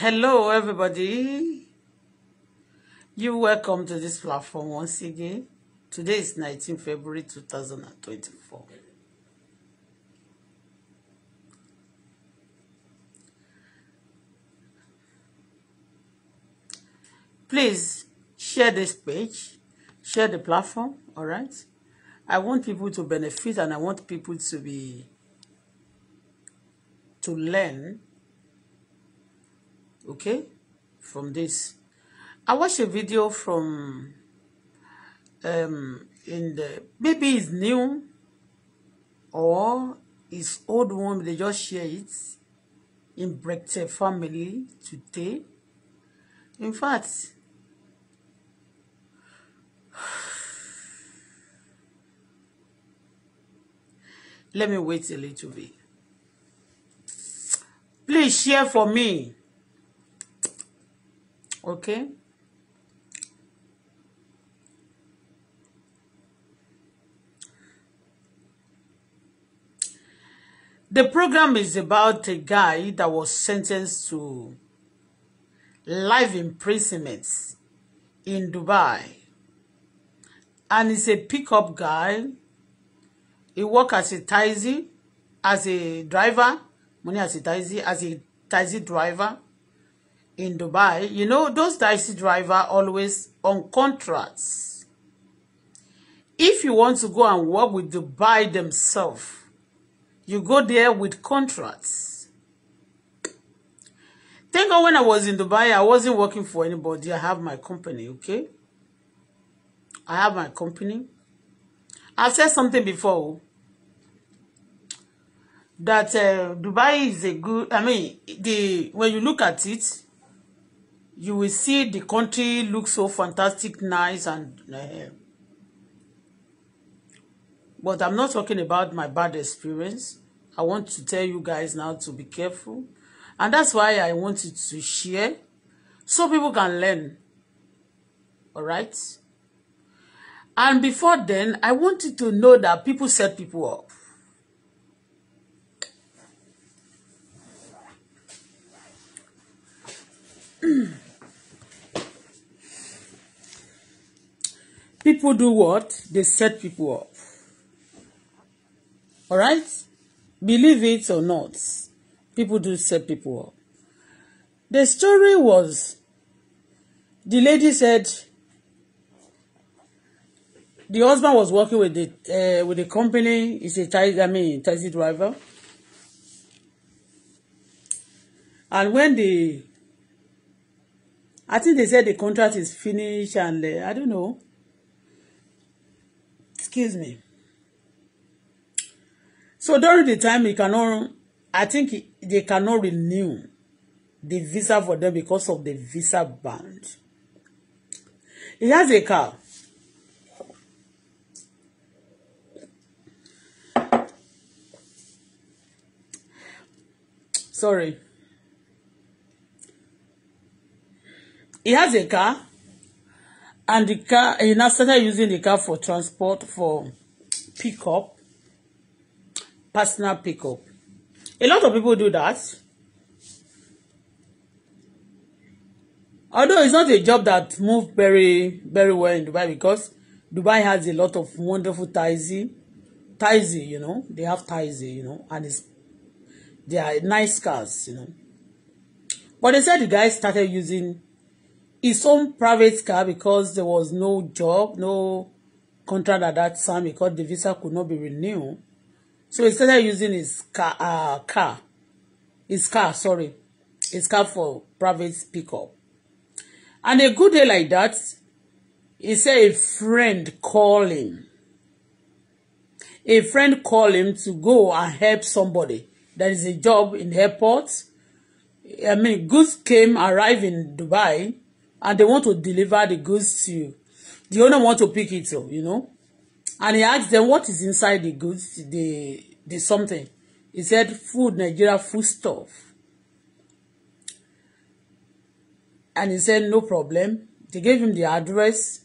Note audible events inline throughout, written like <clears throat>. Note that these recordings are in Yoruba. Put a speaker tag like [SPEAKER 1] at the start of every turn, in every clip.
[SPEAKER 1] Hello, everybody. You welcome to this platform once again. Today is 19 February 2024. Please share this page, share the platform, all right? I want people to benefit and I want people to be to learn okay from this I watched a video from um in the maybe it's new or it's old one they just share it in Brechte family today in fact <sighs> let me wait a little bit please share for me okay the program is about a guy that was sentenced to life imprisonment in Dubai and he's a pickup guy he work as a taxi as a driver money as a taxi as a taxi driver in Dubai, you know, those taxi driver always on contracts. If you want to go and work with Dubai themselves, you go there with contracts. Thank God when I was in Dubai, I wasn't working for anybody. I have my company, okay? I have my company. I've said something before that uh, Dubai is a good, I mean, the when you look at it, you will see the country looks so fantastic, nice, and uh, but I'm not talking about my bad experience. I want to tell you guys now to be careful, and that's why I wanted to share so people can learn. All right. And before then, I wanted to know that people set people up. <clears throat> People do what? They set people up. All right? Believe it or not, people do set people up. The story was the lady said the husband was working with the uh, with the company. He's a taxi, I mean, taxi driver. And when the I think they said the contract is finished and uh, I don't know excuse me so during the time he cannot i think he, they cannot renew the visa for them because of the visa ban he has a car sorry he has a car and the car he eh, now started using the car for transport for pickup personal pickup a lot of people do that although it's not a job that move very very well in Dubai because Dubai has a lot of wonderful taxi taxi you know they have taxi you know and it's they are nice cars you know but they said the guy started using his own private car because there was no job, no contract at that time because the visa could not be renewed. So he started using his car, uh, car, his car, sorry, his car for private pickup. And a good day like that, he said a friend called him. A friend called him to go and help somebody. There is a job in the airport. I mean, goods came arrive in Dubai and they want to deliver the goods to you. The owner want to pick it up, you know. And he asked them what is inside the goods, the the something. He said food, Nigeria food stuff. And he said no problem. They gave him the address.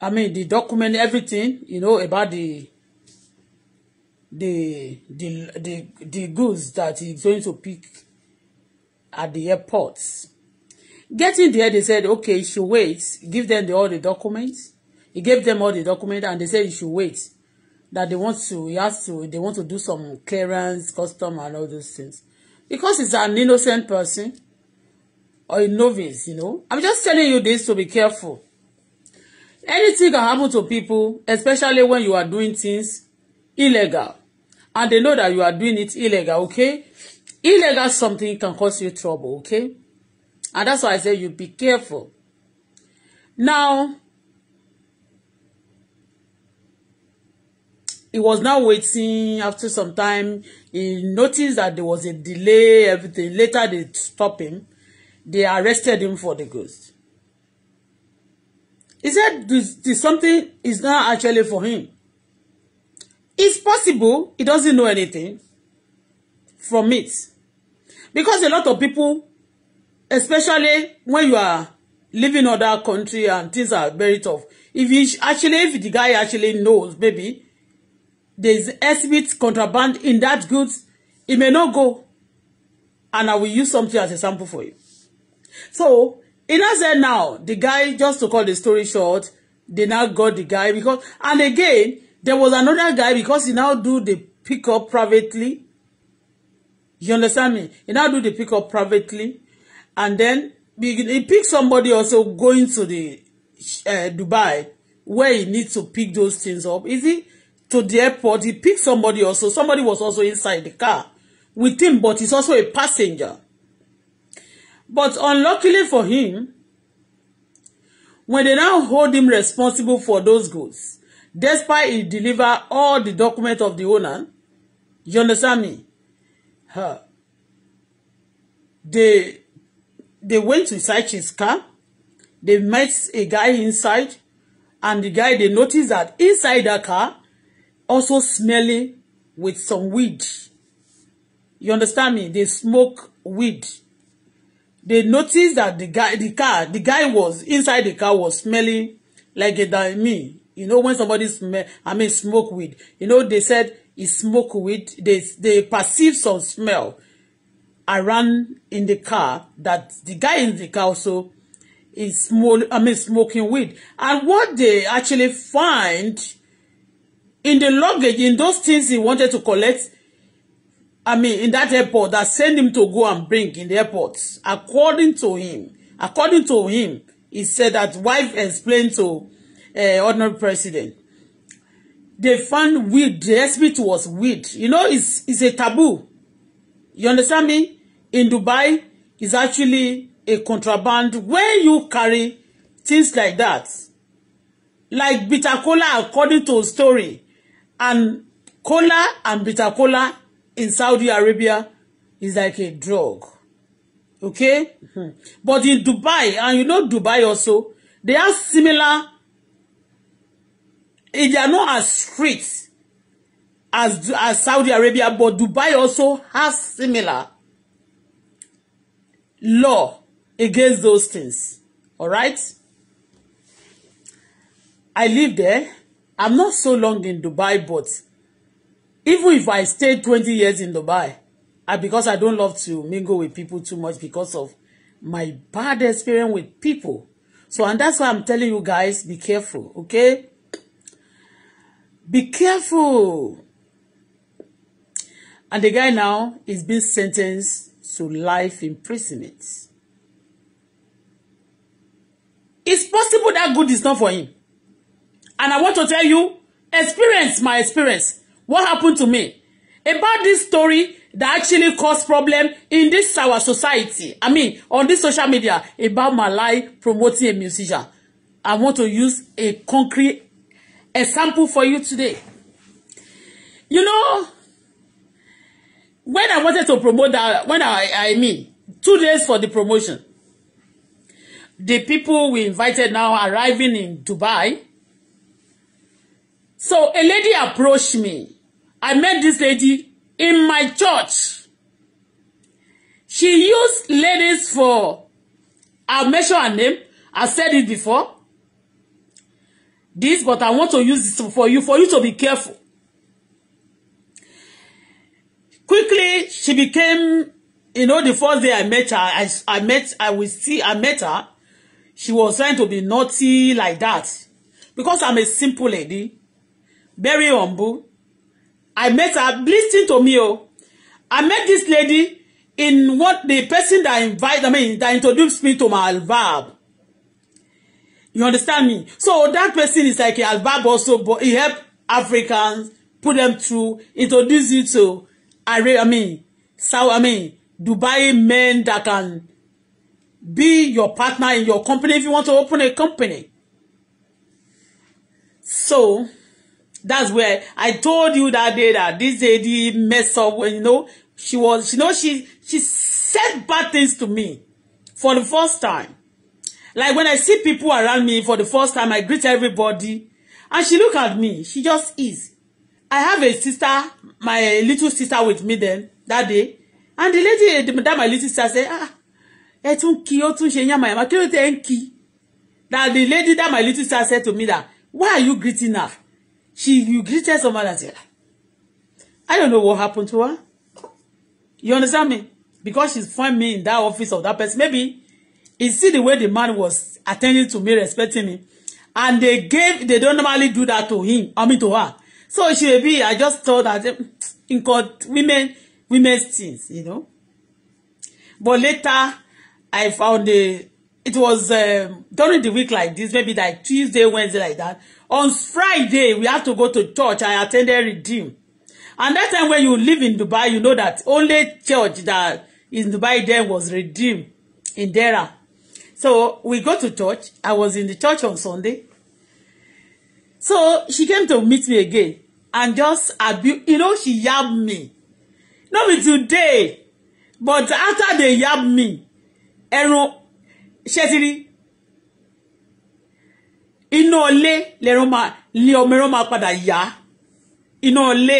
[SPEAKER 1] I mean the document, everything, you know, about the the the the, the goods that he's going to pick at the airports. Getting there, they said, okay, you should wait. Give them the, all the documents. He gave them all the documents, and they said you should wait. That they want to, he has to, they want to do some clearance, custom, and all those things. Because he's an innocent person or a novice, you know. I'm just telling you this to be careful. Anything can happen to people, especially when you are doing things illegal. And they know that you are doing it illegal, okay? Illegal something can cause you trouble, okay? and that's why I say you be careful now he was now waiting after some time he noticed that there was a delay everything later they stop him they arrested him for the ghost he said this, this something is not actually for him it's possible he doesn't know anything from it because a lot of people especially when you are living other country and things are very tough if you actually if the guy actually knows maybe there is exhibit contraband in that goods he may not go and I will use something as a sample for you so in that sense now the guy just to cut the story short they now got the guy because and again there was another guy because he now do the pick up privately you understand me he now do the pick up privately and then he pick somebody also going to the uh, Dubai where he need to pick those things up. Is he to the airport? He pick somebody also. Somebody was also inside the car with him, but he's also a passenger. But unluckily for him, when they now hold him responsible for those goods, despite he deliver all the document of the owner, you understand me? Huh. They they went inside his car. They met a guy inside, and the guy they notice that inside that car also smelling with some weed. You understand me? They smoke weed. They notice that the guy, the car, the guy was inside the car was smelling like a than me. You know, when somebody smell, I mean, smoke weed. You know, they said he smoke weed. They they perceive some smell I ran in the car that the guy in the car also is small. I mean smoking weed. And what they actually find in the luggage, in those things he wanted to collect, I mean, in that airport that sent him to go and bring in the airport, according to him, according to him, he said that wife explained to uh, ordinary president. They found weed, the exhibit was weed. You know, it's, it's a taboo. You understand me? in Dubai is actually a contraband when you carry things like that like bitter cola according to story and cola and bitter cola in Saudi Arabia is like a drug okay mm-hmm. but in Dubai and you know Dubai also they are similar eh, they are not as strict as as Saudi Arabia but Dubai also has similar law against those things. All right? I live there. I'm not so long in Dubai, but even if I stayed twenty years in Dubai, I, because I don't love to mingle with people too much because of my bad experience with people. So, and that's why I'm telling you guys, be careful, okay? Be careful. And the guy now is being sentenced to life imprisonment. It's possible that good is not for him. And I want to tell you, experience my experience. What happened to me? About this story that actually caused problem in this our society. I mean, on this social media about my life promoting a musician. I want to use a concrete example for you today. You know, when I wanted to promote that, when I, I mean, two days for the promotion, the people we invited now arriving in Dubai. So a lady approached me. I met this lady in my church. She used ladies for, I'll mention her name. I said it before. This, but I want to use this for you, for you to be careful quickly she became you know the first day I met her I, I met I will see I met her she was trying to be naughty like that because I'm a simple lady very humble I met her listen to me oh I met this lady in what the person that invite I mean that introduced me to my alvab you understand me so that person is like a alvab also but he help Africans put them through introduce you to Arab, I mean, Saudi, I mean, Dubai men that can be your partner in your company if you want to open a company. So that's where I told you that day that this lady messed up when you know she was you know she she said bad things to me for the first time. Like when I see people around me for the first time, I greet everybody and she look at me, she just is. I have a sister, my little sister with me then that day. And the lady, that my little sister said, ah, ẹ tún kí ó tún ṣe yamayama kí ló tẹ ń kí. That the lady that my little sister said to me that, why are you greeting her? She, you greeted someone that said, ah, I don't know what happened to her. You understand me? Because she find me in that office of that person. Maybe you see the way the man was attending to me, respecting me. And they gave, they don't normally do that to him, I mean to her so she be i just thought that eh, in god women women's things you know but later i found a it was um, during the week like this maybe like tuesday wednesday like that on friday we had to go to church i attended redeem and that time when you live in dubai you know that only church that in dubai then was redeem in dera so we go to church i was in the church on sunday so she came to meet me again and just abuse you know she yab me no be today but after they yab me ẹran ṣẹtiri iná ọlé lẹran máa lé ọmọ ẹran máa padà yá iná ọlé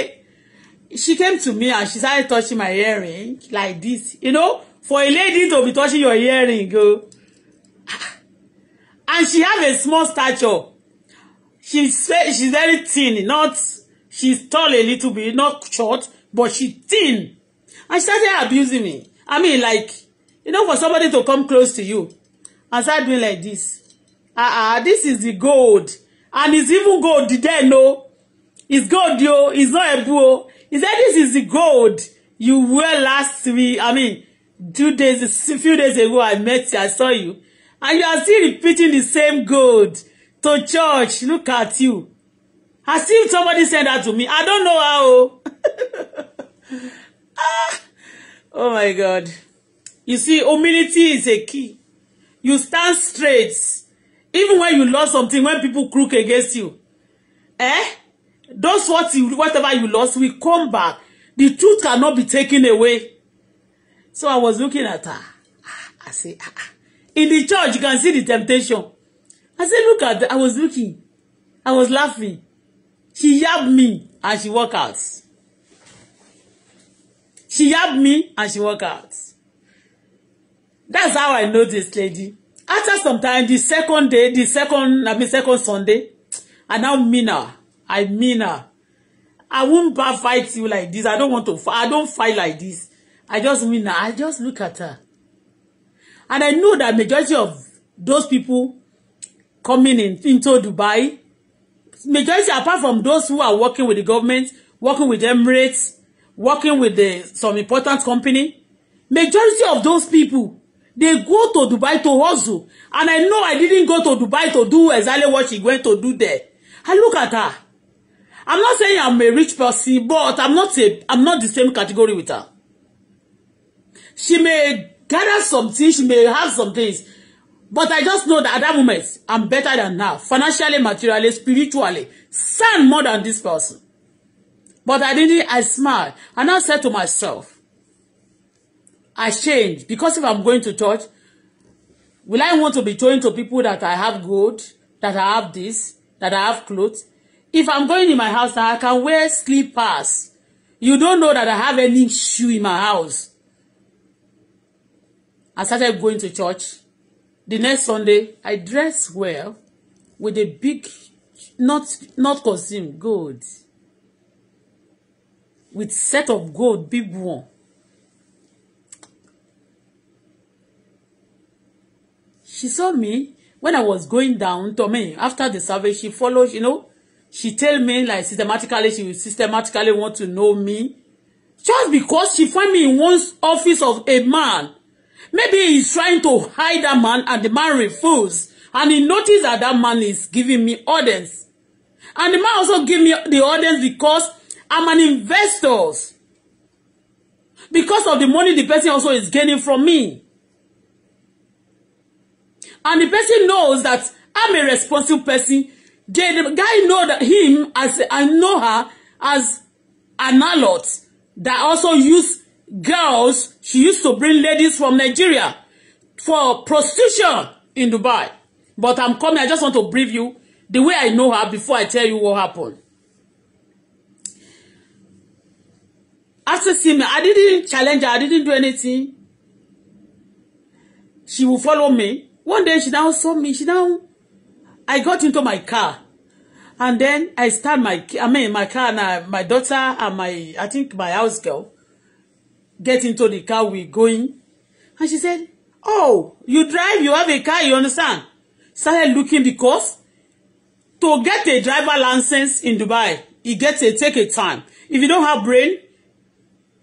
[SPEAKER 1] she came to me and she started touching my earring like this you know for a lady to be touching your earring oh. go <laughs> and she have a small stature she's she's very thin, not she's tall a little bit, not short, but she thin. And she started abusing me. I mean, like, you know, for somebody to come close to you and start doing like this. Ah, uh-uh, this is the gold. And it's even gold Did they know? It's gold, yo. It's not a bull. He said, this is the gold you wear last week. I mean, two days, a few days ago, I met you, I saw you. And you are still repeating the same gold to church. Look at you. As if somebody send that to me. I don't know how. <laughs> ah. Oh my God. You see, humility is a key. You stand straight. Even when you lost something, when people crook against you. Eh? Those what you, whatever you lost will come back. The truth cannot be taken away. So I was looking at her. Ah, I say, ah, ah. In the church, you can see the temptation. I said, look at I was looking. I was laughing. She yabbed me and she walk out. She yabbed me and she walk out. That's how I know this lady. After some time, the second day, the second, I mean, second Sunday, I now mean her. I mean her. I won't bar fight you like this. I don't want to I don't fight like this. I just mean her. I just look at her. And I know that majority of those people coming in, into Dubai, majority apart from those who are working with the government, working with Emirates, working with the, some important company, majority of those people, they go to Dubai to hustle. And I know I didn't go to Dubai to do exactly what she went to do there. I look at her. I'm not saying I'm a rich person, but I'm not a, I'm not the same category with her. She may gather some things. she may have some things, But I just know that at that moment, I'm better than now. Financially, materially, spiritually. Sound more than this person. But I didn't, I smiled. And I said to myself, I changed. Because if I'm going to church, will I want to be showing to people that I have gold, that I have this, that I have clothes? If I'm going in my house, I can wear slippers. You don't know that I have any shoe in my house. I started going to church the next Sunday I dress well with a big not not costume gold with set of gold big one she saw me when I was going down to me after the survey. she followed you know she tell me like systematically she systematically want to know me just because she find me in one office of a man Maybe he's trying to hide that man and the man refuses. And he noticed that that man is giving me orders. And the man also gave me the orders because I'm an investor. Because of the money the person also is gaining from me. And the person knows that I'm a responsible person. The, the guy know that him as I know her as an alert that also use girls, she used to bring ladies from Nigeria for prostitution in Dubai. But I'm coming, I just want to brief you the way I know her before I tell you what happened. After seeing me, I didn't challenge her, I didn't do anything. She will follow me. One day she now saw me, she now, I got into my car. And then I stand my, I mean, my car and I, my daughter and my, I think my house girl get into the car we going and she said oh you drive you have a car you understand started looking because to get a driver license in Dubai e get a take a time if you don't have brain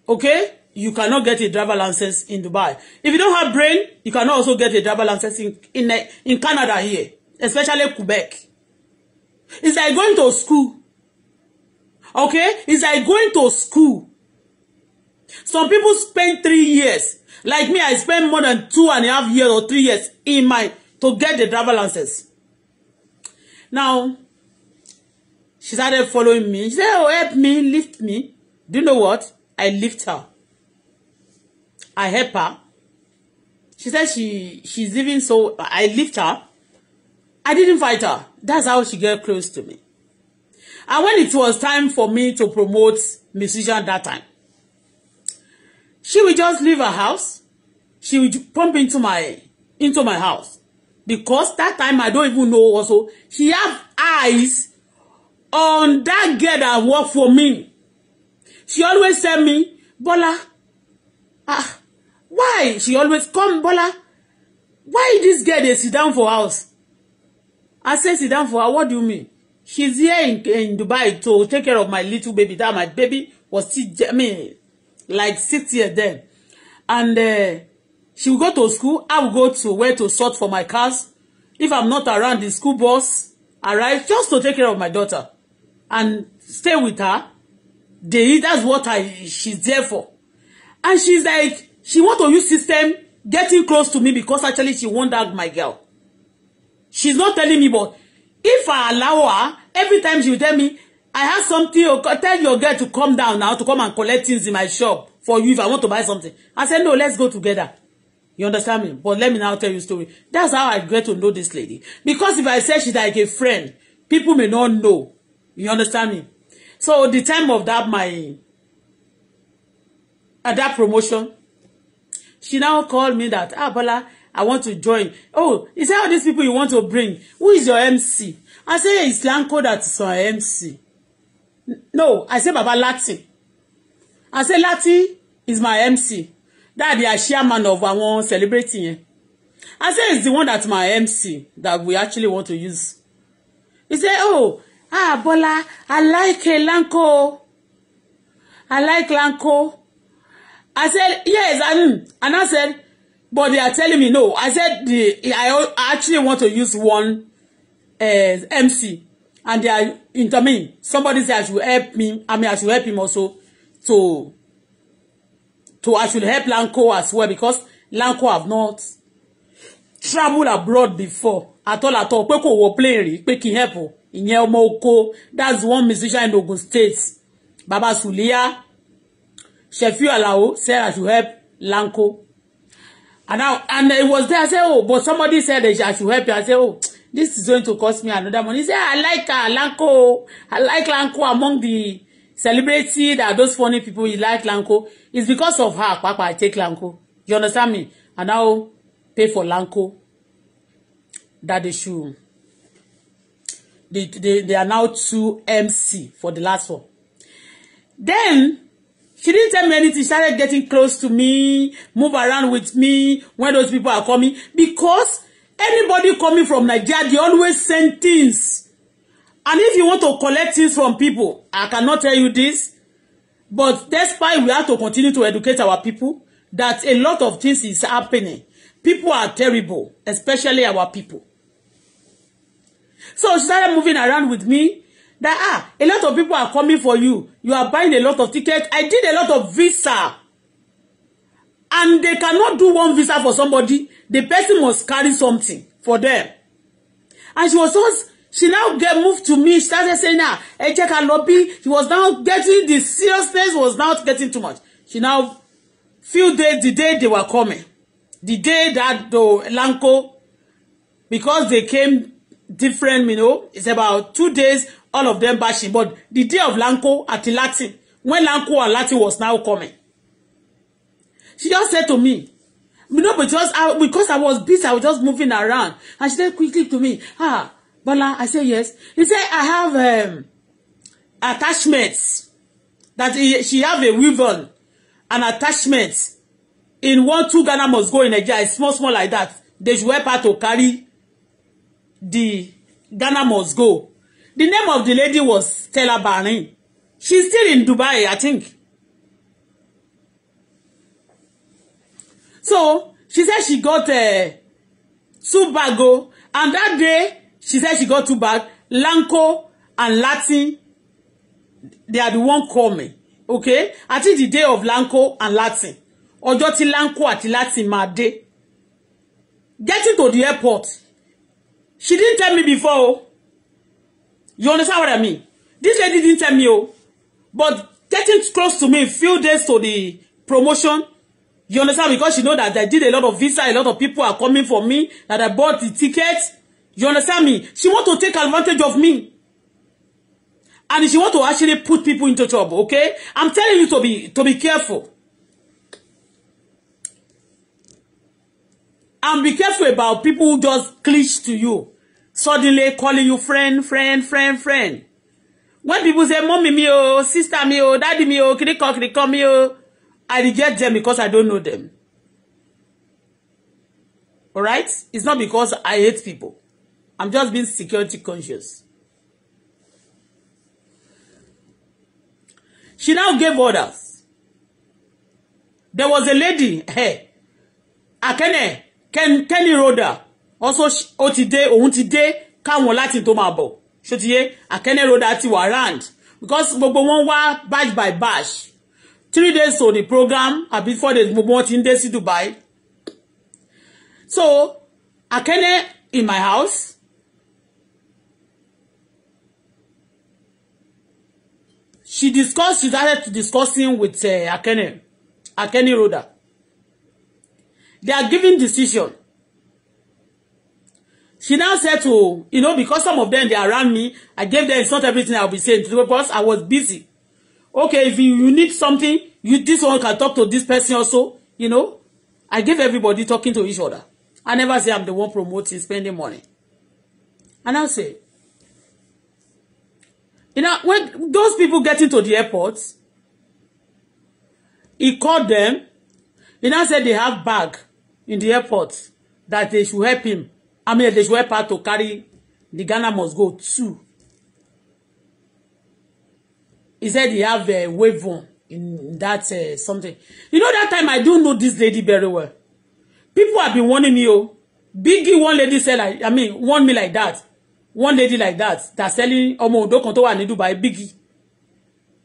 [SPEAKER 1] okay you cannot get a driver license in Dubai if you don't have brain you cannot also get a driver license in in, in Canada here especially Quebec it's like going to school okay it's like going to school Some people spend three years. Like me, I spend more than two and a half years or three years in my to get the driver license. Now, she started following me. She said, oh, help me, lift me. Do you know what? I lift her. I help her. She said she she's even so I lift her. I didn't fight her. That's how she got close to me. And when it was time for me to promote musician that time, She will just leave her house. She will pump into my into my house because that time I don't even know. Also, she have eyes on that girl that work for me. She always tell me, Bola, ah, why? She always come, Bola. Why this girl dey sit down for house? I say sit down for her. What do you mean? She's here in, in Dubai to take care of my little baby. That my baby was still, I mean, like sit here then and uh, she will go to school I will go to where to sort for my cars if I'm not around the school bus arrive just to take care of my daughter and stay with her they that's what I she's there for and she's like she want to use system getting close to me because actually she won't hug my girl she's not telling me but if I allow her every time she tell me I have something. Oh, tell your girl to come down now to come and collect things in my shop for you if I want to buy something. I said, no, let's go together. You understand me? But let me now tell you a story. That's how I get to know this lady. Because if I say she's like a friend, people may not know. You understand me? So the time of that, my, at uh, that promotion, she now called me that, ah, Bola, I want to join. Oh, is there all these people you want to bring? Who is your MC? I say, it's Lanko that's our MC. No, I say Baba Lati. I say Lati is my MC. That the chairman of àwọn celebrating I say it's the one that my MC that we actually want to use. He say, oh, ah, Bola, I like Lanko. I like Lanko. I said, yes, and and I said, but they are telling me no. I said, the, I actually want to use one uh, eh, MC and they are into me somebody say I should help me I mean I should help him also to to I should help Lanko as well because Lanko have not travel abroad before at all at all pé kò wọ plane rí pé kí help ìyẹn ọmọ oko that's one musician in Ogun State Baba Suliya Shefu Alao say I should help Lanko and now and it was there I say oh but somebody said I should help you I say oh this is going to cost me another money. He said, I like uh, Lanko. I like Lanko among the celebrity that those funny people he like Lanko. It's because of her, Papa, I take Lanko. You understand me? And now pay for Lanko. That they should. They, they, they are now two MC for the last one. Then she didn't tell me anything. She started getting close to me, move around with me when those people are coming because Anybody coming from Nigeria, they always send things. And if you want to collect things from people, I cannot tell you this. But that's why we have to continue to educate our people that a lot of things is happening. People are terrible, especially our people. So she started moving around with me that ah, a lot of people are coming for you. You are buying a lot of tickets. I did a lot of visa and they cannot do one visa for somebody the person must carry something for them and she was just she now get moved to me she started saying ah ẹ jẹ́ ká lọ bí she was now getting the seriousness was now getting too much she now few days the day they were coming the day that the lanko because they came different you know it's about two days all of them bashing but the day of lanko àti latin when lanko and latin was now coming She just said to me, you know, just I, because I was busy, I was just moving around. And she said quickly to me, ah, Bola, I said yes. He said, I have um, attachments. That he, she have a weave-on, an attachment. In one, two Ghana must go in a jar, small, small like that. They should help her to carry the Ghana must go. The name of the lady was Stella Barney. She's still in Dubai, I think. So she said she got uh, two bag o and that day she said she got two bag Lanco and Latin they are the one call me okay I think the day of Lanco and Latin ọjọ́ tí Lanco àti Latin my day, getting to the airport she didn't tell me before you understand what I mean this lady didn't tell me Oh, but getting close to me a few days to the promotion You understand? Because she know that I did a lot of visa, a lot of people are coming for me, that I bought the ticket. You understand me? She want to take advantage of me. And she want to actually put people into trouble, okay? I'm telling you to be to be careful. And be careful about people who just clinch to you. Suddenly calling you friend, friend, friend, friend. When people say, mommy mi o, sister me, oh, daddy mi o, kiriko kiriko mi o, I reject them because I don't know them. All right? It's not because I hate people. I'm just being security conscious. She now gave orders. There was a lady, hey, Akene, Ken, Kenny Roda, also ó ti dé, òun ti dé, káwọn láti tó máa Akene Roda ti wà Because gbogbo wọn wá batch by bash." three days to the program àbí four days gbogbo wọn ti ń Dubai so Akene in my house she discuss. she started discussing with uh, Akene Akene Roda they are giving decision she now said to you know because some of them they around me I gave them it's not everything I'll be saying because I was busy okay if you, you need something you this one can talk to this person also you know I give everybody talking to each other I never say I'm the one promoting spending money and I say you know when those people get into the airport he called them he now said they have bag in the airport that they should help him I mean they should help her to carry the Ghana must go too he said he have a wave on in that uh, something you know that time i do know this lady very well people have been warning me oh biggie one lady said like i mean warn me like that one lady like that that selling ọmọ odo kan wa wà ní dubai biggie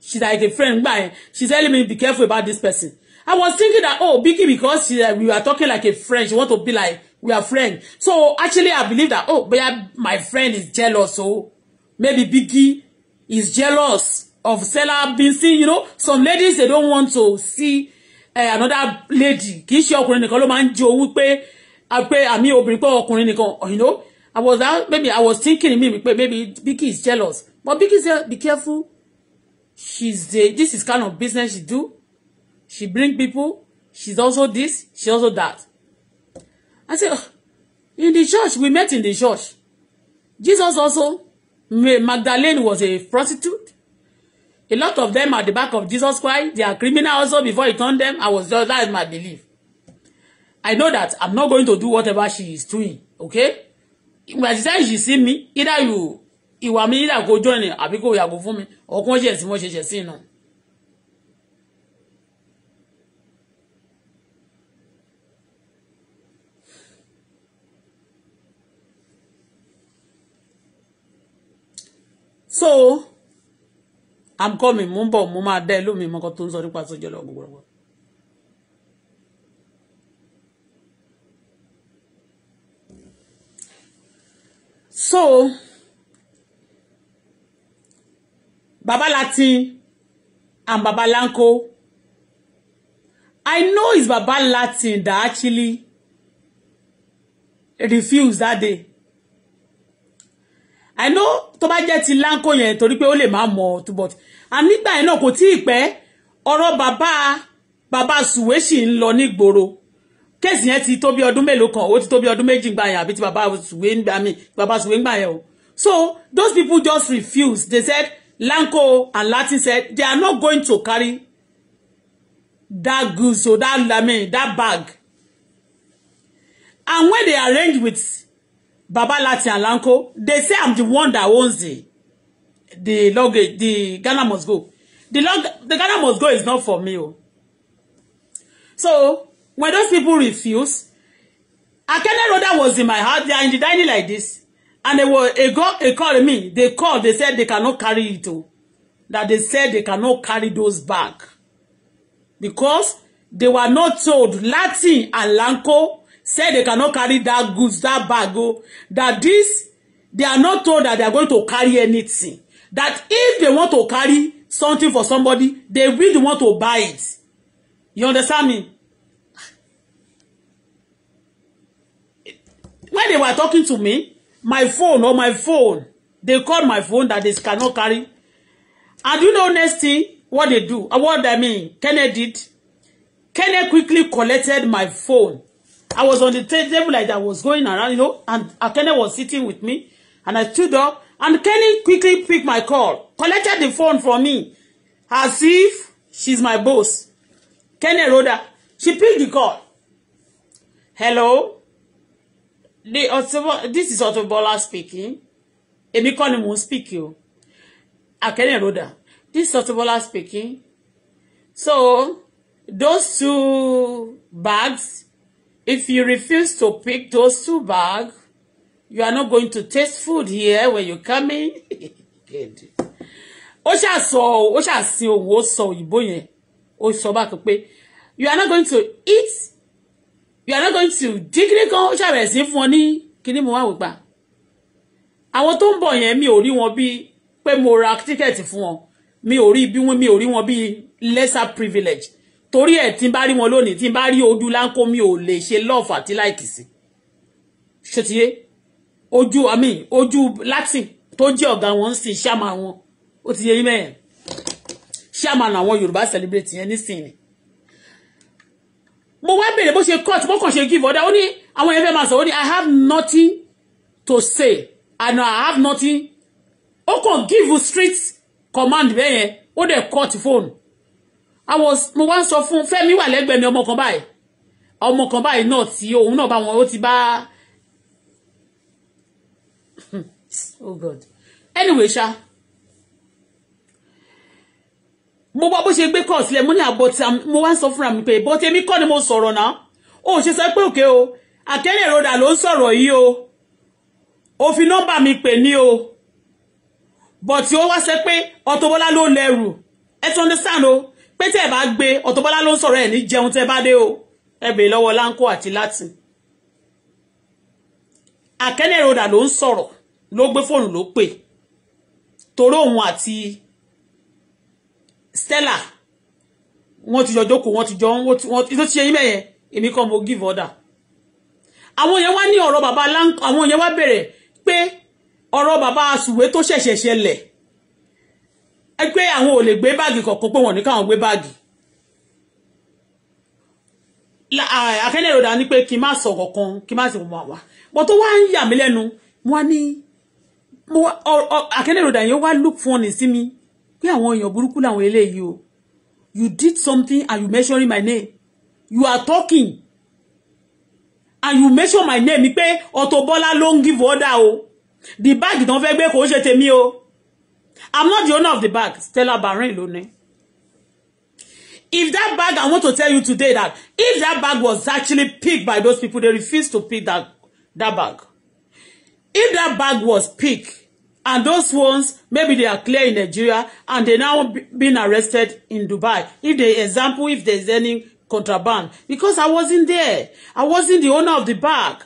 [SPEAKER 1] she's like a friend By she's telling me be careful about this person i was thinking that oh biggie because she, uh, we were talking like a friend she want to be like we are friends. so actually i believe that oh but my friend is jealous so oh. maybe biggie is jealous of seller been seen you know some ladies they don't want to see uh, another lady kì í ṣe ọkùnrin nìkan ló máa ń jẹ owó pé pé àmì obìnrin pé ọkùnrin nìkan you know I was that maybe I was thinking maybe pé maybe Biki is jealous but Biki say be careful she's the this is kind of business she do she bring people she's also this she also that I say oh, in the church we met in the church Jesus also Magdalene was a prostitute A lot of them at the back of Jesus Christ, they are criminal also before he turned them. I was just, that is my belief. I know that I'm not going to do whatever she is doing, okay? By the time she see me, either you, you want me, either go join her, àbí kò go for me or kún ṣe tí mo ṣe ṣe sí So, i'm coming mo ń bọ̀ mo máa dá ẹ lómi tó ń sọ nípa sójú ọlọ́run gbogbo. so baba and baba i know it's baba latin that actually refused that day I know tó bá jẹ́ ti láńkó yẹn torí pé ó lè má mọ̀ tó but and nígbà yẹn náà kò tí ì pẹ́ ọ̀rọ̀ bàbá bàbá sùwé sì ń lọ nígboro kéèsì yẹn ti tó bí ọdún mélòó kan ó ti tó bí ọdún méjì gbà yẹn àbí ti bàbá sùwé gbà mí bàbá sùwé gbà yẹn o so those people just refused they said Lanko and Latin said they are not going to carry that goods or that I that bag. And when they arranged with Baba Lati and Lanko, they say I'm the one that owns the the luggage, the Ghana must go. The log, the Ghana must go is not for me. Oh. So when those people refuse, Akene Roda was in my heart. They are in the dining like this, and they were a girl. They call me. They called. They said they cannot carry it. Oh. That they said they cannot carry those back because they were not told Lati and Lanko Say they cannot carry that goods, that bag, oh, that this, they are not told that they are going to carry anything. That if they want to carry something for somebody, they will want to buy it. You understand me? When they were talking to me, my phone or oh, my phone, they called my phone that they cannot carry. And you know next thing, what they do, what I mean, Kenneth did. Kenneth quickly collected my phone I was on the table like that, I was going around, you know, and Kenny was sitting with me, and I stood up, and Kenny quickly picked my call, collected the phone from me, as if she's my boss. Kenny Rhoda, she picked the call. Hello? The Auto, this is Otobola speaking. Èmi calling, will mò ń speak o. Kenny Rhoda, this is Auto speaking. So, those two bags If you refuse to pick those two bags, you are not going to taste food here when you come in. <laughs> Good. Ó ṣáà sọ ó ṣáà sin òwò sọ òyìnbó yẹn. Ó sọ bákan pé you are not going to eat. You are not going to dígírí kan ó ṣàbẹ̀rẹ̀ sí fún ọ ní kíní mo wá wípa. Ah. Àwọn tó ń bọ̀ yẹn mi ori rí wọn bí pé mo ra tíkẹ́ẹ̀tì fún wọn. Mi ori rí bí mi ori rí wọn lesser privilege torí ẹ̀ tí n bá rí wọn lónìí tí n bá rí ojú láńkó mi ò lè ṣe lọ́ọ̀fù àti láìkì sí ṣé ti yé ojú àmì ojú latin tó jẹ́ ọ̀gá wọn ń sìn ṣáàmà wọn ó ti yé yín mẹ́yẹn ṣáàmà àwọn yorùbá celebrate yẹn nísìnyí mo wá bèrè bó ṣe cut bó kàn ṣe give order ó ní àwọn yẹn fẹ́ máa sọ ó ní i have nothing to say and i have nothing ó kàn give straight command bẹ́ẹ̀ yẹn ó dẹ̀ cut phone I was mo wá sọ fún Fẹ́mi wà lẹ́gbẹ̀ẹ́ mi ọmọ kan báyìí ọmọ kan báyìí náà tí òun náà bá wọn ó ti bá <laughs> oh god anyway ṣá mo bá bó ṣe gbé kọ́ sílẹ̀ mo ní àbọ̀ tí mo wá sọ fúnra mi pé bọ́tí èmi kọ́ ni mo sọ̀rọ̀ náà ó ṣe sọ pé òkè o Akele Roda ló ń sọ̀rọ̀ yìí o ó fi nọ́mbà mi pè ní o bọ̀ tí ó wá sọ pé Auto Bola ló lẹ́rù understand o pé tẹ́ ẹ̀ bá gbé Auto Bola ló ń sọ̀rọ̀ ẹ̀ ní jẹun tẹ́ bá dé o ẹ bèè lọ́wọ́ láńkó àti láti àkẹ́lẹ̀ ròdà ló ń sọ̀rọ̀ ló gbé fóònù ló pè torí òun àti Stella wọ́n ti jọ jókòó wọ́n ti jọ wọ́n ti ṣe yín bẹ́yẹn èmi kọ́ mo give order àwọn yẹn wá ní ọ̀rọ̀ bàbá láńkó àwọn yẹn wá bẹ̀rẹ̀ pé ọ̀rọ̀ bàbá àsùwé tó ṣẹ̀ṣẹ̀ ṣẹlẹ̀ ẹ gbé àwọn ò lè gbé báàgì kọ̀ọ̀kan pé wọ́n ní káwọn gbé báàgì akẹ́lẹ́ ìrọ̀dà ni pé kí n má sọ kọ̀ọ̀kan kí n má sì wà wá bọ́ tó wá ń yà mí lẹ́nu wọ́n ní akẹ́lẹ́ ìrọ̀dà yẹn wá look fún ọ̀nì sí mi pé àwọn èèyàn burúkú làwọn eléyìí o you did something and you mentioning my name you are talking and you mention my name ni pé Auto Bola ló ń give order o the bag tán fẹ́ gbé kò ń ṣe tèmi o. I'm not the owner of the bag. Stella Barin ló If that bag, I want to tell you today that if that bag was actually picked by those people, they refused to pick that, that bag. If that bag was picked, and those ones, maybe they are clear in Nigeria, and they now been arrested in Dubai. If they, example, if there's any contraband, because I wasn't there. I wasn't the owner of the bag.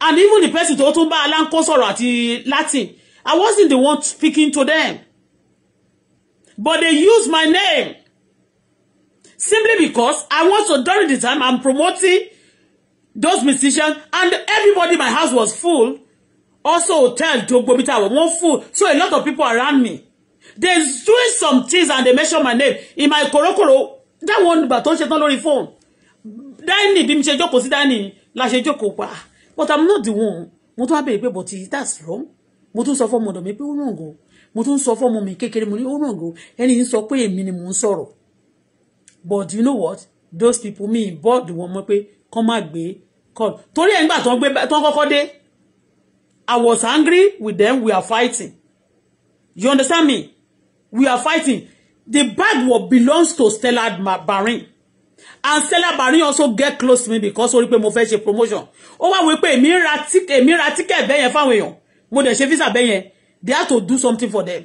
[SPEAKER 1] And even the person tó tún bá aláǹkó sọ̀rọ̀ àti Latin, I wasn't the one speaking to them. But they used my name. Simply because I was so during the time I'm promoting those musicians and everybody my house was full. Also hotel Dogbobita were one full. So a lot of people around me. They're doing some things and they mention my name in my korokoro. That one but don't not lórí phone. Dani bí mi ṣe jókòó sí Dani la ṣe jókòó But I'm not the one. Mo tún wá bèèrè but that's wrong mo tún sọ fọmọ ọ̀dọ̀ mi pé ó ràn gò mo tún sọ fọmọ mi kékeré mo ní ó ràn gò ẹni yìí sọ pé èmi ni mò ń sọ̀rọ̀ but you know what those people mi bọ́ọ̀dù wọn mọ́ pé kán má gbé call torí ẹ̀ nígbà tó ń gbé tó ń kọ́kọ́ dé I was angry with them we are fighting you understand me we are fighting the bag was belongs to Stella Barin and Stella Barin also get close to me because ó rí pé mo fẹ́ ṣe promotion ó wá wí pé èmi ra ticket èmi ra ticket bẹ́ẹ̀ yẹn fáwọn èèyàn mo dẹ̀ ṣe visa bẹ́ẹ̀ they have to do something for them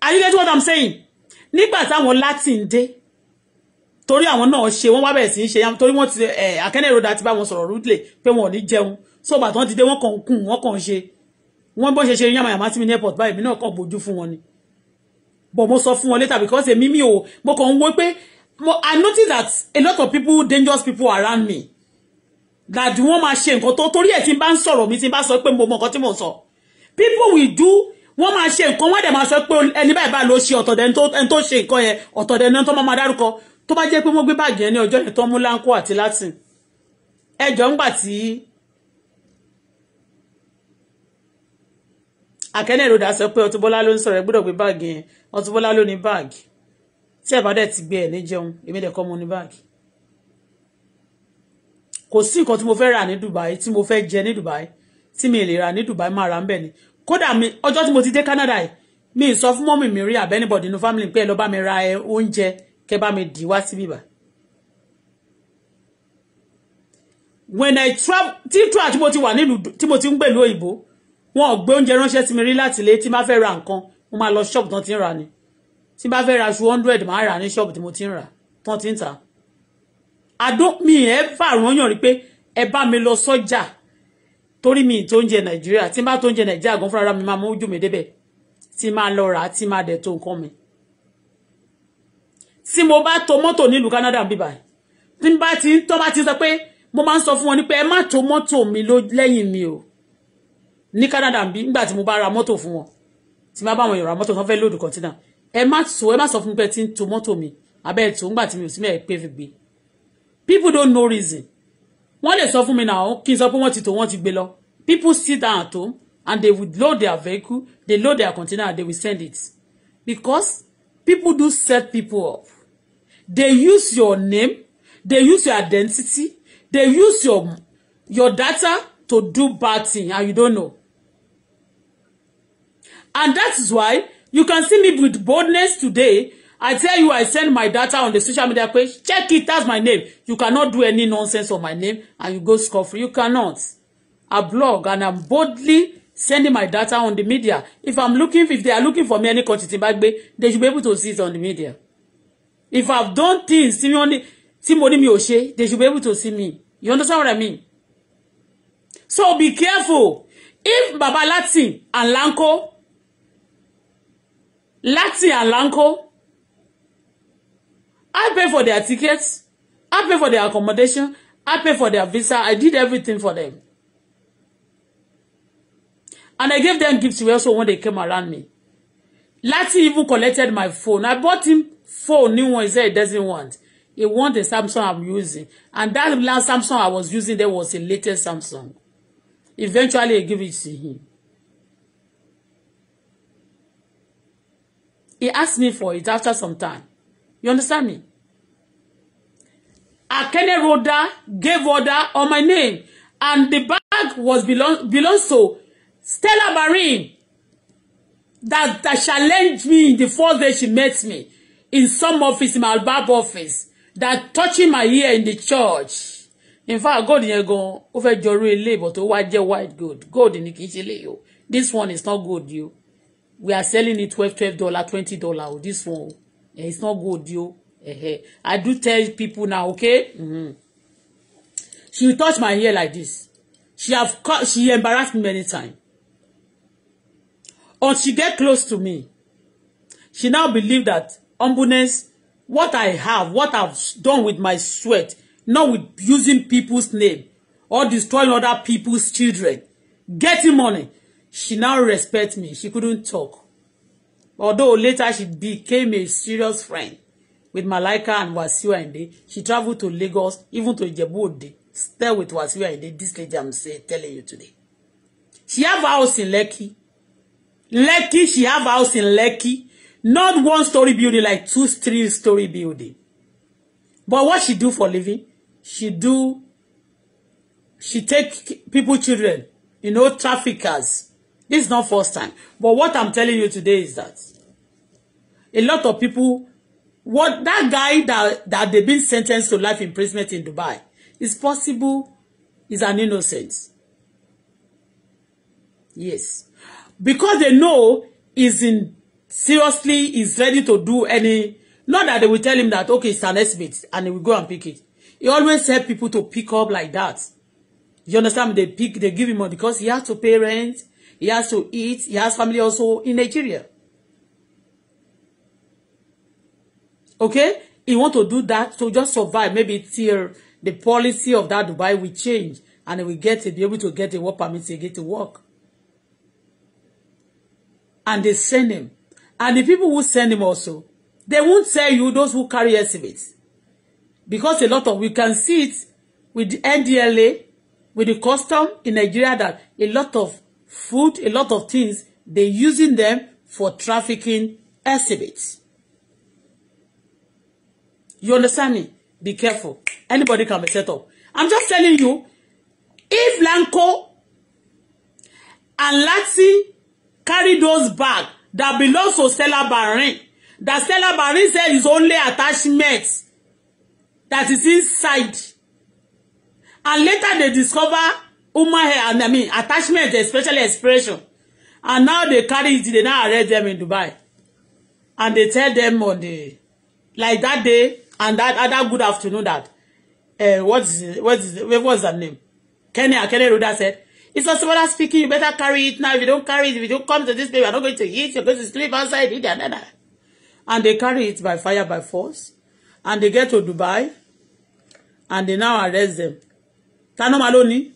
[SPEAKER 1] are you getting what i'm saying nígbà táwọn latin dé torí àwọn náà ṣe wọ́n wá bẹ̀rẹ̀ sí í ṣe torí wọ́n ti akẹ́nẹ̀ road àti bá wọn sọ̀rọ̀ rudely pé wọn ò ní jẹun so bàtà wọn ti dé wọ́n kàn kùn wọ́n kàn ṣe wọ́n bọ́ ṣe ṣe yàmàyàmá sí mi ní airport báyìí mi náà kàn bójú fún wọn ni but mo sọ fún wọn later because èmi mi ò mo kàn ń wo pé I notice that a lot of people dangerous people around me dàdú wọn máa ṣe nǹkan tó torí ẹ̀ tí n bá ń sọ̀rọ̀ mi tí n bá sọ pé mo mọ nǹkan tí mo sọ people will do wọ́n máa ṣe nǹkan wọ́n dẹ̀ máa sọ pé ẹni báyìí báyìí ló ṣe ọ̀tọ̀dẹ̀ ẹni tó ṣe nǹkan yẹn ọ̀tọ̀dẹ̀ ẹni tó máa dárúkọ tó bá jẹ́ pé wọ́n gbé báàgì yẹn ní ọjọ́ yẹn tó mú láńkó àti latin ẹjọ́ ń gbà tí akẹ́nẹ́ ìròdà sọ pé Auto Bola ló ń sọ̀rọ̀ ẹ gbọ́dọ̀ gbé báàgì yẹn Auto Bola ló ní báàgì tí ẹ̀ bá dẹ̀ ti gbé ẹ̀ ní jẹun èmi dẹ̀ kọ́ mo ní báàgì kò sí nǹkan tí mo fẹ́ rà ní Dubai tí mo fẹ́ jẹ ní Dubai tí mi lè rà ní Dubai máa rà ń bẹ̀ ni kódà mi ọjọ́ tí mo ti dé Canada yìí mi sọ fún mọ́mì mi rí àbẹ́nibọ̀dì inú family pé ẹ lọ bá mi ra eh, oúnjẹ kẹ bá mi dì wá sí bíbá. when i travel tí travel tí mo ti wà nílùú tí mo ti ń gbèlú òyìnbó wọn ò gbé oúnjẹ ránṣẹ́ sí mi rí láti ilé tí má fẹ́ ra nǹkan mo máa lọ ṣọ́ọ̀bù tán ti ń rà ni tí bá fẹ́ ra aṣọ hundred máa rà ní ṣọ́ọ̀bù tí mo ti ń rà tán ti ń tà á àdó mi ẹ bá àrùnyàn rí pé ẹ bá mi lọ sọ́jà torí mi tó ń jẹ nàìjíríà tí bá tó ń jẹ nàìjíríà gan fúnra mi máa mú ojú mi débẹ̀ tí máa lọ rà á tí máa dẹ̀ tó nǹkan mi tí mo bá to mọ́tò nílùú Canada bíbá tí n bá ti ń tọ́ bá ti sọ pé mo máa ń sọ fún wọn ní pé ẹ má to mọ́tò mi lẹ́yìn mi o ní Canada bí nígbà tí mo bá ra mọ́tò fún wọn tí má bá wọn yọ̀ra mọ́tò tó fẹ́ lòdù kọ̀ntínà ẹ má ẹ má sọ fún pé tí ń to mọ́tò mi abẹ́ ètò ńgbà tí mi ò sí mẹ́ẹ̀ pé fi gbé people don't know reason wọ́n lè sọ fún mi náà kí n sọ pé wọ́n ti tò wọ́n ti gbé lọ people sit down at home and they will load their vehicle they load their container and they will send it because people do set people up they use your name they use your identity they use your your data to do bad thing and you don't know and that is why you can see me with boldness today I tell you, I send my data on the social media page. Check it, that's my name. You cannot do any nonsense on my name and you go scot You cannot. I blog and I'm boldly sending my data on the media. If I'm looking, if they are looking for me any content in Bagbe, they should be able to see it on the media. If I've done things, tí mo ní mi me ṣe, they should be able to see me. You understand what I mean? So be careful. If Baba Latin and Lanko, Latin and Lanko, I pay for their tickets. I pay for their accommodation. I pay for their visa. I did everything for them. And I gave them gifts also when they came around me. Lati even collected my phone. I bought him four new ones. he he doesn't want. He wants the Samsung I'm using. And that last Samsung I was using there was the latest Samsung. Eventually, I gave it to him. He asked me for it after some time. You understand me? Akene Roda gave order on my name and the bag was belong belongs to Stella Marine that, that challenged me the first day she met me in some office, in my Albab office, that touching my ear in the church. In fact, God, yẹn go over jewelry label to white, white good. God, ni kì í ṣe lè This one is not good. You, We are selling it twelve twelve dollar twenty dollar This one eh, it's not good yo eh, eh. I do tell people now okay mm-hmm. she will touch my hair like this she have she embarrassed me many times until she get close to me she now believe that humbleness what I have what I've done with my sweat not with using people's name or destroying other people's children getting money she now respect me she couldn't talk Although later she became a serious friend with Malaika and Wasiu Ayinde. She traveled to Lagos, even to ijebu stay with Wasiu Ayinde. This lady I'm saying, telling you today. She have house in Lekki. Lekki, she have house in Lekki. Not one story building, like two, three story building. But what she do for living? She do, she take people children, you know, traffickers. This is not first time. But what I'm telling you today is that a lot of people what that guy that that they been sentenced to life imprisonment in Dubai is possible is an innocent yes because they know he's in seriously is ready to do any not that they will tell him that okay it's an estimate and he will go and pick it he always help people to pick up like that you understand they pick they give him money because he has to pay rent he has to eat he has family also in Nigeria Okay? He want to do that to just survive maybe till the policy of that Dubai will change and he will get to be able to get a work permit to get to work. And they send him. And the people who send him also, they won't tell you those who carry estimates, Because a lot of, we can see it with the NDLA, with the custom in Nigeria that a lot of food, a lot of things, they using them for trafficking estimates. You understand me? Be careful. Anybody can be set up. I'm just telling you, if Lanko and Lati carry those bags that belongs to Stella Barin, that Stella Barin said is only attachment that is inside. And later they discover Uma hair and I mean attachment, especially expression. And now they carry it, they now arrest them in Dubai. And they tell them on the, like that day, and that other good afternoon that uh, eh, what's is what's her name? Kenya. Uh, Kenya Ruda said, It's also what speaking, you better carry it now. If you don't carry it, if you don't come to this place, you're not going to eat, you're going to sleep outside it, and, they carry it by fire by force. And they get to Dubai and they now arrest them. Tano Maloni.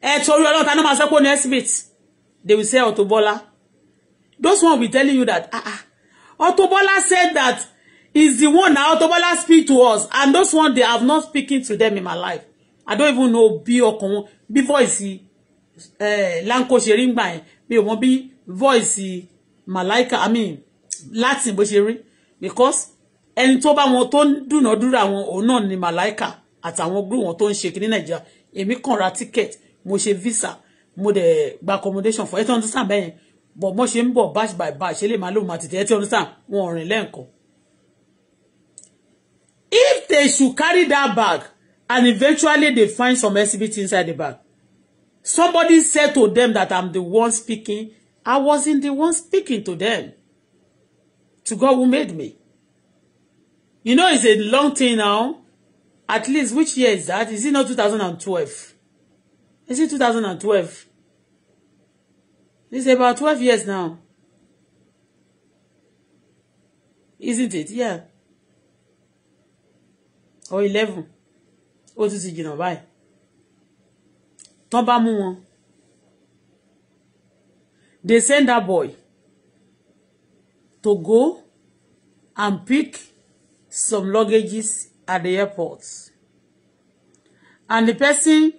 [SPEAKER 1] Eh, torí Ọlọ́run Tano Masako Nesmith. They will say autobola. Those one will be telling you that, ah, uh ah. -uh. said that is the one na Auto Bola speak to us and those one they have not speaking to them in my life i don't even know bí ọkàn wọn bí voice eh lanko ṣe rí ngbà mi ò mọ̀ bí voice malaika i mean latin bó ṣe rí because ẹni ba bá wọn tó dúnàádúrà wọn o náà ni malaika àtàwọn group wọn tó ń ṣe kí ní Nàìjíríà ra ticket mo ṣe visa mo de gba accommodation for ẹ ti understand bẹ́yẹn but mo ṣe ń bọ̀ batch by bash ṣe lè máa lóun àti tẹ̀ ẹ ti understand wọn ò they should carry that bag and eventually they find some exhibit inside the bag somebody said to them that i'm the one speaking i wasn't the one speaking to them to god who made me you know it's a long thing now at least which year is that is it not 2012 is it 2012 it's about 12 years now isn't it yeah or eleven ó tún ti jìnnà báyìí tán bá mú wọn they send that boy to go and pick some luggages at the airport and the person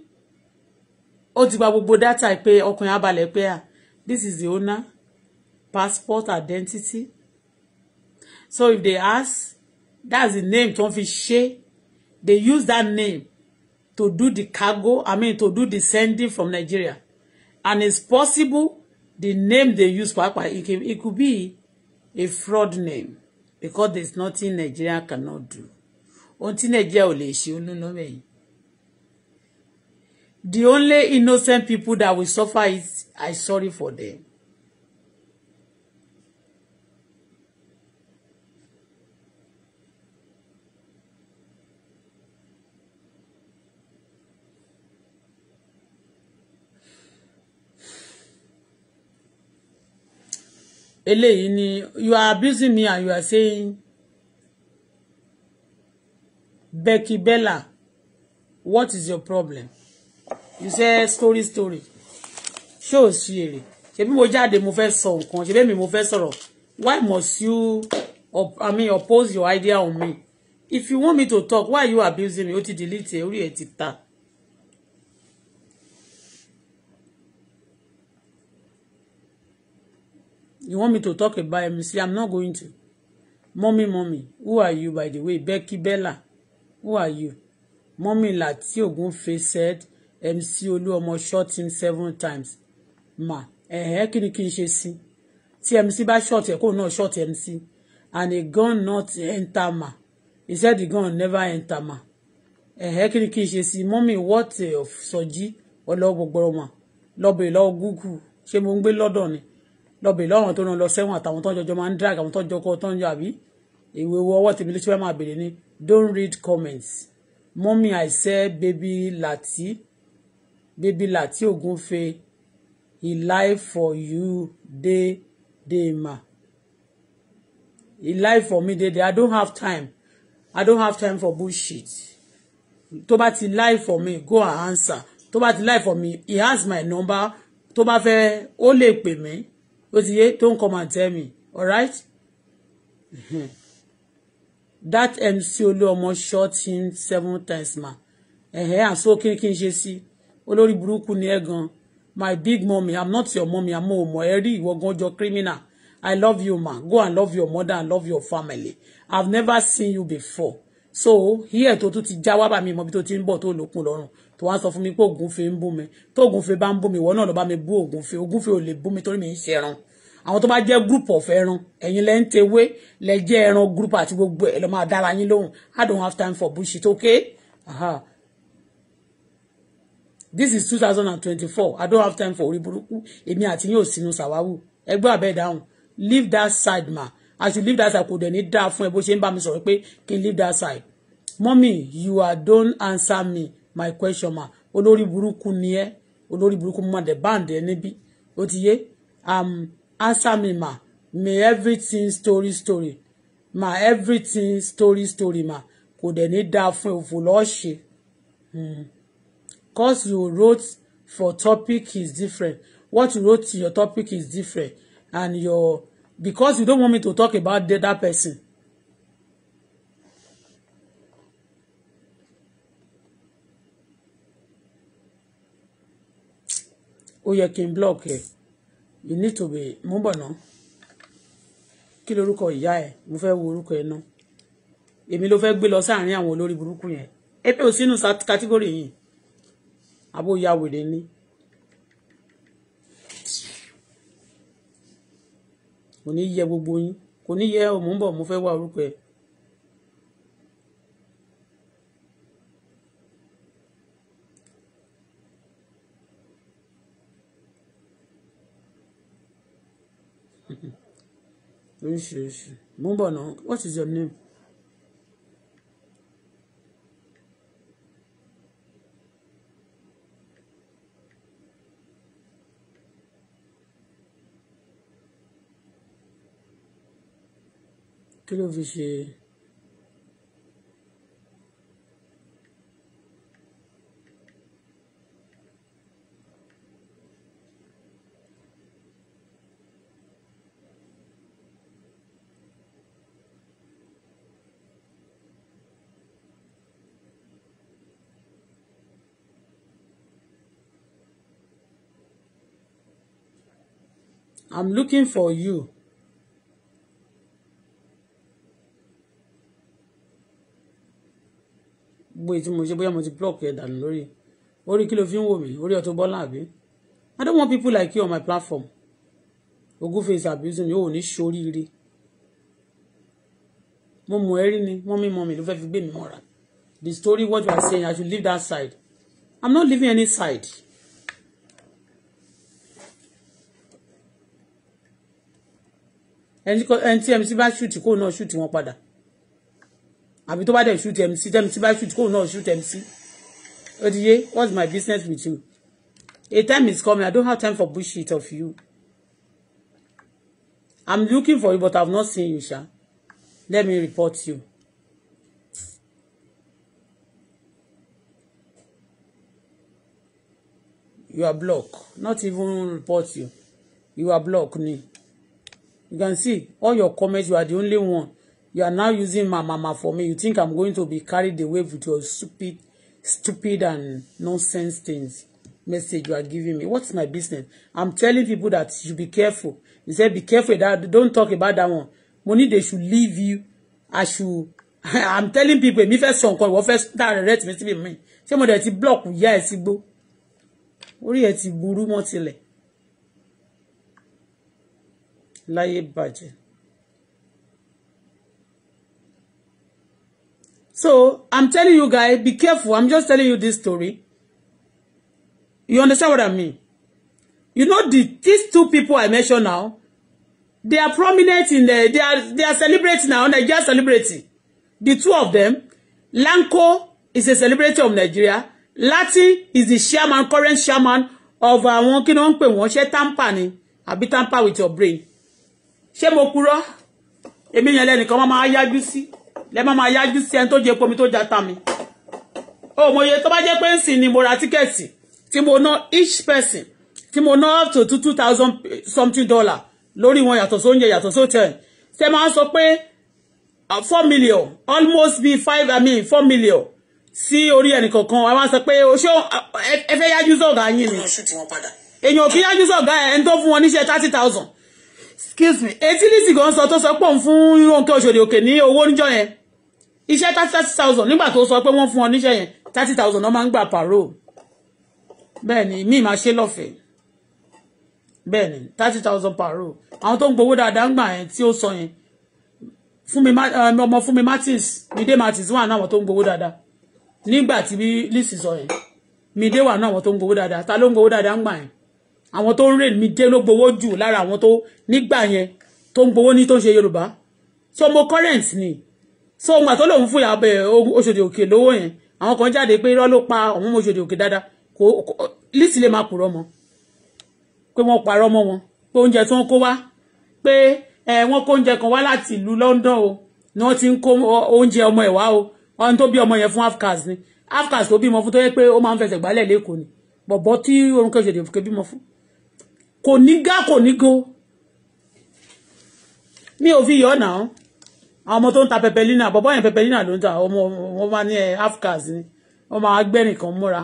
[SPEAKER 1] ó ti gba gbogbo data pé ọkùnrin abalẹ̀ pé ah this is the owner passport identity so if they ask that's the name tó ń fi ṣe. They use that name to do the cargo, I mean, to do the sending from Nigeria. And it's possible the name they use, for can, it could be a fraud name because there's nothing Nigeria cannot do. Ohun Nigeria ò lè ṣe me. The only innocent people that will suffer is, I sorry for them. eléyìí ni you are abusing me and you are saying Becky Bella what is your problem you say story story ṣé ò sí èrè ṣebí mo jáde mo fẹ́ sọ nǹkan ṣebí mi mo fẹ́ sọ̀rọ̀ why must you i mean oppose your idea on me if you want me to talk why you abusing me ó ti delete ẹ orí ẹ ti ta. You want me to talk about MC? I'm not going to. Mommy, mommy, who are you, by the way? Becky Bella, who are you? Mommy Lati Ogunfe said MC Oluomo shot him seven times. Ma, eh, kí ni kí n ṣe sí? MC by shot oh no, náà shot MC. And a gun not enter ma. He said the gun never enter ma. Eh, kí ni kí n ṣe Mommy, what eh, of Soji What ma? Lọ́bẹ̀ lọ́wọ́ Google. Ṣé mo ń gbé lọ́dọ̀ ni? lọ́bẹ̀ lọ́rùn tó ràn lọ sẹ́wọ̀n àtàwọn tó ń jọjọ máa ń drag àwọn tó ń jọkọ tó ń jọ àbí ìwé ọwọ́ tèmi ló ti fẹ́ máa bèrè ni don't read comments mommy i say baby lati baby lati ogunfe he lie for you day, day, ma he lie for me day, day. i don't have time i don't have time for bullshit tó bá ti lie for me go and answer tó bá ti lie for me he has my number tó bá fẹ́ ó lè pè mí ó ti don't come and tell me all right? <laughs> that MC olúọmọ shot him seven times ma ẹ̀hẹ́ I kí ni kí n ṣe sí olórí burúkú ni ẹ my big mommy, i'm not your mummy àmọ́ òmò ẹ rí ìwọ gan jọ criminal i love you ma go and love your mother and love your family i've never seen you before so here tó tún ti jawaba mi, bàmí mọ́bí tó ti ń bọ̀ tó lókun tó wá sọ fún mi pé ògúnfe ń bú mi tó ògúnfe bá ń bú mi ìwọ náà ló bá mi bú ògúnfe ògúnfe ò lè bú mi torí mi ń ṣe ẹran àwọn tó bá jẹ́ group of ẹran ẹ̀yin lẹ́ ń tewé lẹ jẹ́ ẹran group àti gbogbo ẹ̀ lọ́ máa dára yín lóhùn I don't have time for bullshit okay Aha. this is two thousand and twenty-four I don't have time for orí burúkú èmi àti yóò sínú sàwáwù ẹgbẹ́ àbẹ́ ìdáhùn leave that side ma as you leave that side kò dẹ̀ ní dáa fún ẹ bó ṣe ń bá mi sọ̀rọ̀ pé kí n leave that side mommy you are don't answer me my question ma olórí burúkú ni ẹ olórí burúkú mo máa dẹ̀ báǹdì ẹ níbí ó ti yé um, answer me ma My everything story story ma everything story story ma kò dẹ̀ ní dáa fún òfò lọ́ọ́ ṣe hmm. cause you wrote for topic is different what you wrote to your topic is different and your because you don't want me to talk about that person ó yẹ kí n block ẹ you need to be mú bọ̀ náà kí lorúkọ ìyá ẹ mo fẹ́ wo orúkọ ẹ náà èmi ló fẹ́ gbé lọ sáàárín àwọn olórí burúkú yẹn epe ò sínú kátígórì yìí àbó ya wèrè ni. kò ní yẹ gbogbo yín kò ní yẹ ọmọ ń bọ̀ mo fẹ́ wá orúkọ ẹ̀ oríṣiríṣi mo ń bọ̀ náà what is your name. kí ló fi ṣe. I'm looking for you. bóyá tí mo ṣe bóyá mo ti block ẹ dànù lórí orí kí ló fi ń wò mí orí Auto Bola àbí I don't want people like you on my platform face abusing mi ò ní ṣoríire mo mọ ẹrí ni wọ́n mímọ mi ló fẹ́ fi gbé mi mọ́ra the story what you are saying I should leave that side I'm not leaving any side. ẹni tí mc bá ṣùtì kóun náà Shoot wọn padà àbí tó bá dẹ̀ ṣùtì mc tí mc bá Shoot kóun náà ṣùtì mc ó ti yé what's my business with you a time is coming i don't have time for bullshit of you i'm looking for you but i've not seen you sha let me report you. you are blocked not even report you you are blocked ni. You can see all your comments, you are the only one. You are now using my mama for me. You think I'm going to be carried away with your stupid, stupid and nonsense things. Message you are giving me. What's my business? I'm telling people that you be careful. You said be careful that don't talk about that one. Money they should leave you. I should <laughs> I'm telling people Me first, sọ call. ìwọ fẹ́ dáre rẹ̀ tìmí síbi mi ṣé mo dẹ̀ ti block ìyá ẹ̀ ti gbó orí ẹ̀ ti burú mọ́ tilẹ̀ láyé budget. So I'm telling you guys, be careful. I'm just telling you this story. You understand what I mean? You know the these two people I mentioned now, they are prominent in the they are they are celebrating now, Nigeria celebrity. The two of them, Lanko is a celebrity of Nigeria. Lati is the chairman, current chairman of àwọn kí ni wọ́n ń pè wọ́n ṣe tamper ni àbí tamper with your brain ṣé mo purọ́ èmi yẹn lẹ́nìkan máa máa yájú sí lẹ́ máa máa yájú sí ẹni tó jẹ epo mi tó jata mi o mo yẹ tó bá jẹ́ pé ń sìn ni mo ra tíkẹ́ẹ̀tì tí mo ná each person tí mo ná up to two thousand something dollar lórí wọn yàtọ̀ sóúnjẹ yàtọ̀ sóòtẹ̀ ṣe máa ń sọ pé uh, four million almost be five i mean four million sí orí ẹnìkọ̀ọ̀kan a máa sọ pé o ṣé ẹ fẹ́ yájú sọ̀gá yín ni èèyàn kì í yájú sọ̀gá ẹ̀ ẹni tó fún wọn níṣẹ́ thirty thousand excuse me etí lisi gan sọ tó sọ pé òun fún Ronke Oṣòdì Òkè ní owó níjọ́ yẹn iṣẹ́ thirty thirty thousand nígbà tó sọ pé wọ́n fún ọ níṣẹ́ yẹn thirty thousand náà máa ń gbà pàrọ̀ bẹ́ẹ̀ ni míì máa ṣe lọ́fẹ̀ẹ́ bẹ́ẹ̀ ni thirty thousand pàrọ̀ àwọn tó ń gbowó dáadáa ń gbà yẹn tí ó sọ yẹn fúnmi eh, ọmọ fúnmi martins midé martins wà náà àwọn tó ń gbowó dáadáa nígbà tí lisi sọ yẹn midé wà náà àwọn tó ń gbowó dáadáa ta ló ń gbowó dáadáa ń gbà yẹn àwọn tó ń rè mí dé ló gbowó jù lára àwọn tó nígbà yẹn tó ń gbowó ní tó ń ṣe yorùbá so mo current ni so ohun àtọ́ lòun fún ìyàbẹ̀ oṣòdì òkè lówó yẹn àwọn kan jáde pé irọ́ ló pa òun oṣòdì òkè dáadáa kò lísì lè máa purọ́ mọ́ pé wọ́n parọ́ mọ́ wọn pé oúnjẹ tí wọ́n kó wá pé wọ́n kó oúnjẹ kan wá láti ìlú London o ni wọ́n ti ń kó oúnjẹ ọmọ ẹ̀ wá o ọ̀n tó bí ọmọ yẹn fún afcas ni afcas tó bímọ fún tó yẹ pé ó máa ń fẹsẹ̀ gbálẹ̀ lẹ́kọ̀ọ́ ni bọ̀bọ̀ tí orúkọ ìṣèdè òkè bímọ fún kò ní gá kò ní go mi ò fi yọ̀ náà àwọn ọmọ tó ń ta pepelina bọ̀bọ́ yẹn pepelina ló ń ta ọmọ wọn máa ní ẹ eh, afcas ni wọn máa gbẹ́rìn kan múra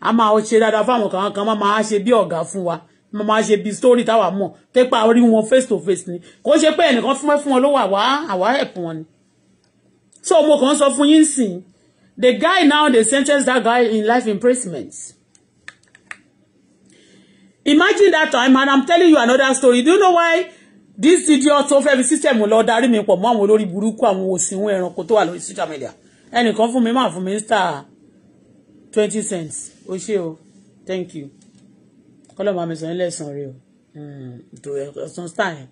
[SPEAKER 1] a máa ṣe dáadáa fáwọn kan kan máa máa ṣe bí ọ̀gá fún wa máa máa ṣe bí story táwa mọ̀ tẹ́pà orí wọn face to face ni kò ṣe pé ẹnìkan fún wọn fún wọn ló wà wá àwa ẹ̀pù wọn ni. so mo kàn sọ fún yín sìn the guy now dey sentence that guy in life imprisonment imagine that time and i'm telling you another story do you know why this idiot tó fẹ́ fi system lọ darí mi pọ̀ mọ́ àwọn olórí burúkú àwọn òsìnwó ẹranko koto, wà lórí social media ẹnìkan fún mi máa fún from Minister, twenty cents o thank you kọ́lọ́mù àmísàn ilé ẹ̀sán rẹ o hmm, tó ẹ̀sán star yẹn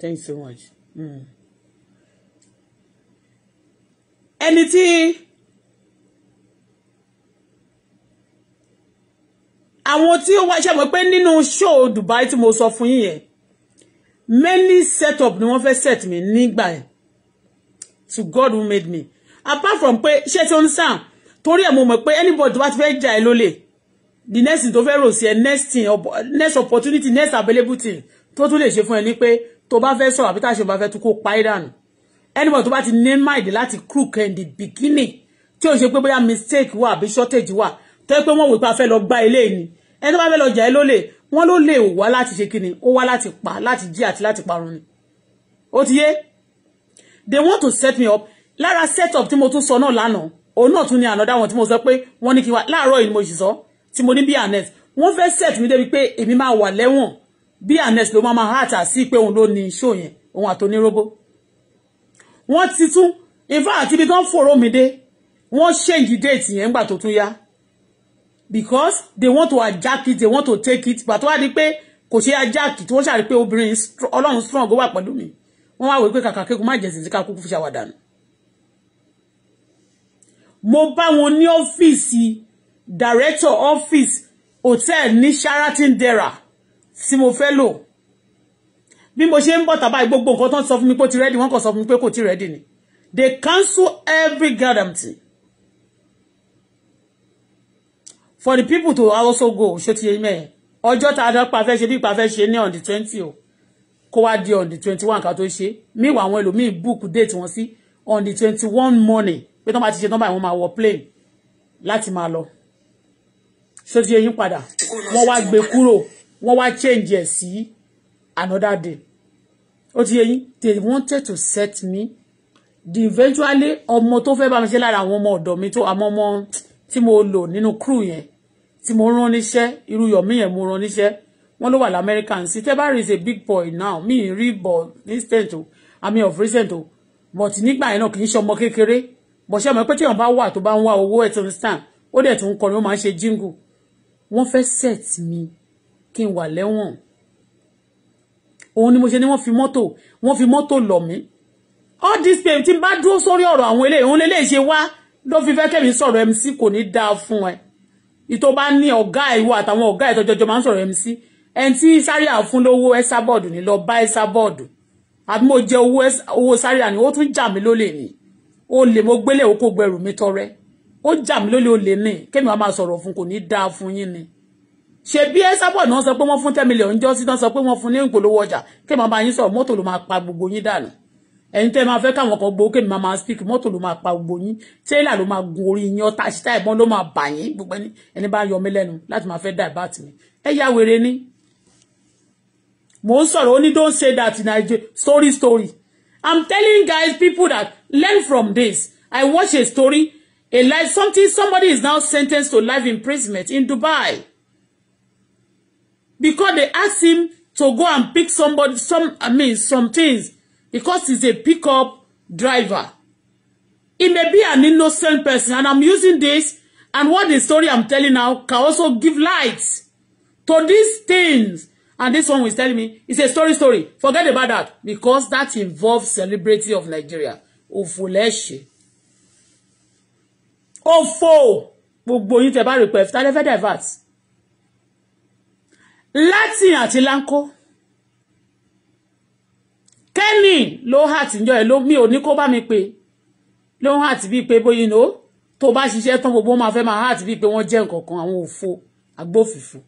[SPEAKER 1] thank so much. Hmm. ẹni tí. àwọn tí ó wá ṣe mọ̀ pé nínú show Dubai tí mo sọ fún yín yẹn many set up ni wọ́n fẹ́ set me. nígbà yẹn to God who made me apart from pé ṣé tí ó ń sàn torí ẹ̀ mo mọ̀ pé anybody wá ti fẹ́ jà ẹ́ lólè the next thing tó fẹ́ rò sí ẹ next thing next opportunity next available thing tó tún lè ṣe fún ẹ ní pé tó bá fẹ́ sọ̀rọ̀ àbí táṣe bá fẹ́ tún kó pa é dànù anybody tó bá ti ní mind láti crook in the beginning tí ó ṣe pé bóyá mistake wà àbí shortage wà tó yẹ pé wọ́n wò pé a fẹ́ lọ gbá ilé ni ẹni tó bá fẹ́ lọ jà ẹ́ lólè wọ́n ló lè wá láti ṣe kí ni ó wá láti pa láti jí àti láti parun ni ó ti yé they want to set me up lára set up tí mo tún sọ náà lánàá òun náà tún ni ànádá wọn tí mo sọ pé wọ́n ní kí n wá láàárọ̀ yìí ni mo sì sọ tí mo ní bí anet wọ́n fẹ́ set mi débi pé èmi máa wà lẹ́wọ̀n bí anet ló máa máa hàtà sí pé òun ló ní show yẹn òun àtònírógbó wọ́n ti tún in fact ibi tó ń fòró mi dé wọ́n change date yẹn ńgbà tó tún yá because they want to hijack it they want to take it but wá di pé kò ṣe hijack tí wọ́n ṣàrí pé obìnrin ọlọ́run strong ó wà pẹ̀lú mi wọ́n wá wò pé kàkà kékun má jẹ̀sìn tí kakú fi ṣàwádà nù. mo bá wọn ní office, director office hotel ní Sheraton Dera tí mo fẹ́ lò bí mo ṣe ń bọ̀ tàbá gbogbo nǹkan tó ń sọ mi pé ti rẹ́dì wọ́n kàn sọ fún mi pé kò ti rẹ́dì ni they cancel every gathering for the people to also go ṣó ti me? mẹ́ẹ̀ ọjọ́ tá a dán pa fẹ́ ṣe bí pa fẹ́ ṣe ní on the twenty o kó wá di on the twenty one ká tó ṣe míwàá àwọn ẹlòmíì book date wọn sí on the twenty one morning pé tán bá ti ṣe tán báyìí wọ́n máa wọ plane láti máa lọ ṣó ti eyín padà wọ́n wá gbé kúrò wọ́n wá change ẹ̀ sí another day ó ti eyín they wanted to set me the eventually ọmọ tó fẹ́ bá mi ṣe lára àwọn ọmọ ọ̀dọ̀ mi tó àwọn ọmọ tí mo lò nínú crew yẹn tí mo rán níṣẹ́ irú yọ̀mí yẹn mo rán níṣẹ́ wọ́n ló wà lamẹ́ríkà ń sí tẹ́bárì is a big boy now mi ì rí bọ̀ instant o i mean of recent o but nígbà yẹn náà kì í ṣe ọmọ kékeré bọ̀ ṣé ọmọ pé téèyàn bá wà tó bá ń wá owó ẹ̀ tó ń stand ó dẹ̀ tó ń kọrin ó máa ń ṣe jingle wọ́n fẹ́ set mi kí n wà lẹ́wọ̀n òun ni mo ṣe ni wọ́n fi mọ́tò wọ́n fi mọ́tò lọ̀ mí all this time tí n bá dúró sórí ọ̀rọ̀ àwọn eléyìí òun lè lè ṣe wá ló fi fẹ́ kẹ́mi sọ̀rọ̀ mc kò ní dáa fún ẹ ìtò bá ní ọ̀gá ìwọ àtàwọn ọ̀gá ìtọ́jọjọ máa ń sọ̀rọ̀ MC ẹni tí sáríà fún lówó ẹsà bọ́ọ̀dù ni lọ bá ẹsà bọ́ọ̀dù àbí mo jẹ owó sáríà ni ó tún jà mí lólè ni ó lè mo gbélé òkú gbẹrù mi tọrẹ ó jà mí lólè ó lè ní kémi wàá máa sọ̀rọ̀ fún kò ní dáa fún yín ni ṣe bí ẹsà bọ́ọ̀dù náà sọ pé wọ́n fún ten million jọ́sí náà sọ pé wọ́n fún ní ẹ̀yin tẹ́ máa fẹ́ káwọn kan gbowó kémi máa máa speak mọ́tò ló máa pa gbogbo yín tẹ́lá ló máa gun orí yín ọ̀tá ṣíta ẹ̀gbọ́n ló máa bà yín gbogbo ẹni ẹni bá yọ mí lẹ́nu láti máa fẹ́ divert mi ẹ yá wèrè ni mò ń sọ̀rọ̀ ó ní don't say that in Nigeria story story I'm telling guys people that learn from this I watch a story a life something somebody is now sentenced to life imprisonment in Dubai because they ask him to go and pick somebody some I mean some things because he's a pickup driver. He may be an innocent person, and I'm using this, and what the story I'm telling now can also give light to these things. And this one was telling me, it's a story story. Forget about that, because that involves celebrity of Nigeria. Ofuleshi. Ofo! Gbogbo yín tẹ́ bá rí pẹ̀ fìtálẹ́fẹ́ Kenny ló hàt ńjọ́ ẹ̀ ló mi ò ní kó bá mi pè ló hàt bíi pé bóyá iná tó bá ṣiṣẹ́ tán gbogbo máa fẹ́ máa hàt bíi pé wọ́n jẹ́ nǹkan kan àwọn òfo agbófìfo.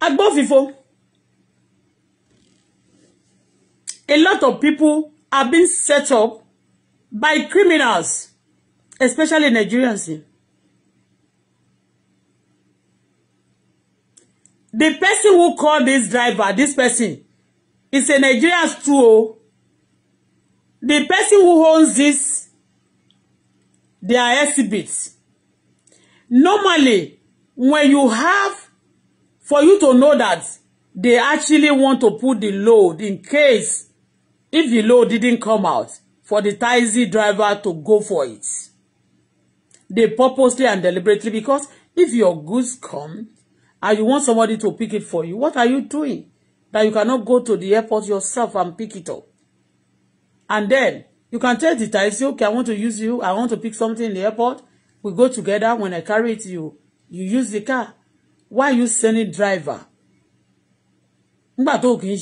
[SPEAKER 1] Agbófinfo. A lot of people have been set up by criminals, especially Nigerians. The person who called this driver, this person, is a Nigerian too. Oh. The person who owns this, they are exhibits. Normally, when you have, for you to know that they actually want to put the load in case if the load didn't come out, for the taxi driver to go for it. They purposely and deliberately because if your goods come and you want somebody to pick it for you, what are you doing? That you cannot go to the airport yourself and pick it up. And then you can tell the taxi, okay, I want to use you. I want to pick something in the airport. We go together. When I carry it, to you you use the car. Why are you sending driver? Nígbà tó kì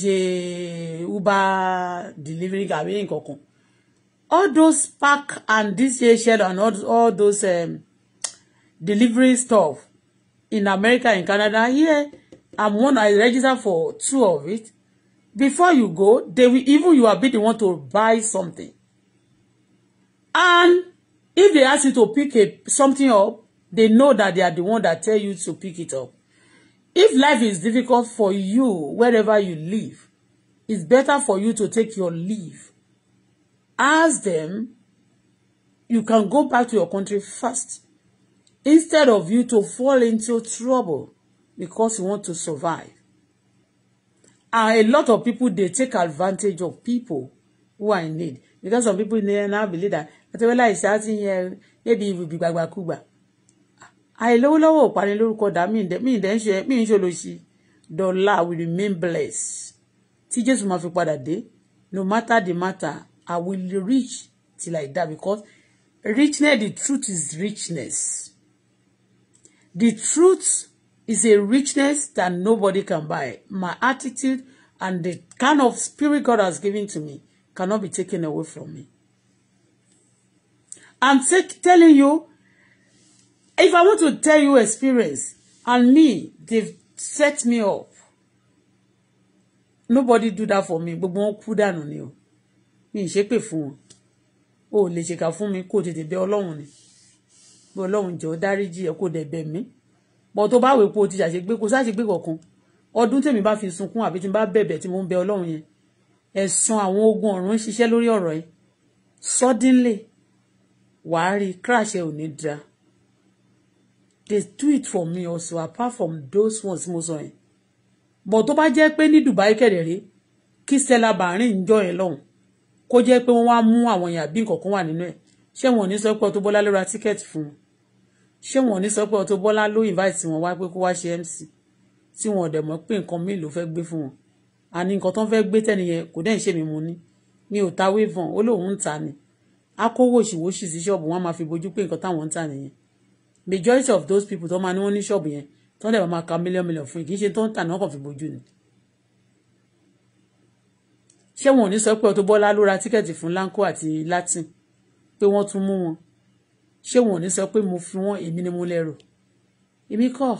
[SPEAKER 1] Uber delivery àbí in kan all those pack and this year, shell and all, all those um, delivery stuff in America and Canada here I'm one I register for two of it before you go they will even you are be the one to buy something and if they ask you to pick a, something up they know that they are the one that tell you to pick it up if life is difficult for you wherever you live it's better for you to take your leave ask them you can go back to your country first instead of you to fall into trouble because you want to survive. And a lot of people, they take advantage of people who are in need. Because some people they now believe that Atewela is starting here, maybe it will be gbagbakugba. Àìlówólọ́wọ́ òparin lórúkọ dá mí ìdẹ́ mí ìdẹ́ ń ṣe mí ń ṣe olóṣì will remain blessed. Tí Jésù máa fi padà dé, no matter the matter, I will reach till I die because richness, the truth is richness. The truth is a richness that nobody can buy. My attitude and the kind of spirit God has given to me cannot be taken away from me. I'm take, telling you, if I want to tell you experience, and me, they've set me up. Nobody do that for me. Gbogbo wọn kú dànù on you mi ì ṣépè fún wọn o lè ṣèkà fún mi kó tètè bẹ ọlọ́run ni bí ọlọ́run jẹ́ ọ dáríjì ẹ kó dẹ̀ bẹ̀ mí bọ́ tó bá wèé po ti ṣàṣegbé kó ṣàṣegbé kọ̀ọ̀kan ọdún tèmi bá fi sunkún àbí tí n bá bẹ̀bẹ̀ tí mo ń bẹ ọlọ́run yẹn ẹ̀san àwọn ogun ọ̀run ń ṣiṣẹ́ lórí ọ̀rọ̀ yìí suddenly wàá rí crash ẹ ò ní dra they do it for me also apart from those ones mo sọ yẹn bọ̀ tó bá jẹ́ pé ní Dubai kẹ̀dẹ̀ rí kí Stella Barin ń jọ yẹn lọ́hùn kó jẹ́ pé wọ́n wá mú àwọn èèyàn bí nǹkan kan wà nínú ẹ̀ ṣé wọn ò ní sọ pé Auto Bola ló ra tíkẹ́ẹ̀tì fún wọn ṣé wọn ò ní sọ pé Auto Bola ló invite wọn wá pé kó wá ṣe MC tí wọn ò dẹ̀ mọ̀ pé nǹkan míì ló fẹ́ gbé fún wọn àní nǹkan tó ń fẹ́ gbé tẹ́niyẹn kò dẹ́n ṣe mi mu ní mi ò ta wavon ó lóun ń ta ni á kówó òṣìwòṣì sí ṣọ́ọ̀bù wọn máa fi bójú pé nǹkan táwọn ń ta nìyẹn majority of those people tó máa ní wọn ní ṣọ́ọ̀bù yẹn tó ń dẹ̀ máa ka million million fún yìí kì í ṣe tó ń tà ní wọn kàn fi bójú ni ṣé wọn ò ní sọ pé Auto Bola ló ra tíkẹ́ẹ̀tì fún lanco àti latin pé wọ́n tún mú wọn ṣé wọn ò ní sọ pé mo fi wọn èmi ni mo lẹ́rù èmi kọ́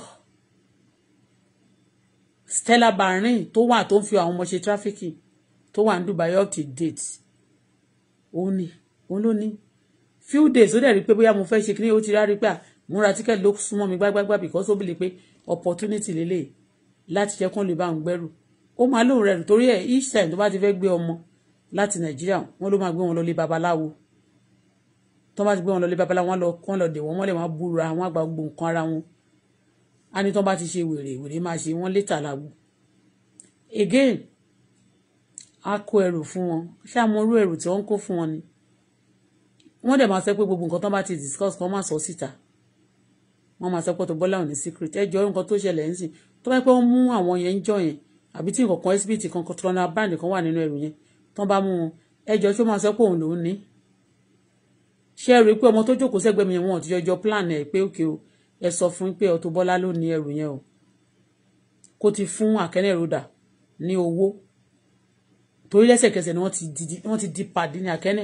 [SPEAKER 1] Stella Barney tó wà tó ń fi àwọn ọmọ ṣe tráfíkì tó wà ní Dubai up to date òun ni òun ló ní few days ó dẹ̀ rí pé bóyá mo fẹ́ ṣe kíní ó ti rárí pé mo ra tíkẹ́ẹ̀tì ló súnmọ́ mi gbágbágbá because ó bìlẹ̀ pé opportunity lélẹ̀ láti jẹ́ kán lè bá ń gbẹ́rù ó máa lóun rẹ̀ nítorí ẹ̀ each time tó bá ti fẹ́ gbé ọmọ láti nàìjíríà wọn ló máa gbé wọn lọ lé babaláwo tó bá ti gbé wọn lọ lé babaláwo wọn lọ kán lọ dè wọn mọ́lẹ̀ wọn búra wọn àgbà gbogbo nǹkan ara wọn á ní tó bá ti ṣe wèrè wèrè máa ṣe wọn létà làwọ again á kó ẹrù fún wọn ṣé àwọn orú ẹrù tí wọn kó fún wọn ni wọn dẹ̀ máa sọ pé gbogbo nǹkan tó bá ti discuss kan máa sọ síta wọn máa sọ pé tó bọ́lá ò ní secret ẹ jọ nǹkan tó ṣẹlẹ̀ ń sìn tó bá pẹ́ wọ́n mú àwọn yẹn ń jọ yẹn àbí tí nǹkan kan exhibit kankan contraband kan wà nínú ẹrù yẹn tán bá mú un ẹjọ́ tí ó máa sọ pé òun lòún ní. ṣé ẹ rí i pé ọmọ tó jókòó sẹ́gbẹ́ mi wọn ò ti jọjọ plan ẹ̀ pé òkè o ẹ sọ fún pé Auto Bola ló ní ẹrù yẹn o kó ti fún Akene Roda ní owó torí lẹ́sẹ̀kẹsẹ̀ ni wọ́n ti di pàdé ní Akene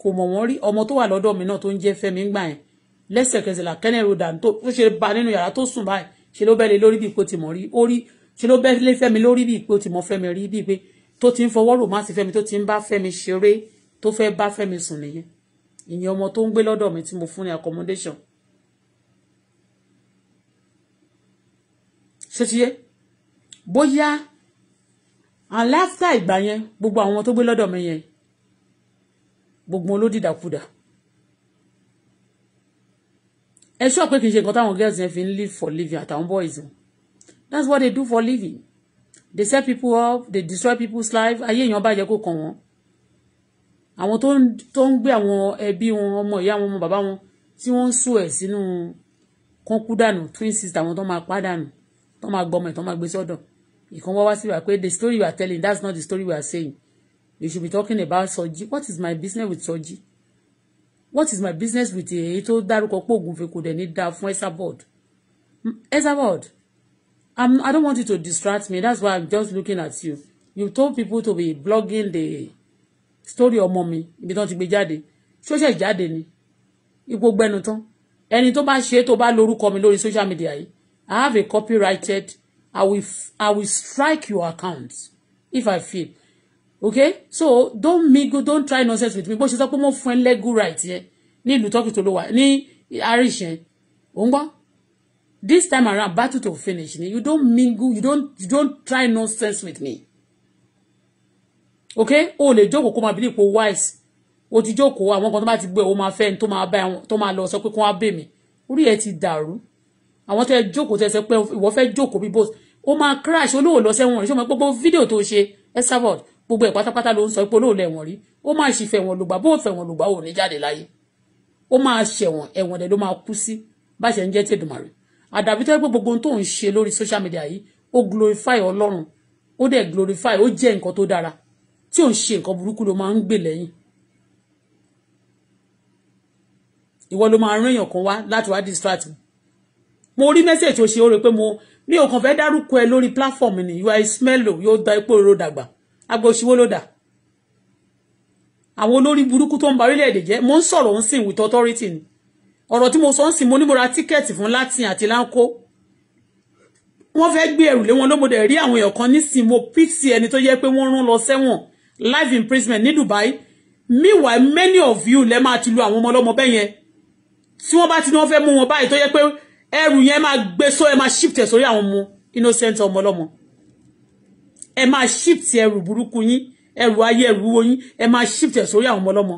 [SPEAKER 1] kò mọ̀ wọ́n rí ọmọ tó wà lọ́dọ̀ mi náà tó ń jẹ́ Fẹ́mi ń gbà yẹn lẹ́sẹ̀kẹsẹ̀ l'Akene Roda tó ń ṣe ba nínú yàrá tó sùn báyìí ṣe ló bẹ́ẹ̀ lé lórí bí kò ti mọ̀ rí ó rí ṣe ló bẹ́ lé fẹ́mi lórí bíi pé ó ti mọ fẹ́mi rí bíi pé tó ti ń fọwọ́ rò má sí fẹ́mi tó ti ń bá fẹ́mi ṣeré tó fẹ́ bá fẹ́mi sùn nìyẹn ìyẹn ọmọ tó ń gbé lọ́dọ̀ mi tí mo fún ní accommodation. ṣé ti yé bóyá and after ìgbà yẹn gbogbo àwọn tó gbé lọ́dọ̀ mi yẹn gbogbo olódìdàkudà ẹ ṣọ́ pé kì í ṣe nǹkan táwọn girls yẹn fi ń live for living àtàwọn boys wọn that's what they do for living they set people up they destroy people's life ayé èèyàn bàjẹ́ kó kàn wọ́n àwọn tó ń tó ń gbé àwọn ẹbí wọn ọmọ ìyá wọn ọmọ bàbá wọn tí wọ́n ń sùn ẹ̀ sínú kọ́ńkú dànù twin sister wọn tó máa pa dànù tó máa gbọmọ ẹ̀ tó máa gbé sọ́dọ̀ ìkan wá wá sí wa pé the story you are telling that's not the story we are saying you should be talking about Soji what is my business with Soji what is my business with èyí tó dárúkọ pé ògùn fèkó dẹ̀ ní dáa fún Esabod Esabod I'm, I don't want you to distract me. That's why I'm just looking at you. You told people to be blogging the story of mommy. ibi tán ti gbé jáde. Ṣóṣẹ̀ jáde ni. Ipò gbẹnu tán. Ẹni tó bá ṣe tó bá lórúkọ mi lórí social media yìí. I have a copyrighted. I will, I will strike your account if I feel. Okay? So don't mingle, don't try nonsense with me. Bó ṣe sọ pé mo fún ẹ lẹ́gùn right yẹn ní ìlú Tọ́kì tó ló ní Irish yẹn. Ò ń gbọ́? this time around battle to finish ni you don't mingle you don't you don't try nonsense with me okay o lè jókòó kó máa bí ipò wise o ti jókòó àwọn kan to bá ti gbé o máa fẹ́ tó máa bá tó máa lọ sọ pé kó wá bè mí orí ẹ ti dàrú àwọn tó ẹ jókòó tẹsẹ pé ìwọ fẹ́ jókòó bí bóso o máa crash olóòó lọ sẹ́wọ̀n rí sọ ma gbogbo fídíò tó ṣe ẹ sábọ̀d gbogbo ẹ̀ pátápátá ló ń sọ pé olóòó lẹ̀wọ̀n rí ó máa ṣì fẹ̀wọ̀n lùgbà bó fẹ̀wọ̀n lùgbà ò ní jáde láyé ó máa ṣẹ̀wọ̀n ẹ̀wọ̀n dẹ̀ ló máa kú sí bá ṣe ń jẹ́ tèdùmàrè àdàbí tó yẹ pé gbogbo ohun tó ń ṣe lórí social media yìí ó glorify ọlọ́run ó dẹ̀ glorify ó jẹ́ nǹkan tó dára tí ò ń ṣe nǹkan burúkú ló máa ń gbè lẹ́yìn ìwọ ló máa rán èèyàn kan wá láti wá distract mo rí message tó ṣe ó rè pé mo mi ò kàn fẹ́ dárúkọ ẹ lórí platform ni you are ismailo yóò da epo èrò dàgbà agbóṣiwó ló dà àwọn olórí burúkú tó ń ba orílẹ̀-èdè jẹ́ mo ń sọ̀rọ̀ ń sìn with authority ni ọ̀rọ̀ tí mo sọ ń sìn mo ní mo ra tíkẹ́ẹ̀tì fún Latin àti Lanco wọ́n fẹ́ gbé ẹrù lé wọn lóbodè rí àwọn èèyàn kan nísìn mo pìtì ẹni tó yẹ pé wọ́n rán lọ sẹ́wọ̀n life imprisonment ní Dubai meanwhile many of you lẹ́ máa ti lu àwọn ọmọ ọlọ́mọ bẹ́ẹ̀ yẹn tí wọ́n bá ti ní wọ́n fẹ́ mú wọn báyìí tó yẹ pé ẹrù yẹn máa gbé sọ ẹ máa shift ẹ̀ sórí àwọn ọmọ innocent ọmọ ọlọ́mọ ẹ máa shift ẹrù burúkú yín ẹrù ayé ẹrù wo yín ẹ máa shift ẹ̀ sórí àwọn ọmọ ọlọ́mọ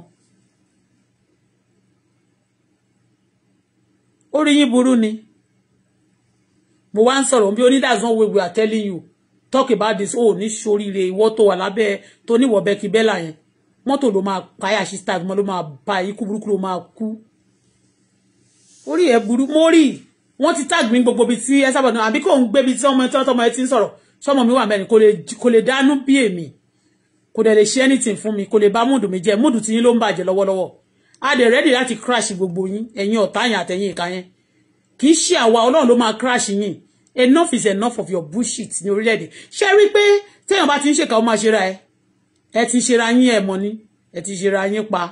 [SPEAKER 1] orí yín burú ni mo wá ń sọ̀rọ̀ bí onídàásán wíwí we are telling you talk about this oh ní soríire ìwọ tó wà lábẹ́ tó níwọ̀ bẹ́ẹ̀ kí bẹ́là yẹn mọ́tò ló máa pààyà sí stag mọ́ ló máa ba ikú burúkú ló máa kú orí ẹ̀ burú mo rí wọ́n ti tag mi gbogbo ibi tí ẹ sábà náà àbí kò ń gbé ibi tí ọmọ tí ọmọ ẹ ti ń sọ̀rọ̀ sọmọ mi wà mẹ́rin kò lè dánú bí èmi kò dẹ̀ lè ṣe anything fún mi kò lè bá múdù mi jẹ́ múdù tí yín ló ń bàjẹ́ lọ́wọ́lọ́wọ́ a dẹ̀ rẹ́dì láti crash gbogbo yín ẹ̀yin ọ̀tá yẹn àtẹ̀yìn ìka yẹn kì í ṣe àwa ọlọ́run ló máa crash yín enough is enough of your bullshit ní orílẹ̀-èdè ṣé rí pé téèyàn bá ti ń ṣèkà ó máa ṣera ẹ ẹ ti ṣera yín ẹ mọ ni ẹ ti ṣera yín pa.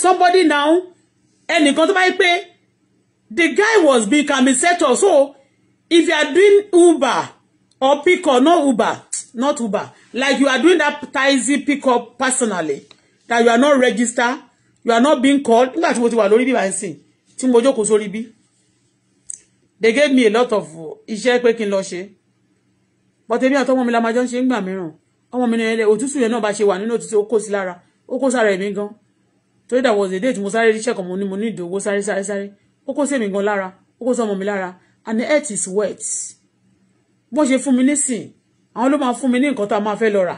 [SPEAKER 1] somebody now ẹnìkan tó bá yí pé the guy was being can settled so if you are doing uber or pickup no uber not uber like you are doing that taxi pickup personally that you are not register, you are not being called nígbà tí mo ti wà lórí bí báyìí sìn tí mo jókòó sórí bí they gave me a lot of iṣẹ́ pé kí n lọ ṣe but èmi àtọmọ mi la máa jọ ń ṣe ńgbà mìíràn ọmọ mi ní ẹlẹ òtútù yẹn náà bá ṣe wà nínú òtútù ó kó sí lára ó kó sára ẹ̀mí gan torí that was the date mo sáré ríṣẹ́ kan mo ní mo ní ìdòwò sáré sáré sáré ó kó sí èmi gan lára ó kó sọmọ mi lára and the earth is wet bó ṣe fún mi nísìn àwọn ló máa fún mi ní nǹkan tá a máa fẹ́ lọ rà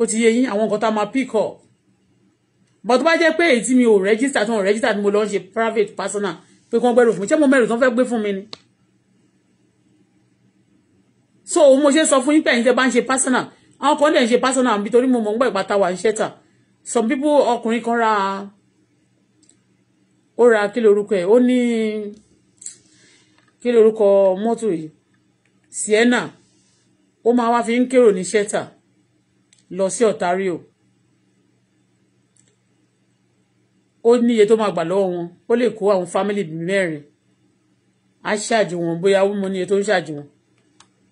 [SPEAKER 1] ó ti yé yín àwọn nǹkan tá a máa pick up but tó bá jẹ́ pé èyí tí mi ò register tí wọ́n register tí mo lọ ṣe private personal pé kí wọ́n gbẹ́rù fún mi ṣé mo mẹ́rù tí wọ́n fẹ́ gbé fún mi ni so mo ṣe sọ fún yín pé ẹ̀yin tẹ́ bá ń ṣe personal àwọn kan dẹ̀ ń ṣe personal àbí torí mo mọ̀ ń gbà ìgbà táwa ń ṣẹ́ta some people ọkùnrin kan ra ó ra kí lorúkọ ẹ̀ ó ní kí lorúkọ mọ́tò yìí Sienna ó máa wá fi ń kérò ní ṣẹ́tà lọ sí Ontario ó ní iye tó máa gbà lọ́wọ́ wọn ó lè kó àwọn fámìlì mẹ́rin á ṣáàjì wọn bóyá ó mọ iye tó ń ṣáàjì wọn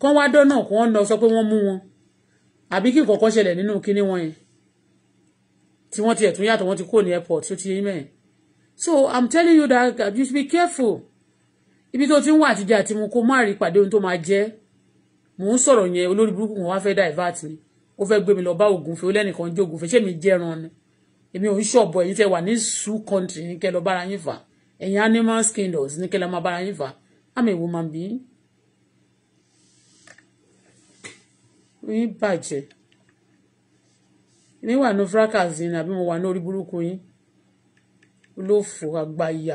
[SPEAKER 1] kán wá dọ́nà kó wọ́n lọ sọ pé wọ́n mú wọn àbí kí nǹkan kan ṣẹlẹ̀ nínú kinní wọn yẹn tí wọ́n tiẹ̀ tún yàtọ̀ wọ́n ti kúrò ní airport tó ti yín mẹ́rin so i'm telling you that you should be careful ibi tó ti ń wà àtijọ́ àti mu kó má rí pàdé ohun tó máa jẹ́ mò ń sọ̀rọ̀ yẹn olórí burúkú kan wá fẹ́ divert mi ó fẹ́ gbé mi lọ bá ògùnfẹ́ ó lẹ́nìkan jẹ́ ògùnfẹ́ ṣé mi jẹ́ran ni èmi ò ń ṣọ̀bọ̀ ẹ̀yin tẹ́ wà ní zoo country ní kẹ́ lọ bára yín fà ẹ̀yin animal skindles ní kẹ́ lọ máa bára yín fà àmì ìwò máa bí yín bàjẹ́ èmi wà ní fracas yín àbí mo wà ní orí burúkú yín olófò àgbà ìyá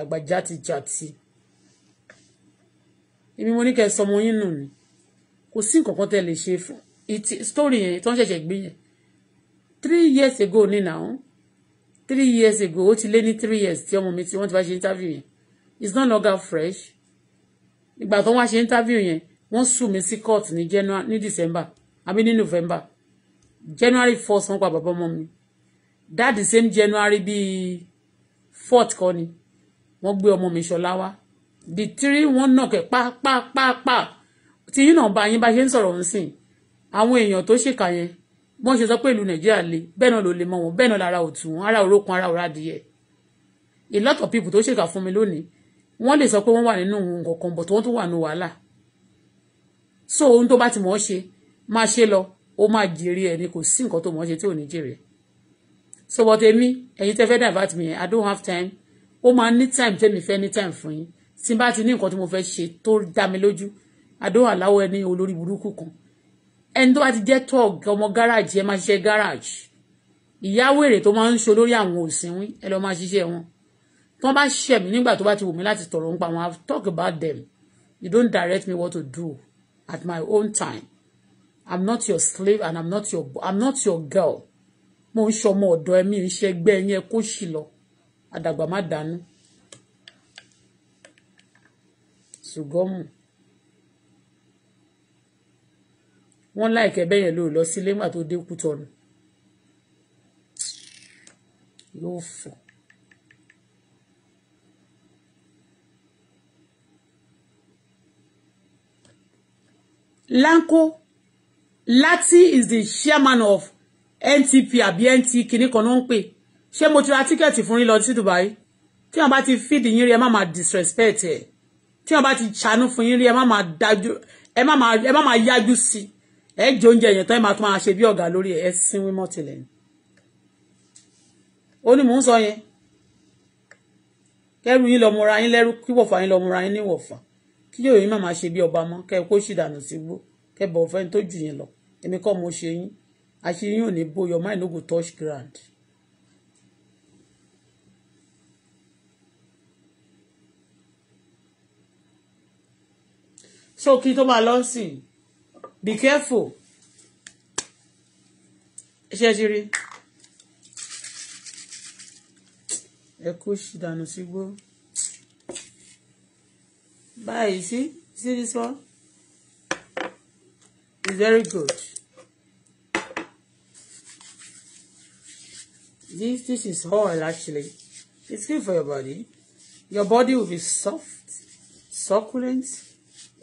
[SPEAKER 1] èmi mo ní kẹ́ sọmọ yín nù ni kò sí nǹkan kan tẹ́ lè ṣe fún story yẹn tó ń ṣẹ̀ṣẹ̀ gbé yẹn three years ago ní nà án three years ago ó ti lé ní three years tí ọmọ mi tí wọ́n ti bá ṣe interview yẹn it's no longer fresh ìgbà tó wá ṣe interview yẹn wọ́n sù mí sí court ní january ní december àbí ní november january first wọ́n pa bàbá ọmọ mi that the same january bíi fourth kọ́ ni wọ́n gbé ọmọ mi ṣọlá wá the three wọ́n pa pa tí yín náà bá yín bá ṣe ń sọ̀rọ̀ ń sìn àwọn èèyàn tó ṣèkà yẹn wọ́n ṣe sọ pé ìlú nàìjíríà le bẹ́ẹ̀ náà ló le mọ́ wọn bẹ́ẹ̀ náà lára òtún wọn ara òrókun ara òrá adìyẹ a lot of people tó ṣèkà fún mi lónìí wọ́n lè sọ pé wọ́n wà nínú nǹkan kan bọ̀ tó wọ́n tún wà nínú wàhálà so ohun tó bá ti mọ̀ ọ́ ṣe máa ṣe lọ ó máa jèrè ẹni kò sí nǹkan tó mọ̀ ọ́ ṣe tí ò ní jèrè so but èmi ẹ̀yin tẹ́ fẹ́ divert mi yẹn i don't have time ó máa ní time tẹ́mi fẹ́ ní time fún yín tí n bá ti ní nǹkan tí mo fẹ́ ṣe tó dá mi lójú I don't allow ẹni olórí burúkú kan ẹni tó bá ti jẹ́ tọ́ọ̀gì ọmọ gáràjì ẹ máa ṣiṣẹ́ gáràjì ìyá wèrè tó máa ń ṣe olórí àwọn òsínwín ẹ lọ máa ṣiṣẹ́ wọn tí wọ́n bá ṣẹ̀ mí nígbà tó bá ti wù mí láti tọ̀rọ̀ nípa wọn I talk about them you don't direct me what to do at my own time I'm not your slave and I'm not your I'm not your girl mo ń ṣọmọ ọ̀dọ̀ ẹ mi ń ṣẹgbẹ́ ẹ yẹn kó ṣì lọ àdàgbà má dànù ṣùgbọ́n mu. wọ́n láìkẹ́ bẹ́ẹ̀ yẹn ló lọ sílé nígbà tó dé kútọ́nù yóò fò. Lanko Lati is the chairman of NTP àbí NT kìíní kan ló ń pè ṣé mo ti ra tíkẹ́ẹ̀tì fún yín lọ Dubai tí wọ́n bá ti fídì yín rí ẹ má máa disrespect ẹ̀ tí wọ́n bá ti ṣàánú fún yín rí ẹ má máa dájú ẹ má máa yájú sí ẹ jẹ oúnjẹ yẹn tán ẹ máa tún máa ṣe bí ọ̀gá lórí ẹ sin wímọ́ tilẹ̀ ni ó ní mò ń sọ yẹn kẹrù yín lọ mọra yín lẹ́rú kí wọ̀fà yín lọ mọra yín ní wọ̀fà kí yóò yín má máa ṣe bí ọba mọ́ kẹ kó sì dànù sí gbó kẹ bọ̀ fẹ́ tó jù yín lọ èmi kọ́ mo ṣe yín àṣírí yín ò ní bó your mind no touch ground. so kí tó máa lọ sí i be careful ṣé ti rí ẹ kó ṣìdànù sígbó báyìí sí sí this one is very good this this is oil actually it's good for your body your body will be soft succulent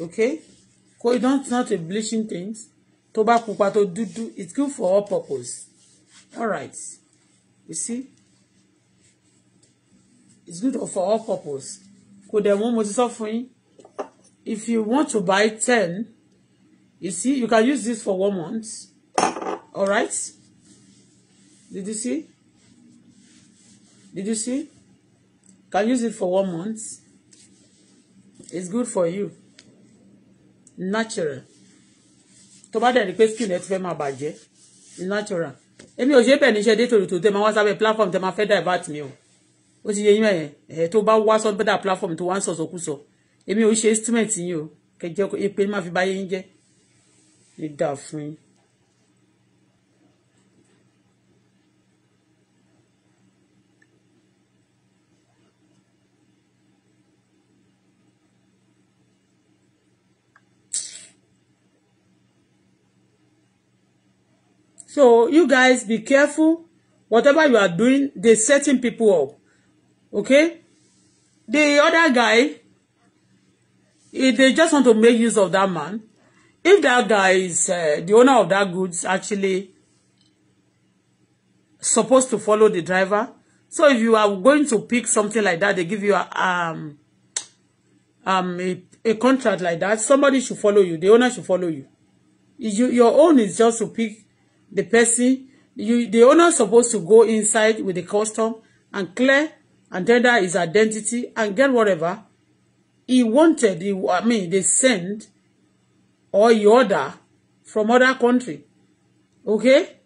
[SPEAKER 1] okay. Koidon is not a bleaching things. To bá pupa tó dúdú, it's good for all purpose. All right. You see? It's good for all purpose. Kò dẹ̀ wọ́n mo ti sọ fún yín. If you want to buy ten, you see, you can use this for one month. All right? Did you see? Did you see? Can use it for one month. It's good for you natural tó bá dẹ̀ rí pé skin ẹ ti fẹ́ máa bàjẹ́ natural èmi ò ṣe é bẹ̀ níṣẹ́ dé tòlùtò tẹ máa wá sábẹ́ platform tẹ máa fẹ́ divert mi o ó ti yẹ yín ẹ̀yẹn ẹ̀ tó bá wá sọ́dọ̀ platform tó wá ń sọ̀sọ̀kúsọ èmi ò ṣe estimate yín o kẹjẹ pé má fi báyé yín jẹ́ ní dáa fún yín. So you guys be careful. Whatever you are doing, they're setting people up. Okay? The other guy, they just want to make use of that man. If that guy is uh, the owner of that goods actually supposed to follow the driver, so if you are going to pick something like that, they give you a, um, um, a, a contract like that, somebody should follow you. The owner should follow you. you. Your own is just to pick the person you the owner supposed to go inside with the custom and clear and tender his identity and get whatever he wanted he, I mean they send or he order from other country okay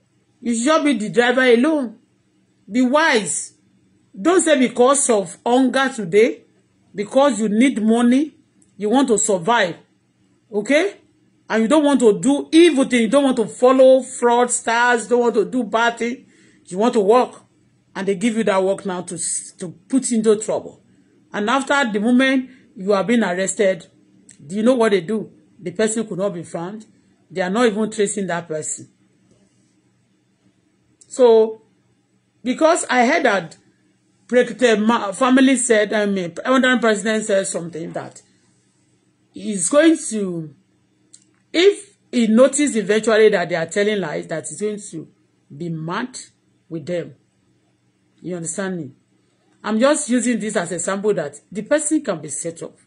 [SPEAKER 1] you should be the driver alone be wise don't say because of hunger today because you need money you want to survive okay and you don't want to do evil thing, you don't want to follow fraud stars, don't want to do bad thing, you want to work. And they give you that work now to, to put into trouble. And after the moment you are being arrested, do you know what they do? The person could not be found. They are not even tracing that person. So, because I heard that the family said, I mean, President said something that he's going to if he notice eventually that they are telling lies that he's going to be mad with them you understand me I'm just using this as a sample that the person can be set up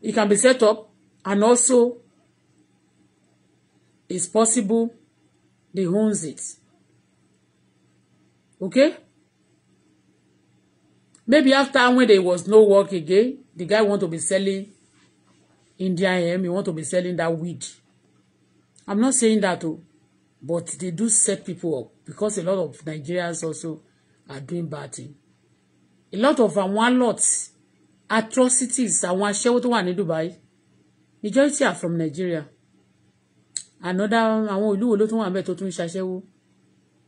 [SPEAKER 1] he can be set up and also it's possible they owns it okay maybe after when there was no work again the guy want to be selling Indian hemp he want to be selling that weed I'm not saying that o but they do set people up because a lot of Nigerians also are doing bad thing a lot of àwọn lot atrocities àwọn share tó one ní Dubai majority are from Nigeria another àwọn ìlú do a lot wà níbẹ̀ tó tún ń ṣaṣẹ́wó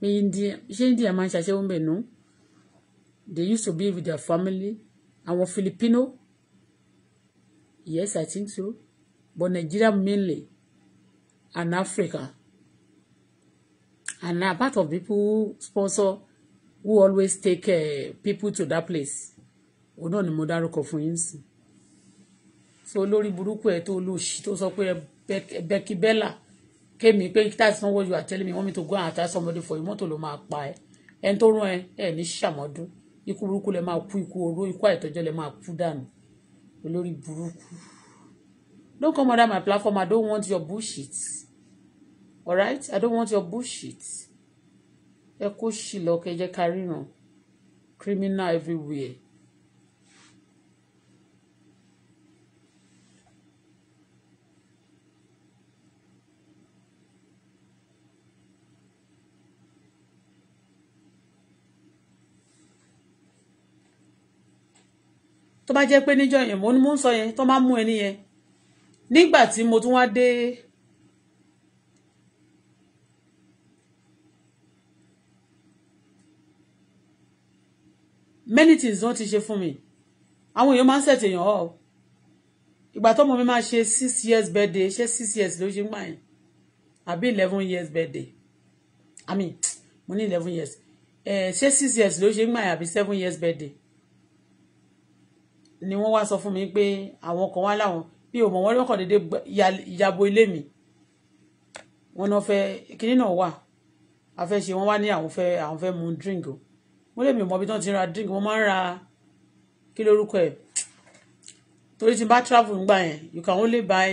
[SPEAKER 1] ṣé India share ń ṣaṣẹ́wó ń bẹ̀ nù. No? They used to be with their family. Àwọn Filipino. Yes, I think so. But Nigeria mainly. And Africa. And a part of people who sponsor who always take uh, people to that place. Òun náà ni mo dárúkọ fún yín sí. So olórí burúkú ẹ̀ tó lòṣì tó sọ pé Becky Bella kémi pé that's not what you are telling me you want me to go and attack somebody for you mọ́tò ló máa pa ẹ́ ẹni tó rán ẹ ẹ ní ṣàmọ́dún ikú burúkú lẹ máa kú ikú oró ikú àìtọ́jọ́ lẹ máa kú dànù olórí burúkú don't come under my platform i don't want your bullshit alright i don't want your bullshit ẹ kó ṣìlọ kẹjẹ ká ríran criminal everywhere. tó bá jẹ́ pé níjọ́ yẹn mo ní mò ń sọ yẹn tó máa mú ẹni yẹn nígbà tí mo tún wá dé many things wọ́n ti ṣe fún mi àwọn èèyàn máa ń ṣẹ̀tì èèyàn ọ́ ìgbà tọ́mọ mi máa ṣe six years birthday ṣé six years ló ṣe ń gbà yẹn àbí eleven years birthday i mean mo ní eleven years eh, ṣé six years ló ṣe ń gbà yẹn àbí seven years birthday ni wọ́n wá sọ fún mi pé àwọn kan wá láwọn bí o mọ̀ wọ́n déédéé ìyàbò ilé mi wọ́n náà fẹ́ kinní náà wà a fẹ́ wá ní àwọn fẹ́ àwọn fẹ́ mu drink o wọ́n lè mi mọ̀ bí wọ́n ti ra drink wọ́n máa ń ra kí lórúkọ ẹ̀ torí tí n bá travel ngbà yẹn you can only buy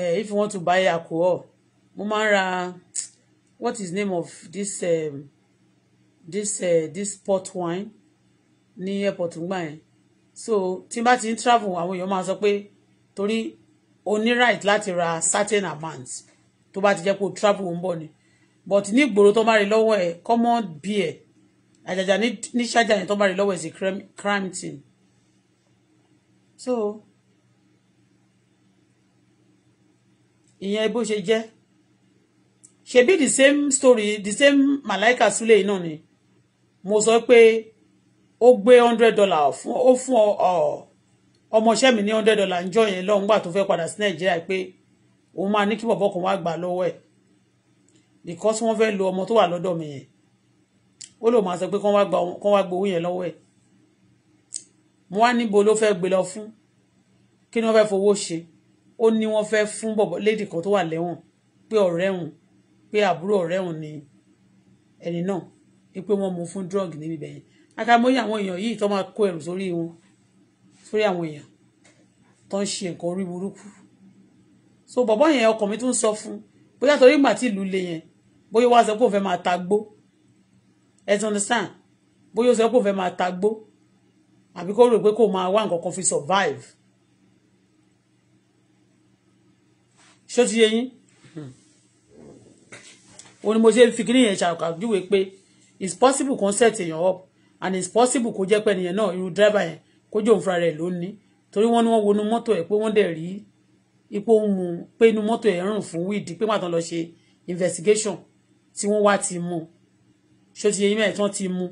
[SPEAKER 1] uh, if you want to buy alcohol mo máa ń ra what is name of this um, this uh, this port wine ní airport ngbà yẹn so tí n bá ti ń travel àwọn èèyàn máa sọ pé torí o ní right láti ra certain amount tó bá ti jẹ́ kó travel ń bọ̀ ni but ní ìgboro tó bá rí lọ́wọ́ ẹ̀ common beer àjàjà ní ṣájà yẹn tó bá rí lọ́wọ́ ẹ̀ sí crime team so ìyẹn bó ṣe jẹ́ ṣebí the same story the same malaika sule náà ni mo sọ pé ó gbé hundred dollar fún ó fún ọmọọṣẹ́ mi ní hundred dollar ń jọ yẹn lọ́hùn gbà tó fẹ́ padà sí nàìjíríà pé òun máa ní kí bọ̀bọ̀ kan wá gbà lọ́wọ́ ẹ̀ because wọ́n fẹ́ lo ọmọ tó wà lọ́dọ̀ mi yẹn ó lò máa sọ pé kán wá gbowó yẹn lọ́wọ́ ẹ̀ mo wá níbo ló fẹ́ gbé lọ fún kí ni wọ́n fẹ́ fowó ṣe ó ní wọ́n fẹ́ fún bọ̀bọ̀ lédì kan tó wà lẹ́wọ̀n pé ọ̀rẹ́ òun pé àbúrò ọ̀rẹ́ òun ni ẹni náà pé wọ́n mú fún drug níbi bẹ̀yẹn akamóyè àwọn èèyàn yìí tó máa kó ẹrù sórí wọn sórí àwọn èèyàn tó ń ṣe nǹkan orí burúkú so bọ̀bọ́ yẹn ọkàn mi tún sọ fún bóyá torí ìgbà tí ìlú le yẹn bóyá wá sọ pé òun fẹ́ máa ta gbó ẹ ti understand bóyá ó sọ pé òun fẹ́ máa ta gbó àbí kó rò pé kó máa wá nǹkan kan fi survive ṣó ti yẹ yín òun ni mo ṣe fi kíní yẹn ṣàkàjúwe pé it's possible kan set èèyàn up and it's possible kó jẹ́ pé ẹnìyẹn náà irú dírẹ́bà yẹn kó jẹ́ òun fúnra rẹ̀ ló ní torí wọ́n ní wọ́n wọnú mọ́tò ẹ̀ pé wọ́n dẹ̀ rí ipò mu pé inú mọ́tò ẹ̀ rùn fún wíìdì pé màtán lọ ṣe investigation tí wọ́n wá ti mú ṣó ti yẹ yín mẹ́rin tán ti mú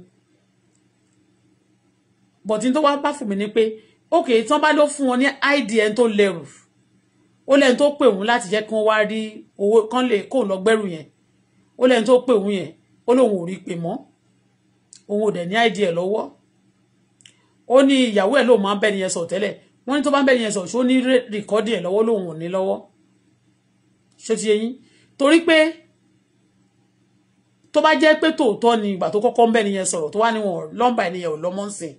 [SPEAKER 1] bọ̀tí tó wá bá fún mi ni pé ókè tán bá ló fún wọn ní idn tó lẹ́rù ó lẹ́ni tó pè òun láti jẹ́ kí wọ́n wá rí owó kán lè kóun lọ gbẹ́rù yẹn ó lẹ́ni tó pè òun yẹn ó lóun ò rí pè mọ́ òun ò dẹ̀ ní id ẹ̀ lọ́wọ́ ó ní ìyàwó ẹ̀ lóun máa ń bẹ́ni yẹn sọ tẹ́lẹ̀ wọ́n ní tó bá ń bẹ́ni yẹn sọ ṣó ní rìkọ́dì ẹ̀ lọ́wọ́ lóun ò ní lọ́wọ́ ṣé ti yé yín torí pé tó bá jẹ́ pé tòótọ́ ni ìgbà tó kọ́kọ́ ń bẹ́ni yẹn sọ̀rọ̀ tó wá ní wọn lọ́mbà ẹni yẹn ò lọ́mọ́ ń sìn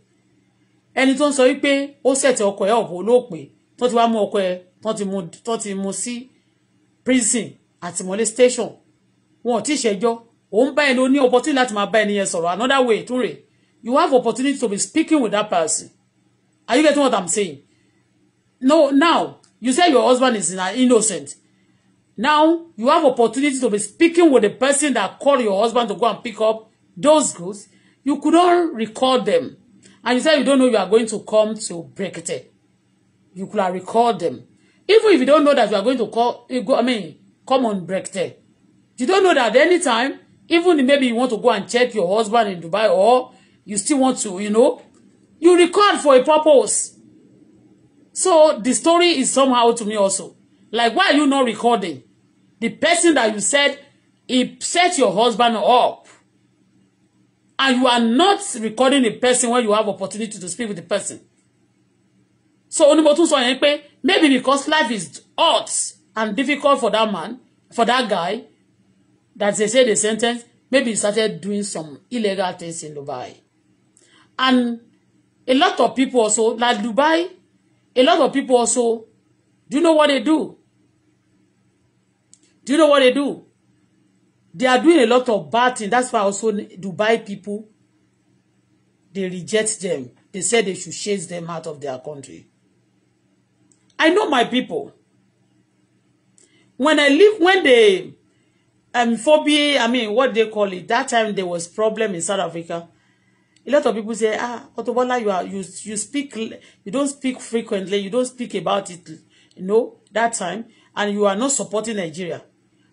[SPEAKER 1] ẹni tó ń sọ wípé ó ṣẹ̀tẹ̀ ọkọ ẹ̀ ọ̀bọ olóòpè tó ti wá mú ọkọ ẹ̀ tó ti mú sí prison àtìmọ́lé station wọn ò tí ṣẹjọ́ òun bá ẹni o ní opportunity láti máa bá ẹni yẹn sọ̀rọ̀ another way tún rè you have opportunity to be speaking with that person are you getting what i'm saying no now you say your husband is innocent now you have opportunity to be speaking with the person that called your husband to go and pick up those goods you could not record them and you say you don't know you are going to come to Brekete you could have record them even if you don't know that you are going to call I mean come on Brekete you don't know that anytime even if maybe you want to go and check your husband in Dubai or you still want to you know you record for a purpose so the story is somehow to me also like why are you not recording the person that you said he set your husband up and you are not recording the person when you have opportunity to speak with the person so onímọ̀ maybe because life is hot and difficult for that man for that guy that they say they sentence maybe he started doing some illegal things in Dubai and a lot of people also like Dubai a lot of people also do you know what they do do you know what they do they are doing a lot of bad things that's why also Dubai people they reject them they said they should chase them out of their country I know my people when I leave when they um, phobia, I mean, what they call it. That time there was problem in South Africa. A lot of people say, ah, Auto you are you you speak you don't speak frequently, you don't speak about it, you know, that time, and you are not supporting Nigeria.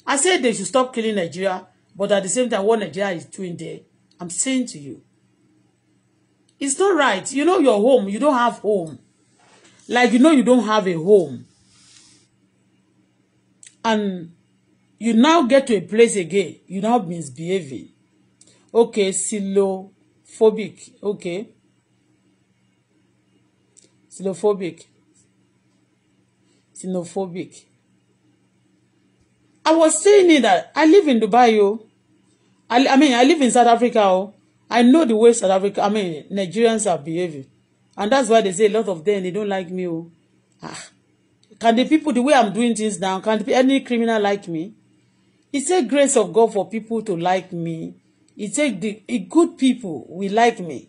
[SPEAKER 1] I said they should stop killing Nigeria, but at the same time, what Nigeria is doing there, I'm saying to you, it's not right. You know your home, you don't have home. Like you know you don't have a home. And you now get to a place again you now misbehaving okay xylophobic okay xylophobic xylophobic I was saying it that I live in Dubai o oh. I, I mean I live in South Africa o oh. I know the way South Africa I mean Nigerians are behaving and that's why they say a lot of them they don't like me o oh. ah can the people the way I'm doing things now can any criminal like me It take grace of God for people to like me. It take the it good people will like me.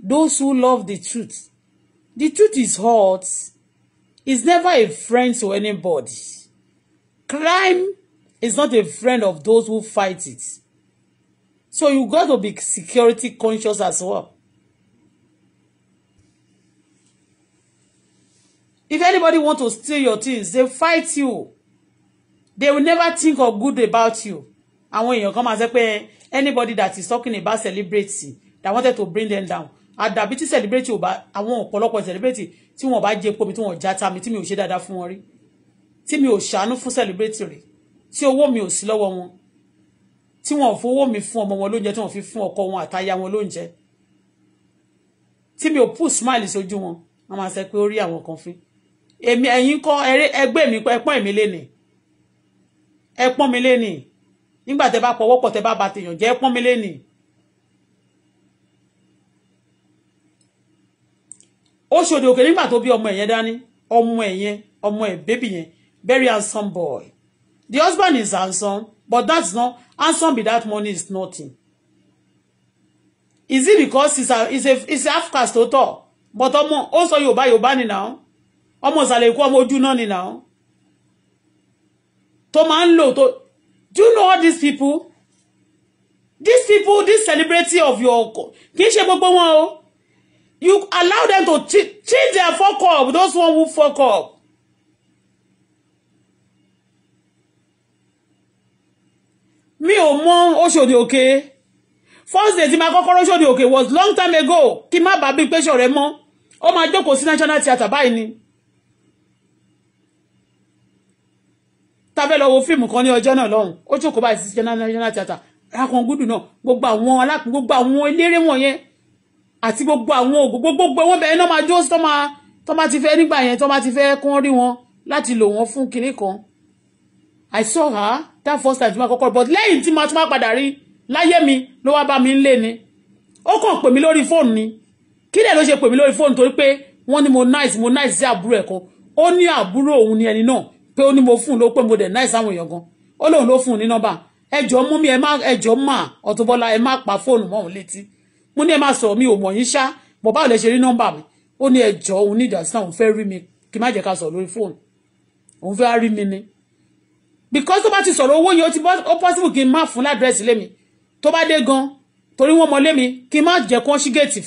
[SPEAKER 1] Those who love the truth. The truth is hot. It's never a friend to anybody. Crime is not a friend of those who fight it. So you got to be security conscious as well. If anybody want to steal your things, they fight you they will never think of good about you àwọn èèyàn kan máa sọ pé anybody that is talking about celebrity that wanted to bring them down àdàbí tí celebrity ò bá àwọn ọ̀pọ̀lọpọ̀ celebrity tí wọ́n bá jẹ́ pomi tí wọ́n já tami tí mi ò ṣe dáadáa fún wọn rí tí mi ò ṣàánú fún celebrity rí tí owó mi ò sí lọ́wọ́ wọn tí wọ́n fowó mi fún ọmọ wọn lóúnjẹ tí wọ́n fi fún ọkọ wọn àtaya wọn lóúnjẹ tí mi ò pù smile sójú wọn wọ́n máa sọ pé ó rí àwọn kan fín èmi ẹ̀yin kọ́ ẹgbẹ́ mi ẹ̀pọ́n èmi lé ẹ pọ́n mi léni nígbà tẹ bá pọwọ́ pọ̀ tẹ bá ba tèèyàn jẹ́ ẹ pọ́n mi ó ṣòdì òkè nígbà bébì yẹn very handsome boy the husband is handsome but that's not handsome be that money is nothing is it because he's a he's a he's a half caste but ọmọ ó sọ yorùbá yorùbá nìyàwó ọmọ ìsàlẹ̀ èkó ọmọ ojú náà tó máa ń lò tó do you know all these people these people this celebrity of your kì í ṣe gbogbo wọn o you allow them to change their fuck up those one who fuck up. mi ò mọ Oṣòdì Òkè first day tí ma kọ́kọ́ Oṣòdì Òkè was long time ago kí má bàa bí pé ṣọ̀rẹ́ mọ́ ó máa jókòó sí national theatre báyìí ni. tábẹ́ lọ wo fíìmù kan ní ọjọ́ náà lọ́hùn ó jókòó báyìí sí national theatre rákan gúdù náà gbogbo àwọn alápín gbogbo àwọn eléré wọ̀nyẹn àti gbogbo àwọn ògùn gbogbo wọn bẹ̀rẹ̀ náà máa jó tó máa ti fẹ́ nígbà yẹn tó ti fẹ́ kán rí wọn láti lò wọn fún kinní kan I saw her that first time tí máa kọ́kọ́ but lẹ́yìn tí máa tún máa padà rí láyé mi ló wá bá mi ń lé ni ó kàn pè mí lórí fóònù ni kí dẹ̀ ló ṣe pè mí lórí fóònù torí pé wọ́n ní mo nice mo nice sí àbúrò ẹ̀ ó ní àbúrò òun ni ẹni náà pé ó ní mo fún un ló pé mo dẹ̀ náìsí àwọn èèyàn gan ó lóun ló fún un ní nọ́mbà ẹjọ́ mú mi ẹjọ́ mà Auto Bola ẹ má pa fóònù mọ́ òun létí mo ní ẹ má sọ̀rọ̀ mi ò mọ̀ yín ṣá mo báwo lẹ ṣe rí nọ́mbà mi ó ní ẹjọ́ òun ní ìdásílẹ̀ òun fẹ́ rí mi kí má jẹ́ ká sọ̀rọ̀ lórí fóònù òun fẹ́ rí mi ni because tó bá ti sọ̀rọ̀ owó yẹn ó ti ó possible kí n má fún ládírẹ́sì lémi tó bá dé gan torí wọ́n mọ lémi kí n má jẹ́ kó ṣí géètì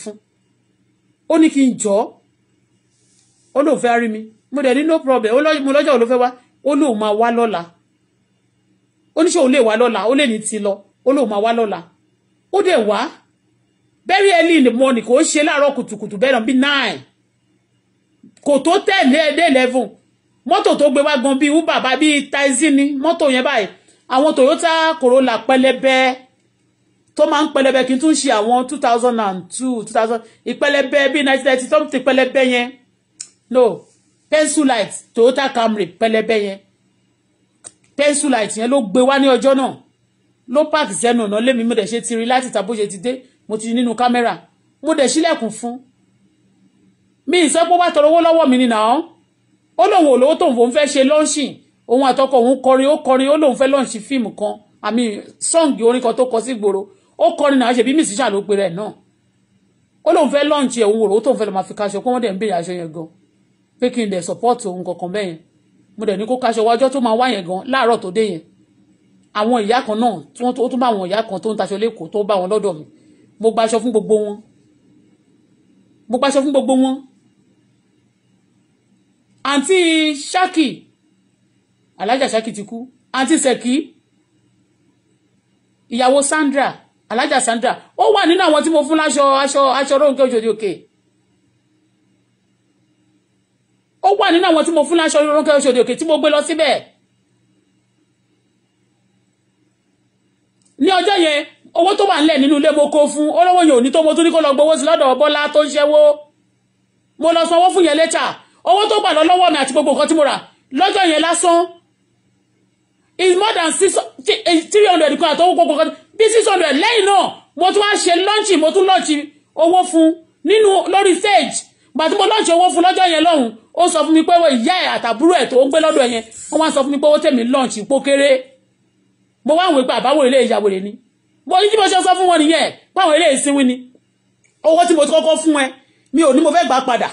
[SPEAKER 1] mi mo dẹ̀ ní no problem mo lọ́jọ́ òun ló fẹ́ wá ó lóun máa wá lọ́la oníṣòwò lè wá lọ́la ó lè ní ti lọ ó máa wá lọ́la ó dẹ̀ wá very early in the morning kò ṣe láàárọ̀ kùtùkùtù bẹ́ẹ̀ náà bí nine kò tó tẹ̀lé ẹ̀dẹ́ eleven mọ́tò tó gbé wá gan bíi uber bá bíi taxi ni mọ́tò yẹn báyìí àwọn Toyota Corolla pẹlẹbẹ tó máa ń pẹlẹbẹ kí n tún ṣe àwọn two thousand and two two thousand ìpẹlẹbẹ bíi nineteen ninety tó ń ti pẹlẹbẹ yẹn no pencil light Toyota Camry pẹlẹbẹ yẹn pencil light yẹn ló gbé wá ní ọjọ́ náà ló pààkì sẹ́nu ọ̀nà lémi mo dẹ̀ ṣe ti rí láti ta bó ṣe ti dé mo ti nínú kámẹ́rà mo dẹ̀ ṣílẹ̀kùn fún mi ì sọ pé ó bá tọrọ owó lọ́wọ́ mi nìyà ọ́ ó lóun ò lówó tóun fòun fẹ́ ṣe lọ́ńṣì òun àtọkọ òun kọrin ó kọrin ó lóun fẹ́ lọ́ńṣì fíìmù kan àmì sọ́ǹgì orin kan tó kọ sí gbòòrò ó kọrin náà ṣe bí mísíṣà ló pe rẹ̀ náà ó lóun fẹ́ lọ́ńṣì ẹ̀ òun ò lówó tóun fẹ́ lọ́ máa fi kaṣọ pé wọ́n dẹ̀ ń béèrè aṣọ yẹn gan-an pé kí n dẹ̀ support òun kankan bẹ́ẹ̀ yẹn mo dẹ̀ ní kó kaṣọ wájọ́ tó máa wá yẹn gan láàárọ̀ tó dé yẹn àwọn ìyá kan náà tí wọ́n tó bá àwọn ìyá kan tó ń taṣọ lẹ́kọ̀ọ́ tó bá wọn lọ́dọ̀ mi mo gbaṣọ fún gbogbo wọn mo gbaṣọ fún gbogbo wọn àǹtí ṣákì alájà ṣákì ti kú àǹtí ṣèkì ìyàwó Sandra alájà Sandra ó wà nínú àwọn tí mo fún láṣọ aṣọ aṣọ rónkẹ́ òjòdì òkè. Okay ó wà nínú àwọn tí mo fún láṣọ Ronke Oṣòdì Òkè tí mo gbé lọ síbẹ̀ ní ọjọ́ yẹn owó tó wà ńlẹ̀ nínú ilé mo kó fún olówó yẹn ò ní tó mo tún ní kó lọ gbowó sí lọ́dọ̀ Bọ́lá tó ń ṣẹ́wó mo lọ sanwó fún yẹn létà owó tó gbà lọ lọ́wọ́ mi àti gbogbo nǹkan tí mo rà lọ́jọ́ yẹn lásán is more than six eh, three hundred kan àtọwọ́ gbogbo nǹkan bí six hundred lẹ́yìn náà mo tún wá ṣe lọ́ọ̀chì mo tún lọ́ọ̀chì owó fún nínú lórí stage gbàtí mo lọ́ọ̀ṣì owó fún lọ́jọ́ yẹn lọ́hùn ó sọ fún mi pé ìyá ẹ̀ àtàbúrò ẹ̀ tó ń gbé lọ́dọ̀ yẹn wọ́n wá sọ fún mi pé owó tèmi lọ́ọ̀ṣì pó kéré mo wá wípé àbáwò ilé ìyàwó rẹ̀ ni bó ní tí mo ṣe sọ fún wọn nìyẹn páwọn ilé ìsinmi ni owó tí mo ti kọ́kọ́ fún ẹ mi ò ní mo fẹ́ gbà padà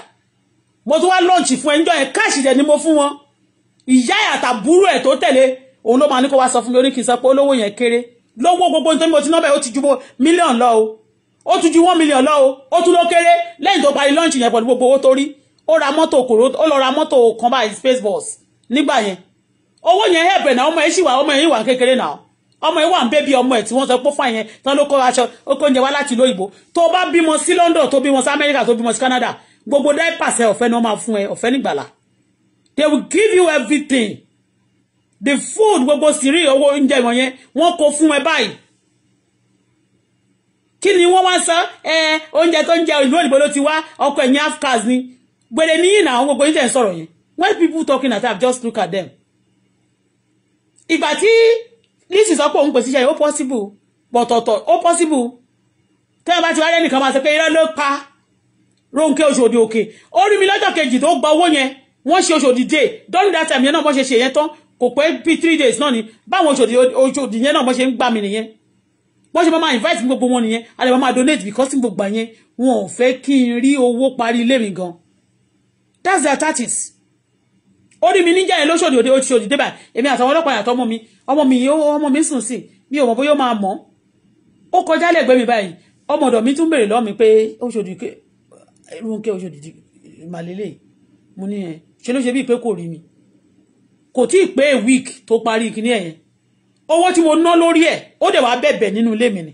[SPEAKER 1] mo tún wá lọ́ọ̀ṣì fún ẹ níjọ́ yẹn káàṣì dẹ̀ ni mo fún wọn ìyá ẹ̀ àtàbúrò ẹ̀ tó tẹ̀lé òun ló máa ní kó wá sọ fún mi orí kì í sọ pé olówó yẹn kéré lówó gbogbo nítorí mo ti ná bẹ́ẹ̀ ó ti ju mílíọ̀nù lọ o ó tún ju one million lọ o ó tún ló kéré lẹ́yìn tó parí lọ́ọ̀nchì yẹn pẹ̀lú gbogbo owó tó rí ó ra mọ́tò kòró ó lọ ra mọ́tò kan báyìí space bus nígbà yẹn owó yẹn hẹ̀bẹ̀ náà ọmọ ẹ̀ sì wà ọmọ yẹn wà kékeré náà ọmọ ìwà ń bébí ọmọ ẹ̀ tí wọ́n sọ pé fún yẹn tán ló kó aṣọ ó kó oúnjẹ wá láti ìlú òyìnbó tó bá bímọ sí London tó bímọ sí America tó bímọ sí Canada gbogbo dáìpàṣẹ ọ̀fẹ́ ni wọ́n máa fún ẹ ọ̀fẹ́ nígbàlà they will give you everything the food gbogbo sírí owó oúnjẹ ìwọ̀n wọ́n kó fún ẹ báyìí kí ni wọ́n wá sọ ẹ oúnjẹ tó ń jẹ ìlú òyìnbó ló ti wá ọkọ ẹ̀yìn afcas ni gbèrè níyìn náà àwọn gbogbo yín tẹ̀ ń sọ̀rọ̀ yẹn when people talking at am just look at them ìgbà tí lísì sọ pé òun pèsè iṣẹ́ yìí ó possible pọ̀tọ̀tọ̀ ó possible tí wọ́n bá ti wá rẹ́ nìkan máa sọ pé irọ́ ló pa Rónkẹ́ Òṣòdì Òkè ó rí mi lọ́jọ́ kejì tó gba owó yẹn wọ́n ṣe Òṣòdì dé during that time yẹn náà bọ́ ṣe ṣe yẹn tán kò pẹ́ bí three days náà ni báwọn Òṣòdì yẹn náà bọ́ ṣe ń gbà mí nìyẹn bọ́n ṣe máa invite gbogbo wọn nìyẹn a lè máa donate because gbogbo àyẹn wọn ò fẹ́ kí n rí owó parí ilé mi gan that's their tactics ó rí mi níjà yẹn lóṣòdì òde oṣù òdìdé báyìí èmi àtàwọn ọlọ́pàá yàtọ̀ ọmọ mi ọmọ mi ọmọ mi sùn sí mi ò mọ̀ bóyá ó máa mọ̀ ó kọjá lẹ́gbẹ̀ẹ́ mi báyìí ọmọ ọ̀dọ̀ mi tún béèrè lọ́wọ́ mi pé oṣòdì Rónkẹ́ oṣòdì màlélẹ̀ mo ní ẹ̀ ṣe ló ṣe bíi pé kò rí mi kò tí ì pé a week tó parí kíní ẹ̀yẹn owó tí mo ná lórí ẹ̀ ó dẹ̀ wá bẹ̀bẹ̀ nínú ilé mi ni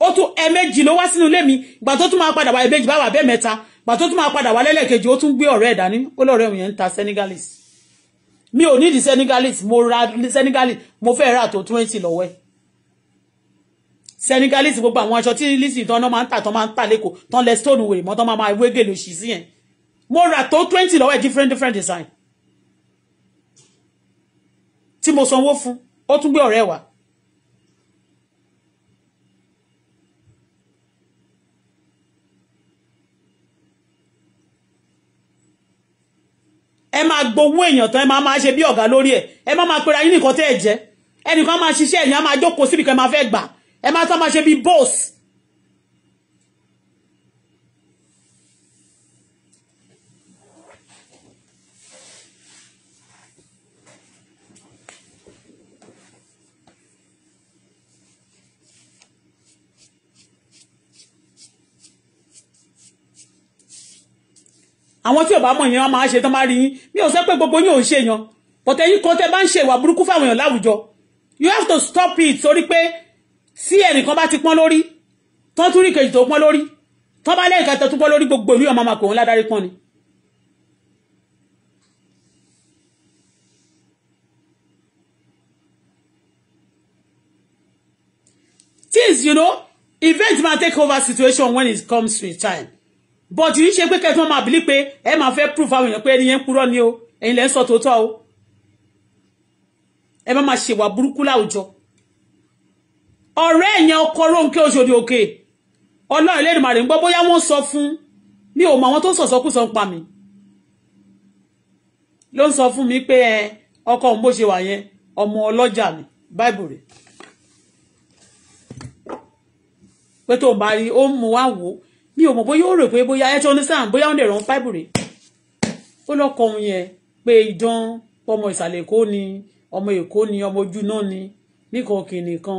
[SPEAKER 1] ó tún ẹ̀ẹ̀mejì ló wá sínú ilé mi ìgbà tó tún máa padà wá ẹ̀ẹ̀mejì bá wà bẹ́ẹ̀ mẹ́ta ìgbà tó tún máa padà wá lẹ́lẹ́kejì ó tún gbé ọ̀rẹ́ ẹ̀ dání ó lọ́ọ̀rẹ́ òun yẹn ń ta senegalese mi ò nídìí senegalese mo ra senegalese mo fẹ́ rà tó twenty lọ́wọ́ ẹ̀ senegalese gbogbo àwọn aṣọ tí lisi tán náà máa ń tà tán máa ń tà lẹ́kọ̀ọ́ tán lẹ stone wèrè mọ́ tán máa máa wégèlè òṣì sí yẹn mo rà tó twenty lọ́wọ́ ẹ̀ different different design tí mo sanwó fún ó tún gbé ọ̀rẹ́ wá ẹ máa gbowó èèyàn tán ẹ máa máa ṣe bí ọ̀gá lórí ẹ̀ ẹ máa máa pera yín nìkan tẹ́ ẹ jẹ́ ẹnìkan máa ṣiṣẹ́ ẹ̀yìn á máa jókòó síbi kan máa fẹ́ gbà ẹ máa tán máa ṣe bí bọ́ọ̀sì àwọn tí ò bá mọ̀ yẹn wọ́n máa ṣe tán máa rí yín mi ò sọ pé gbogbo yín ò ń ṣe yan but ẹ̀yin kan tẹ́ bá ń ṣe ìwà burúkú fáwọn èèyàn láwùjọ you have to stop it torí pé tí ẹnìkan bá ti pọ́n lórí tán tún rí kejì tó pọ́n lórí tán bá lẹ́yìn kan tó tún pọ́n lórí gbogbo ìlú ọmọ màkò ńlá darí pọ́n ni. things you know events ma take over situation when it comes to a time but yìí ṣe pé kẹ́tọ́ máa bìlí pé ẹ máa fẹ́ proof àwọn èèyàn pé ẹni yẹn ń purọ́ ni o ẹ̀yin lẹ́ ń sọ tòótọ́ o ẹ má máa ṣèwà burúkú láwùjọ ọ̀rẹ́ ẹ̀yẹn ọkọ Rónkẹ́ Òṣòdì Òkè ọlọ́run lẹ́nu màrí ń gbọ́ bóyá wọ́n sọ fún mi ò mọ àwọn tó sọ̀sọ́kùsọ ń pa mi ló ń sọ fún mi pé ẹ ọkọ òun bó ṣe wà yẹn ọmọ ọlọ́jà mi báìbù rẹ̀ pé tó ń bá rí ó ń mu wá wò ó mi ò mọ̀ bóyá ó rò pé bóyá ẹ ti understand bóyá ó lè rán bible rè ó lọ́kọ òun yẹn pé idán ọmọ ìsàlẹ̀ èkó ni ọmọ èkó ni ọmọ ojú náà ni nìkan kìnì kan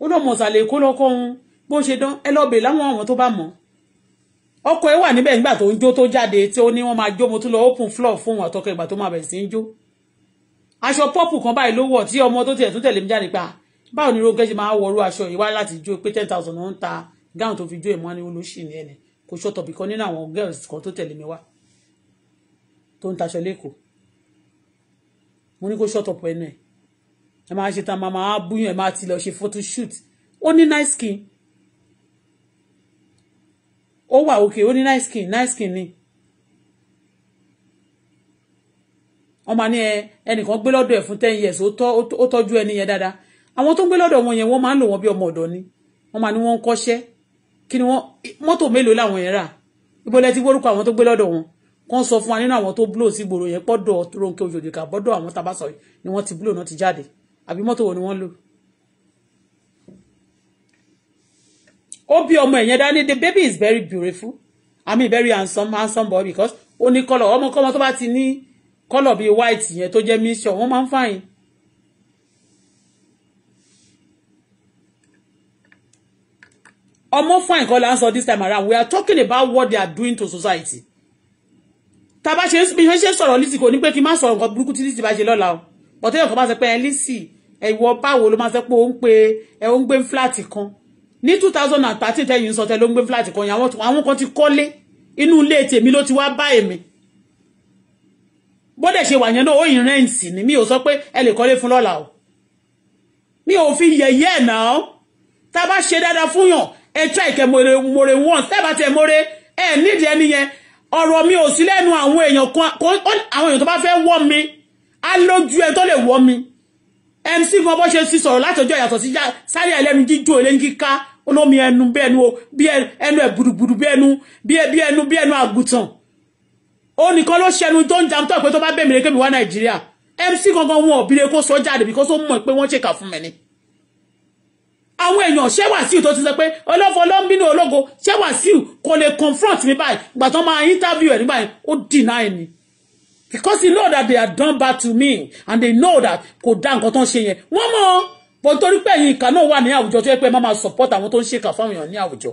[SPEAKER 1] ó lọ́mọ ìsàlẹ̀ èkó lọ́kọ òun bó ṣe dán ẹ lọ́ọ́ bè láwọn àwọn tó bá mọ̀ ọkọ ẹ wà níbẹ̀ nígbà tó ń jó tó jáde tí ó ní wọ́n máa jó mo tún lọ open floor fún àtọkọ ìgbà tó máa bẹ̀rẹ̀ sí í jó aṣọ pọ́pù kan báyìí ló wọ̀ tí ọmọ tó tiẹ̀ tún tẹ̀lé mi jáde pa báwo ni rogẹ́ ṣe máa wọrú aṣọ yìí láti jó pé ten thousand ló ń ta gáwọn tó fi jó ni ní kò bí kan nínú girls kan tó tẹ̀lé mi wá tó ń taṣọ mo ní kó ṣọ́tọ̀ pọ̀ ẹnu ẹ̀ ẹ máa ṣe ta màmá búyàn ẹ máa ti lọ ṣe photo shoot ó ní nice skin ó wà òkè ó ní nice skin nice skin ni wọ́n máa ẹnìkan gbé lọ́dọ̀ ẹ̀ fún ten years ó tọ́jú ẹni yẹn dáadáa àwọn tó ń gbé lọ́dọ̀ wọn yẹn wọ́n máa ń lò wọ́n bí ọmọ ọ̀dọ̀ ni wọ́n máa ní wọ́n ń kọ́ṣẹ́ kí ni wọ́n mọ́tò mélòó làwọn yẹn rà ibo ti wórúkọ àwọn tó gbé lọ́dọ̀ wọn kàn sọ fún wa nínú àwọn tó blow sí gbòòrò yẹn pọ́dọ̀ Ronke Ojoyinka bọ́dọ̀ àwọn tá a bá sọ ni wọ́n ti blow náà ti jáde àbí mọ́tò wo ni wọ́n lò. ó bí ọmọ ẹ̀yẹn dání the baby is very beautiful i mean very handsome handsome boy because ó ní kọ́lọ̀ ọmọkọ́mọ tó bá ti ní kọ́lọ̀ bíi white yẹn tó jẹ́ mission wọ́n máa ń fàyìn ọmọ fine kọ́ la ń this time around we are talking about what they are doing to society tá bá ṣe bí ṣe sọ̀rọ̀ lísì kò ní pé kí n má sọ̀rọ̀ nǹkan burúkú tí lísì bá ṣe lọ́la o bọ̀tẹ́ yọ̀kan bá sọ pé eh, ẹ lísì ẹ̀wọ̀ báwo ló máa sọ pé ó ń pe ẹ ó ń gbé fúláàtì kan ní two thousand and thirteen tẹ́yìn ń sọ tẹ́ ló ń gbé flat. kan yẹn àwọn kan ti kọ́lé inú ilé tèmi ló ti wá bá èmi bọ́dẹ̀ ṣe wà yẹn náà ó yìn rẹ́ǹtì ni mi ò sọ pé ẹ lè kọ́lé fún lọ́la o mi ò fi yẹ̀yẹ́ ẹ̀ náà tá a bá ṣe dáadáa fún yàn ẹ try kẹ more more once tẹ́ bá tẹ more ẹ nídìí ẹni yẹn ọ̀rọ̀ mi ò sí lẹ́nu àwọn èèyàn kan àwọn èèyàn tó bá fẹ́ wọ́ mi á lójú ẹ tó lè wọ́ mi mc kan bó ṣe sí sọ̀rọ̀ láti ọjọ́ ìyàtọ̀ sí sáré ẹlẹ́nu jíjó eléyìí kíká olómi ẹnu bí ẹnu bí ẹnu ẹ gbùdùgbùdù bí ẹnu bí ẹnu bí ẹnu àgùntàn ó nìkan ló ṣẹnu tó ń jàm tó pé tó bá bẹ̀mí lé kébì wá nàìjíríà mc kankan wọn ò bí lè kó sọ jáde bí kó sọ mọ̀ pé wọ́n ṣèkà fún mi àwọn èèyàn ṣé Wàsíù tó ti sọ pé ọlọ́fọ́ ló ń bínú ológo ṣé Wàsíù kò lè confront mi báyìí ìgbà tó máa interview ẹ̀ nígbà yẹn ó deny me because he know that they are done bad to me and they know that kò dá nǹkan tó ń ṣe yẹn wọ́n mọ̀ bó torí pé ẹ̀yin ìkà náà wà ní àwùjọ tó yẹ pé ẹ má máa support àwọn tó ń ṣèkà fáwọn èèyàn ní àwùjọ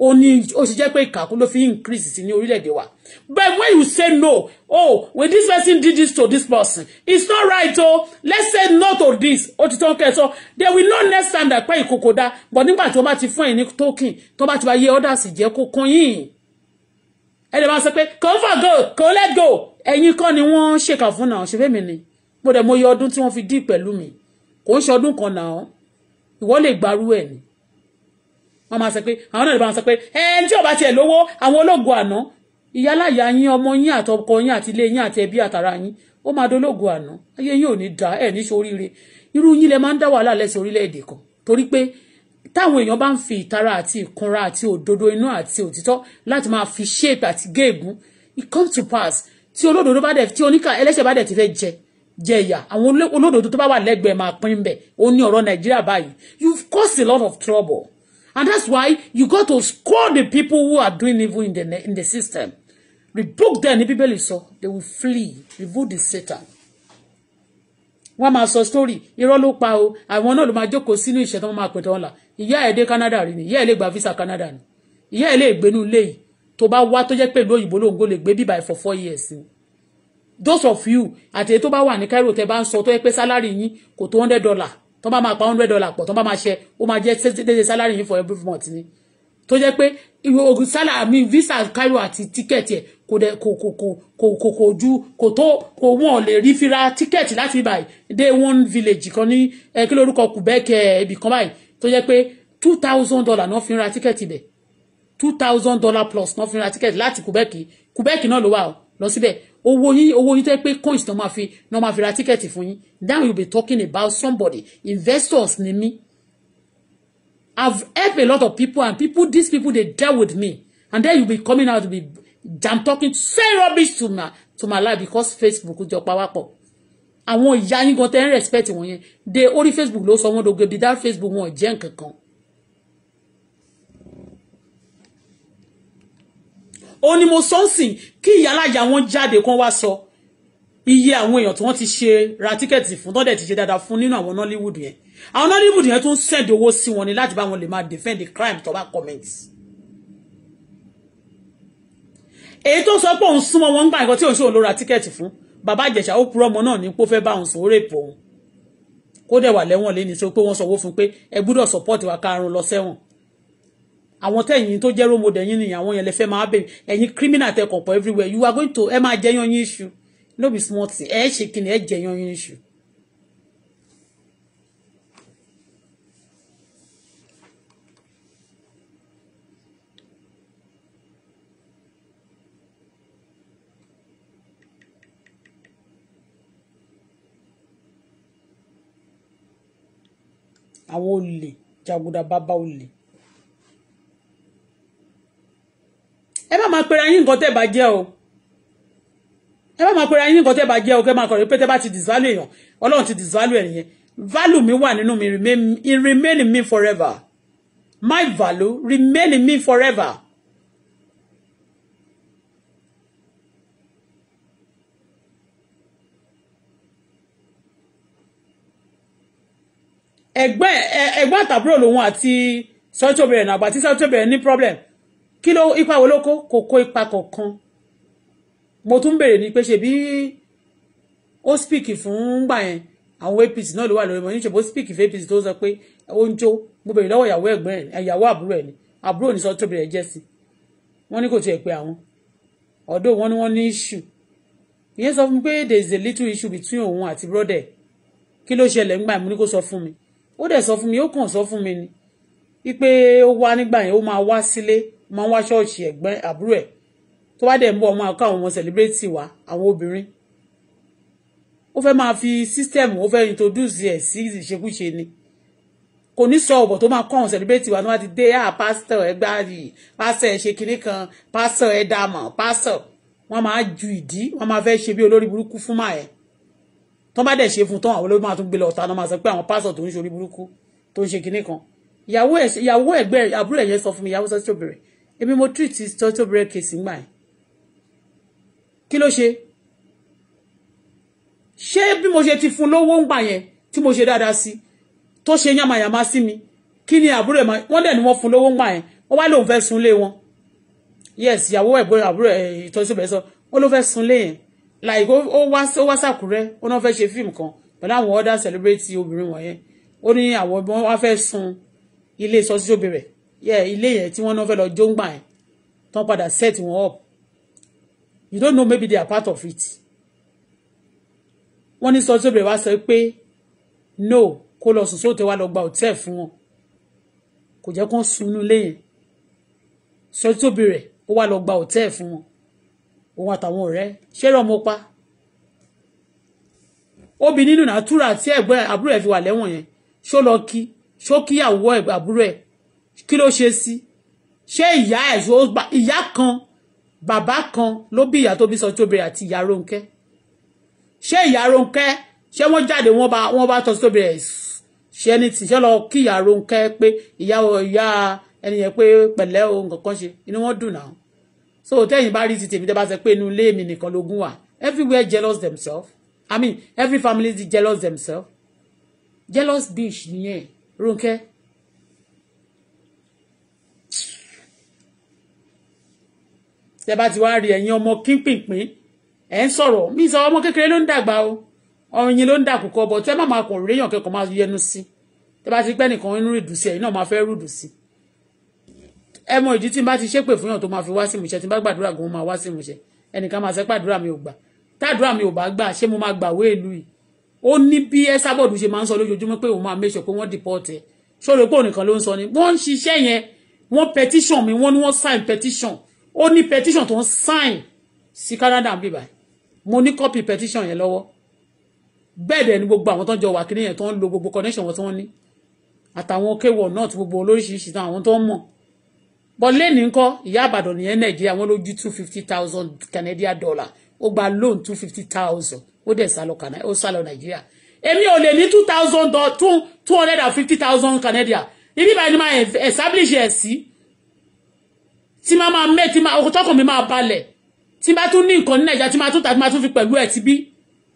[SPEAKER 1] ó ní ó ṣe jẹ́ pé ìkàkùn ló fi increase sí ní orílẹ̀-èdè wa but when you say no oh when this person did this to this person it's not right oh. let's say no to this ó ti tán So they will not next time that pé ìkòkò dá but nígbà tí wọ́n bá ti fún ẹ̀ ní token tó bá ti bá yé others jẹ́ kó kan yín ẹ lè máa sọ pé kò fà go come let go ẹ̀yin kan ni wọ́n ṣèkà fún náà ṣe fẹ́mi ni mo dẹ̀ mo yọ ọdún tí wọ́n fi dí pẹ̀lú mi kò ń ṣọdún kan náà ìwọ lè gbarú ẹ̀ ni wọ́n máa sọ pé àwọn náà lè bá wọn sọ pé ẹni tí ò bá tiẹ̀ lówó àwọn ológo àná ìyáláyà yín ọmọ yín àtọkọ yín àti ilé yín àti ẹbí àtàrà yín ó máa dológo àná ayé yín ò ní da ẹ ní soríire irú yín lè máa ń dá wàhálà lẹ́sẹ̀ orílẹ̀-èdè kan torí pé táwọn èèyàn bá ń fi ìtara àti ìkanra àti òdodo inú àti òtítọ́ láti máa fi ṣéèpù àti géègùn it comes to pass tí olódodo bá dẹ̀ tí oníkà ẹlẹ́ṣẹ̀ bá dẹ̀ ti fẹ́ jẹ jẹ ìyà àwọn olódodo tó bá wà lẹ́gbẹ̀ẹ́ máa pín bẹ̀ ó ní ọ̀rọ̀ Nàìjíríà báyìí you've caused a lot of trouble And that's why you got to score the people who are doing evil in the, in the system. Rebook them, ní Bíbélì sọ, they will flee. Rebuke the Satan. Wọ́n máa sọ story, irọ́ ló pa o, àwọn náà ló máa jókòó sínú ìṣẹ́ tó máa pẹ̀tọ́ ọ̀la. Ìyá ẹ̀ dé Canada rí ni, ìyá ẹ̀ lè gba visa Canada ni. Ìyá ẹ̀ lè gbénú ilé yìí tó bá wá tó jẹ́ pé ìlú òyìnbó lóńgó lè gbé bíbá ẹ̀ for four years ni those of you àti èyí tó bá wà ní Cairo tẹ bá ń sọ tó yẹ pé sálárì yín kò tó hundred dollar tó bá máa pa hundred dollar pọ̀ tó bá máa ṣe ó máa jẹ́ dédé salary yìí for every month ni tó jẹ́ pé ogun salary mi visa cairo àti ticket ẹ̀ kò dẹ̀ kò kò kò kò kò kò ju kò tó kò wọ́n lè rí fi ra ticket láti báyìí dé one village kan ní kí lórúkọ Quebec ibì kan báyìí tó jẹ́ pé two thousand dollar náà fi ra ticket ibẹ̀ two thousand dollar plus náà fi ra ticket láti Quebec Quebec náà ló wà lọ síbẹ̀ owó yín owó yín tẹ́ pé coins náà máa fi náà máa fi ra tíkẹ́ẹ̀tì fún yín now you be talking about somebody investors ni mí I've helped a lot of people and people these people they deal with me and then you be coming out to be jam talking say rubbish to my to my life because Facebook jọ pawápọ̀ àwọn ìyá yín gan tẹ́ ń respect wọ̀nyẹn de only Facebook ló sọ wọ́n dògbé dídá Facebook wọn jẹ́ nǹkan kan ó ní mo sọ ń sìn kí ìyálàyà wọn jáde kan wá sọ iye àwọn èèyàn tí wọ́n ti ṣe ra tíkẹ́ẹ̀tì fún tọ́dẹ̀ ti ṣe dáadáa fún nínú àwọn Nollywood yẹn àwọn Nollywood yẹn tún send owó sí wọn ni láti bá wọn lè máa defend the crime tó bá comment. èyí tó sọ pé òun súnmọ́ wọn ń gbà nǹkan tí òun ṣe òun ló ra tíkẹ́ẹ̀tì fún bàbá Ìjẹ̀ṣà ó purọ́ ọmọ náà ní pé ó fẹ́ bá òun sùn ó òun kó dẹ̀ wà lẹ́wọ̀n lé ní sọ pé wọ́n sọ owó fún pé ẹ gbúdọ̀ support wa karùn-ún lọ sẹ́wọ̀n àwọn tẹ̀yìn tó jẹ́ rómo dẹ̀yìn nìyẹn àwọn yẹn lè fẹ́ máa bẹ̀rẹ̀ ẹ̀yin criminal tẹ kọ̀pọ̀ everywhere you are going to ẹ máa jẹyàn yín iṣu no be small thing ẹ ṣe kìnnì ẹ jẹyàn yín iṣu. àwọn olè jàgùdà bàbá olè. ẹ má máa pera yín nǹkan tẹ́ bá jẹ́ o ẹ má máa pera yín nǹkan tẹ́ bá jẹ́ o kẹ́ máa kọ̀rọ̀ pé tẹ́ bá ti disvalue èèyàn ọlọ́run ti disvalue ẹ̀yẹn value mi wà nínú mi remain it remain in me forever my value remain in me forever. ẹ̀gbọ́n ẹ̀gbọ́n àtàbúrò lòun àti sọ́tòbẹ̀rẹ̀ nàgbà tí sọ́tòbẹ̀rẹ̀ ní problem kí ló ipa wo ló kó kò kó ipa kọ̀ọ̀kan mo tún béèrè ni pé ṣebí ó speak fún gbà yẹn àwọn apc náà ló wà lórí mọ ní ṣèbó speak fún apc tó sọ pé ó ń jó mo béèrè lọ́wọ́ ìyàwó ẹ̀gbọ́n ẹ̀ ìyàwó àbúrò ẹ̀ ni àbúrò ní sọ tóbi rẹ̀ jẹ́ sí wọ́n ní kò tiẹ̀ pé àwọn ọ̀dọ́ wọn ni wọ́n ní issue ìyẹn sọ fún mi pé there is a little issue between òun àti brother kí ló ṣẹlẹ̀ ńgbà mo ní kó sọ fún mi ó dẹ̀ sọ fún mi ó kàn sọ fún mi ni wípé ó wá nígbà yẹn ó máa wá sílé máa ń wá ṣọ́ọ̀ṣì ẹ̀gbọ́n àbúrò ẹ̀ tó bá dẹ̀ ń bọ̀ máa kọ́ àwọn ọmọ sẹ̀lẹ́bírẹ́tì wa àwọn obìnrin ó fẹ́ máa fi sísítẹ́ẹ̀mù ó fẹ́ introduce ẹ̀ sí ìṣekúṣe ni kò ní sọ ọ̀bọ̀ tó máa kọ́ àwọn sẹ̀lẹ́bírẹ́tì wa tó bá ti dé à ah, pásítọ̀ ẹ gbáàdì pásítọ̀ ẹ ṣe kinní kan pásítọ̀ ẹ dàmọ̀ pásítọ̀ wọ́n máa ju ìdí wọ́n máa fẹ́ ṣe bí olórí burúkú fún máa ẹ̀ tó bá dẹ̀ ṣe fún tán àwọn olórí máa tún gbé lọ ọ̀tá náà máa sọ pé àwọn pásítọ̀ tó ń ṣe orí burúkú tó ń ṣe kinní kan ìyàwó ẹ̀ ìyàwó ẹ̀gbẹ́ àbúrò ẹ̀yẹn sọ fún mi ìyàwó sọ́tò bẹ̀rẹ̀ èmi mo treat sọ́tò bẹ̀rẹ̀ kèsì ńgbà yẹn kí ló ṣe ṣé bí mo ṣe ti fún lówó ńgbà yẹn tí mo ṣe dáadáa sí tó ṣe yàmàyàmá sí mi kí ni àbúrò ẹ̀ wọ́n dẹ̀ ni wọ́n fún lówó ńgbà yẹn wọ́n wá lóun fẹ́ sunlé wọn yes ìyàwó ẹ̀gbẹ́ àbúrò ẹ̀ ìtọ́jú bẹ̀rẹ̀ sọ wọ́n ló fẹ́ sunlé yẹn like ó wá ó wá sàkúrẹ́ ó náà fẹ́ ṣe fíìmù kan pẹ̀lú àwọn other celebrity obìnrin wọ̀nyẹn ó ní àwọn ọmọ wa fẹ́ sun ilé sọ́sí obìnrin yẹ ilé yẹn tí wọ́n náà fẹ́ lọ jóńgbà yẹn tán padà set wọn up you don't know maybe they are part of it wọ́n ní sọ́sí obìnrin wá sọ pé no kó lọ sùn sóòtẹ́ wá lọ gba hòtẹ́ẹ̀ fún wọn kò jẹ́ kó sunú ilé yẹn sọ́sí obìnrin ó wá lọ gba hòtẹ́ẹ̀ fún wọn òun àtàwọn ọ̀rẹ́ ṣẹ́rọ̀ mo pa obì nínú nàtúrà tí ẹ̀gbọ́n àbúrò ẹ̀ fi wà lẹ́wọ̀n yẹn ṣó lọ kí ṣó kíyàwó ẹ̀ àbúrò ẹ̀ kí ló ṣe sí ṣé ìyá ẹ̀ ṣó ìyá kan bàbá kan ló bí ìyá tó bí Sotobere àti ìyá Rónkẹ́ ṣé ìyá Rónkẹ́ ṣé wọ́n jáde wọ́n bá wọ́n bá tọ́ Sotobere ṣe ẹni tí ṣé lọ kí ìyá Rónkẹ́ pé ìyá ìyá ẹni yẹn pé pẹ̀lẹ́ o nǹkan ṣe inú wọn dùn náà so tẹ́yìn bá rí ti tèmi tẹ́ bá sọ pé inú ilé mi nìkan lógún wà everywhere jealous themselves i mean every family is jealous themselves jealous bitch nìyẹn Rónkẹ́ tẹ́ bá ti wá rí ẹ̀yin ọmọ kínpínpín ẹ̀ ń sọ̀rọ̀ mí sọ ọmọ kékeré ló ń o ọyìn ló ń dà kúkọ bọ̀ tẹ́ má máa kàn réyàn kẹ́kọ̀ọ́ máa yẹnu sí tẹ́ bá ti pẹ́ nìkan ń rìdù sí ẹ̀yin náà máa fẹ́ rìdù sí ẹ mọ ìdí tí n bá ti ṣépè fún yàn tó máa fi wá sí ìmúṣẹ tí n bá gbàdúrà gan máa wá sí ìmúṣẹ ẹnìkan máa ṣe pàdúrà mi ò gbà tàdúrà mi ò bá gbà ṣé mo máa gbàwé ìlú yìí ó ní bí ẹsàbọ̀dù ṣe máa ń sọ lójoojúmọ́ pé òun máa make sure pé wọ́n deport ẹ̀ ṣòro pé òun nìkan ló ń sọ ni wọ́n ń ṣiṣẹ́ yẹn wọ́n petition mi wọ́n ní wọ́n sign petition ó ní petition tó ń sign sí Canada ń bíbá mo ní copy petition yẹn lọ́wọ́ bẹ́ẹ̀ dẹ̀ ni gbogbo àwọn tó ń jọ wà kí nìyẹn tó ń lo gbogbo connection wọn tí wọ́n ní àtàwọn kéwọ̀ náà tí gbogbo olóríṣiríṣi náà àwọn tó ń mọ̀ bọ́ lẹ́ni ńkọ́ ìyá àbàdàn nìyẹn nàìjíríà wọn lójú two fifty thousand Canadian dollar ó gba loan two fifty thousand ó dẹ̀ sálọ kànáà ó sálọ nàìjíríà èmi ò lè ní two thousand two two hundred and fifty thousand canadian ibi báyìí ni máa establish ẹ̀ sí tí máa máa mẹ́ tí máa tọkàn mi máa balẹ̀ tí bá tún ní nǹkan ní nàìjíríà tí máa tún tàbí máa tún fi pẹ̀lú ẹ̀ ti bí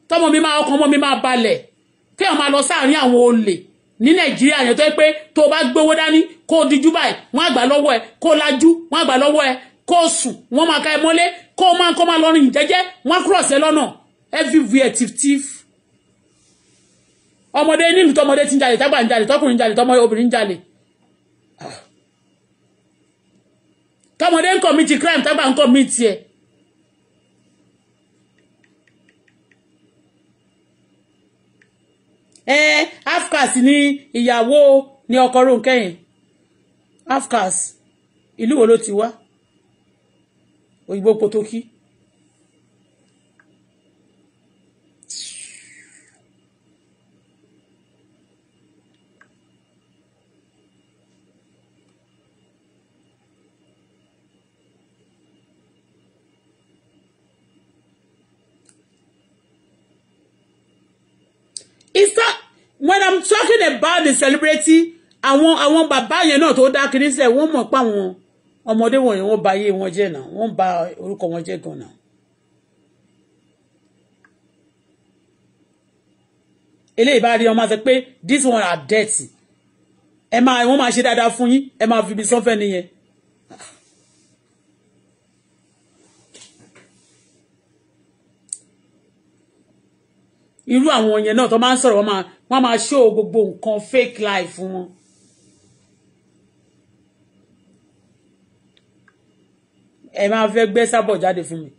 [SPEAKER 1] tọmọ mi máa ọkàn ọmọ mi máa balẹ̀ kéèyàn máa lọ sáàárín àwọn olè ní nàìjíríà yẹn tó yẹ pé tó o bá gbowó dání kó o dijú báyìí wọ́n á gbà lọ́wọ́ ẹ kó o lajú wọ́n á gbà ẹ kó o sùn wọ́n máa ka ẹ mọ́lé kó o máa kó máa lọ rìn jẹ́jẹ́ wọ́n á kúrọ̀sẹ̀ lọ́nà everywhere tif tif ọmọdé nílùú tọmọdé ti ń jalè tágbà ń jalè tọkùnrin ń jalè tọmọ obìnrin ń jalè ah. tọmọdé ń kọ̀mìtì crime tágbà ń kọ̀mìtì ẹ̀. ẹ afcas ni ìyàwó ni ọkọ afcas ìlú wo ló ti wá òyìnbó potoki. dẹ̀ bá the celebrity àwọn àwọn bàbá yẹn náà tó dá kiri sílẹ̀ wọ́n mọ̀ pa wọn ọmọdé wọ̀nyẹn wọ́n ba ayé wọn jẹ́ náà wọ́n ba orúkọ wọn jẹ́ gan náà. eléyìí bá rí ọmọ sọ pé this one are dirty ẹ máa wọ́n máa ṣe dáadáa fún yín ẹ máa fi ibi sọ́fẹ́ nìyẹn irú àwọn yẹn náà tó máa ń sọ̀rọ̀ wọ́n máa wọ́n máa ṣó gbogbo nǹkan fake life wọn. ẹ máa fẹ́ gbé sábọ̀ jáde fún mi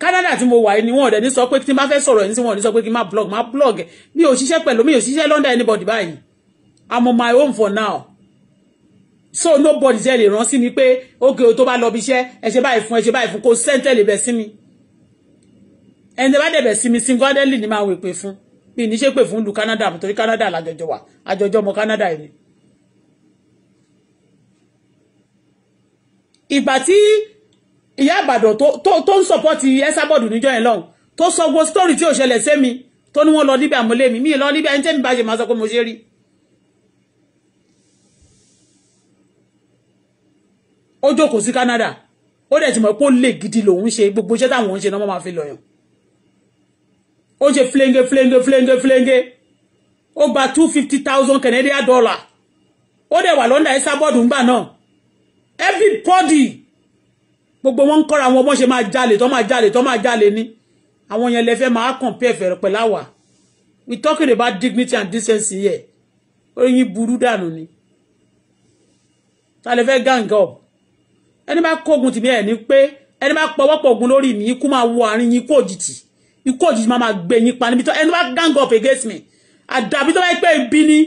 [SPEAKER 1] Canada tí mo wà ní wọn ọ̀dẹ̀ ní sọ pé tí n bá fẹ́ sọ̀rọ̀ ẹ̀ ní sí wọn ò ní sọ pé kí n má blog má blog mi ò ṣiṣẹ́ pẹ̀lú mi ò ṣiṣẹ́ London anybody báyìí I'm on my own for now so nobody ṣe lè rán sí mi pé ókè o tó bá lọ bí iṣẹ́ ẹ ṣe báyìí fún ẹ ṣe báyìí fún kó sẹ́ńtẹ̀lì bẹ̀ sí mi ẹni tẹ́ bá dẹ̀bẹ̀ sí mi sin gọ́dẹ́lì ni máa wò pé fún mi ní ṣe pé fún lu Canada mo torí Canada lájọjọ wà àjọjọ ọmọ Canada yìí. ìgbà tí ìyá àbàdàn tó ń sọpọ́tì ẹ́sàbọ̀dù níjọ́ yẹn lọ́hùn tó sọ gbogbo sítórì tí ò ṣẹlẹ̀ sẹ́mi tó ní wọ́n lọ níbi àmúlé mi mí lọ níbi ẹni tẹ́mi bá ṣe máa sọ pé mo ṣe rí. ó jókòó sí Canada ó dẹ̀ ti mọ̀ pé ó lè gidi lòun ṣe gbogbo iṣẹ́ táwọn ń ṣe náà wọ́n máa fi lọ̀yàn ó ṣe flenge flenge flenge flenge ó gba two fifty thousand Canadian dollar ó dẹ̀ wà lọ́ndà ẹ́sà bọ́ọ̀dù ńgbà náà everybody gbogbo wọn ń kọ́ra àwọn ọmọ ṣe máa jalè tó máa jalè tó máa jalè ní àwọn yẹn lẹ́fẹ́ máa kàn pé ẹ̀fẹ̀ pẹ̀lú àwà we talking about dignity and decency here oyin burú dànù ni ta lè fẹ́ gang up ẹni bá kógun tìmí ẹ̀ ní pé ẹni bá pọwọ́pọ̀ ogun lórí mi ikú máa wọ àárín yín kó òjijì ikú òjijì máa máa gbé yín pa níbi tó ẹni bá gang up against me àdàbí tó bá yẹ pé ibi ni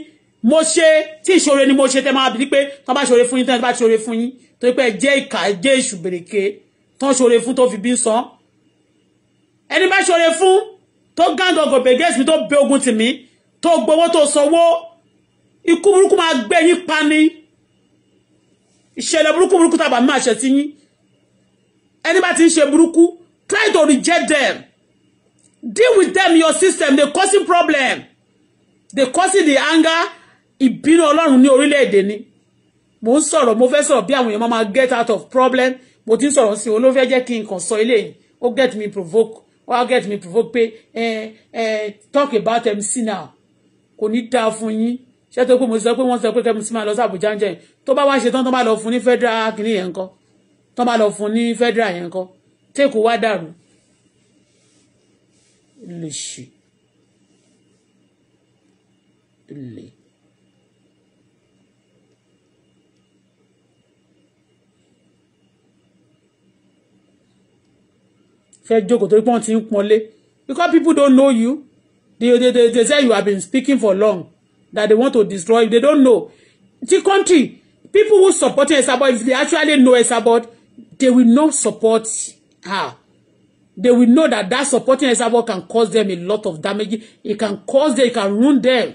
[SPEAKER 1] mo ṣe tí ìṣòro ni mo ṣe tẹ́ máa bí pé tán bá ṣòro fún yín tán bá ṣòro fún yín tó yẹ pé ẹ jẹ́ ìkà ẹ jẹ́ èṣù bèrèké tán ṣòro fún tó fi bí sọ ẹni bá ṣòro fún tó gang up against me tó bẹ ogun tì mí tó gbowó tó sanwó ikú burúkú máa gbé yín pa ni ìṣẹ̀lẹ̀ burúkú burúkú tàbá máa ṣẹ̀ sí yín ẹni bá ti ń ṣe burúkú try to reject them Deal with them your system. They causing problem. They causing the anger. Ìbínú Ọlọ́run ní orílẹ̀-èdè ni. Mo ń sọ̀rọ̀ mo fẹ́ sọ̀rọ̀ bí àwọn èèyàn máa get out of problem. Mo ti ń sọ̀rọ̀ sí olófẹ́ jẹ́ kí n kàn sọ eléyìí. Ó get me provoke. Ó get me provoke pé eh, eh, talk about MC now. Kò ní dáa fún yín. Ṣé tó pé mo sọ pé wọ́n sọ pé kẹ́mi sí máa lọ sí Àbújá ń Tó bá wá ṣe tán tó bá lọ fún ní federal kìnìyẹn ńkọ́. Tó bá lọ fún ní federal yẹn ńkọ́. Téèkù wá dàrú lòṣì olè. fẹ́ jókòó torí pé wọ́n ti ń pọ́nlé because people don't know you they they they, they say you have been speaking for long that they want to destroy you they don't know the country people who support Esabod if they actually know Esabod they will not support her they will know that that supporting Esabod can cause them a lot of damage it can cause them it can ruin them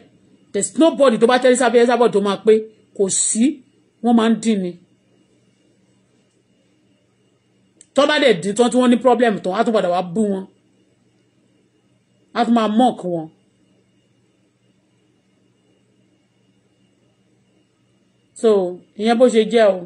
[SPEAKER 1] there's nobody to bá this sábẹ́ to tó máa pé kò sí wọ́n máa ń dín ni tó bá dẹ̀ dín tán tí wọ́n ní problem tán á tún padà wá bú wọn á tún máa mock wọn. so ìyẹn bó ṣe jẹ́ o.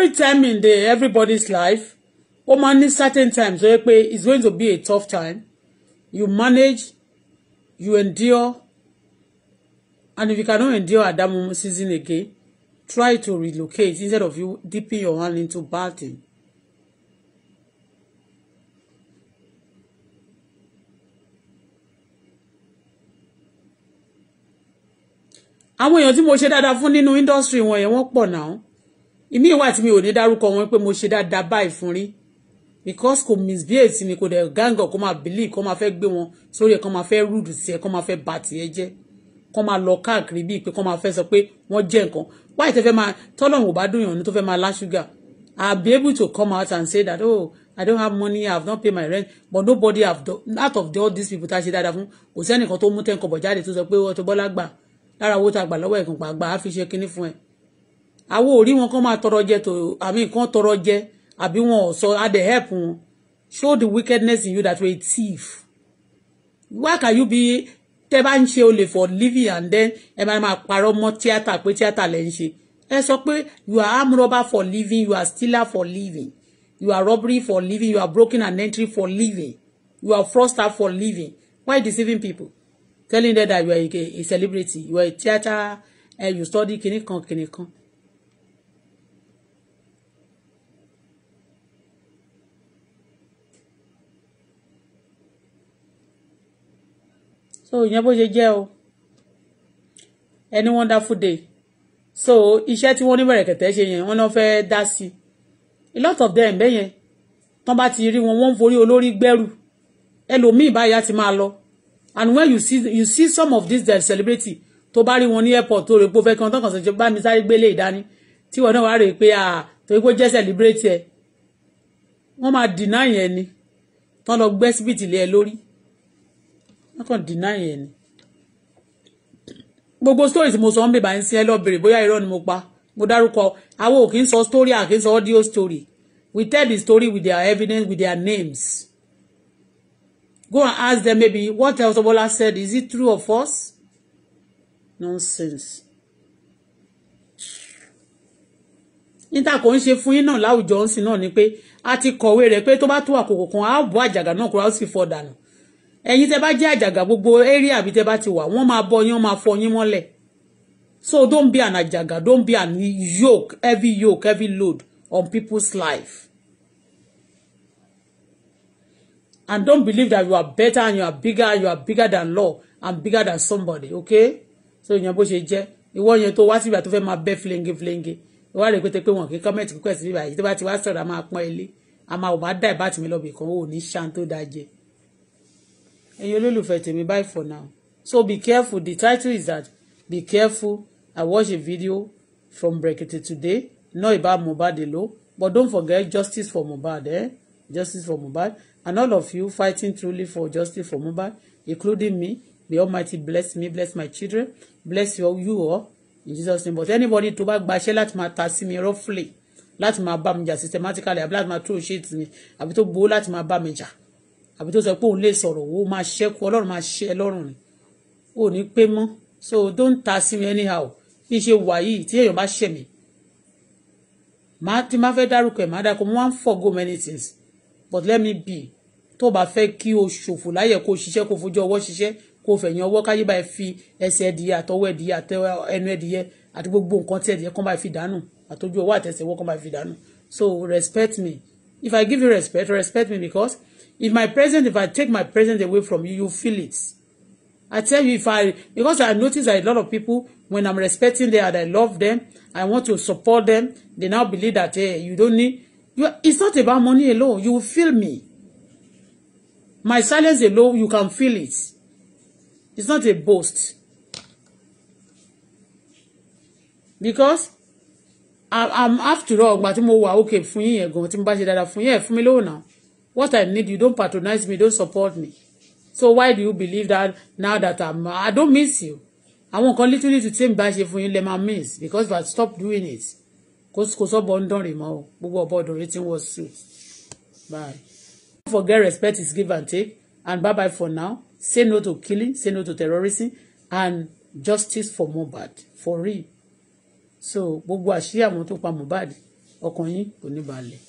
[SPEAKER 1] every time in the everybody's life ó máa ní certain times ó yẹ it's going to be a tough time you manage you endure and if you cannot endure at that moment season again try to relocate instead of you dipping your hand into bad thing. àwọn èèyàn tí mo ṣe dáadáa fún nínú industry wọn yẹn wọ́n pọ̀ náà ìmí wà tí mi ò ní dárúkọ wọn pé mo ṣe dáadáa báyìí fún rí because kò misbehave sí mi kò dẹ̀ gángọ̀ kó máa believe kó máa fẹ́ gbé wọn sórí ẹ̀ kó máa fẹ́ rúdù sí ẹ̀ kó máa fẹ́ bà tiẹ̀ jẹ́ kó máa lọ káàkiri bíi pé kó máa fẹ́ sọ pé wọ́n jẹ́ nǹkan wáyé tẹ́ fẹ́ máa tọ́lọ́run ò bá dùn yàn ní tó fẹ́ máa lá ṣúgà I'll be able to come out and say that oh I don't have money I have not paid my rent but nobody have done. out of all these people tá a ṣe dáadáa fún kò sẹ́nìkan tó mú tẹ́ǹkọ̀ bọ̀ jáde tó sọ pé oh, Auto Bola gbà lára owó tá a gbà lọ́wọ́ ẹ̀kùnpá gbà á fi ṣe kinní fún ẹ̀ àwọn ò rí wọn kán máa tọrọ jẹ tó àmì kán tọrọ jẹ àbí wọn ò sọ adẹ help wọn show the wickedness in you that you a thief why can you be tẹ bá ń ṣe olè for living and then ẹ máa máa parọ́ mọ́ tíátà pé tíátà lẹ́ ń ṣe ẹ sọ pé you are armed robber for living you are stealer for living you are robbery for living you are broken and entry for living you are froster for living why deceiving people telling them that you are a, a celebrity you are a theatre eh, and you study kìnìkan kìnìkan so ìyẹn bó ṣe jẹ́ o any wonderful day so iṣẹ́ tí wọ́n ní bẹ̀rẹ̀kẹ̀tẹ̀ ṣe yẹn wọ́n náà fẹ́ẹ́ dá sí i a lot of them bẹ́ẹ̀ yẹn tán bá ti rí wọn wọ́n ń forí olórí gbẹ́rù ẹlòmíì báyà ti máa lọ and when you see you see some of these dem celebrity tó bá rí wọn ní airport tó rè pé ó fẹ́ kí wọ́n tán kàn sí bá mi sáré gbélé ìdání tí wọ́n náà wá rè pé ah torí pé ó jẹ́ celebrate ẹ̀ wọ́n máa deny yẹn ni tán lọ gbẹ́ síbìtì lé ẹ lórí wọ́n kàn deny ẹ̀ ni gbogbo story tí mo sọ ń bèbà ń sin ẹ lọ́bẹ̀rẹ̀ bóyá irọ́ ni mo pa mo dárúkọ àwọn òkè ń sọ story àkè ń sọ audio story we tell the story with their evidence with their names go and ask them maybe what else Bola said is it true or false nonsense níta kò ń ṣe fún yín náà láwùjọ ń sìn náà ni pé a ti kọ̀wé rẹ̀ pé tó bá tó àkókò kan á bọ́ àjàgà náà kúrò á sì fọ́ dànù ẹ̀yin tẹ́ bá jẹ́ àjàgà gbogbo area àbí tẹ́ bá ti wà wọ́n máa bọ́ yín wọ́n máa fọ́ yín mọ́lẹ̀ so don't be an àjàgà don't be an yoke heavy yoke heavy load on people's life and don't believe that you are better and you are bigger you are bigger than law and bigger than somebody okay so ìyẹn bó ṣe jẹ́ ìwọ yẹn tó wá síbi àti tó fẹ́ máa bẹ́ fúlẹ́ńgé fúlẹ́ńgé ìwọ rẹ̀ pété pé wọn kì í kọ́mẹ̀tì kíkọ́ ẹ̀sìn bíbá yìí tó bá ti wá sọ̀rọ̀ a máa pọ́n ilé a máa ò bá dá ìbátìmí lọ́bì kan ò ní ṣan tó dáa ẹ̀yin olólùfẹ́ tèmi bye for now so be careful the title is that be careful I watch a video from Brekete today not about Mohbad alone but don't forget justice for Mohbad eh justice for Mohbad and all of you fighting truly for justice for Mohbad including me may Almighty bless me bless my children bless you, you all in Jesus name but anybody tó bá gbaṣẹ́ láti máa ta sí mi roughly láti máa bá mi jà systematically àbí láti máa tó ṣe tì mí àbí tó gbowó láti máa bá mi jà àbí tó sọ pé òun lè sọ̀rọ̀ ó máa ṣẹ́kù ọlọ́run máa ṣe ẹ lọ́rùn ni ò ní pé mọ́ so don't ta sí mi anyhow bí ṣe wà yìí tí èèyàn bá ṣẹ̀ mí máa ti máa fẹ́ dárúkọ ẹ̀ máa dárúkọ mo máa ń forgo many things but let me be tó o bá fẹ́ kí o ṣòfò láyè kó o ṣiṣẹ́ kó o fojú ọwọ́ ṣiṣẹ́ kó o fẹ̀yìn ọwọ́ káyé báyìí fi ẹsẹ̀ ẹdìyẹ àtọwọ́ ẹdìyẹ àtẹwọ́ ẹnu ẹdìyẹ àti gbogbo nǹkan tí ẹdìyẹ kan báyìí fi dànù àtọjú ọwọ́ àtẹsẹ̀wọ́ kan báyìí fi dànù so respect me if I give you respect respect me because If my present, if I take my present away from you, you feel it. I tell you, if I, because I notice that a lot of people, when I'm respecting them and I love them, I want to support them, they now believe that, hey, you don't need, you, it's not about money alone. You feel me. My silence alone, you can feel it. It's not a boast. Because I, I'm after all, gbà tí mo wà okay fún yín yẹn gan tí mo bá ṣe now what I need, you don't patronize me, don't support me. So why do you believe that now that I'm, I don't miss you? Àwọn kan literally to tí back bá you, let yín miss because if I stop doing it, because kò sọ́bọ̀ ń dánrin mọ́ o, gbogbo ọ̀bọ̀ ọ̀dọ̀ retí wọ́n Bye. Don't forget respect is give and take and bye bye for now. Say no to killing, say no to terrorism and justice for Mohbad for real. So gbogbo àṣírí àwọn tó pa Mohbad ọkàn yín kò ní balẹ̀.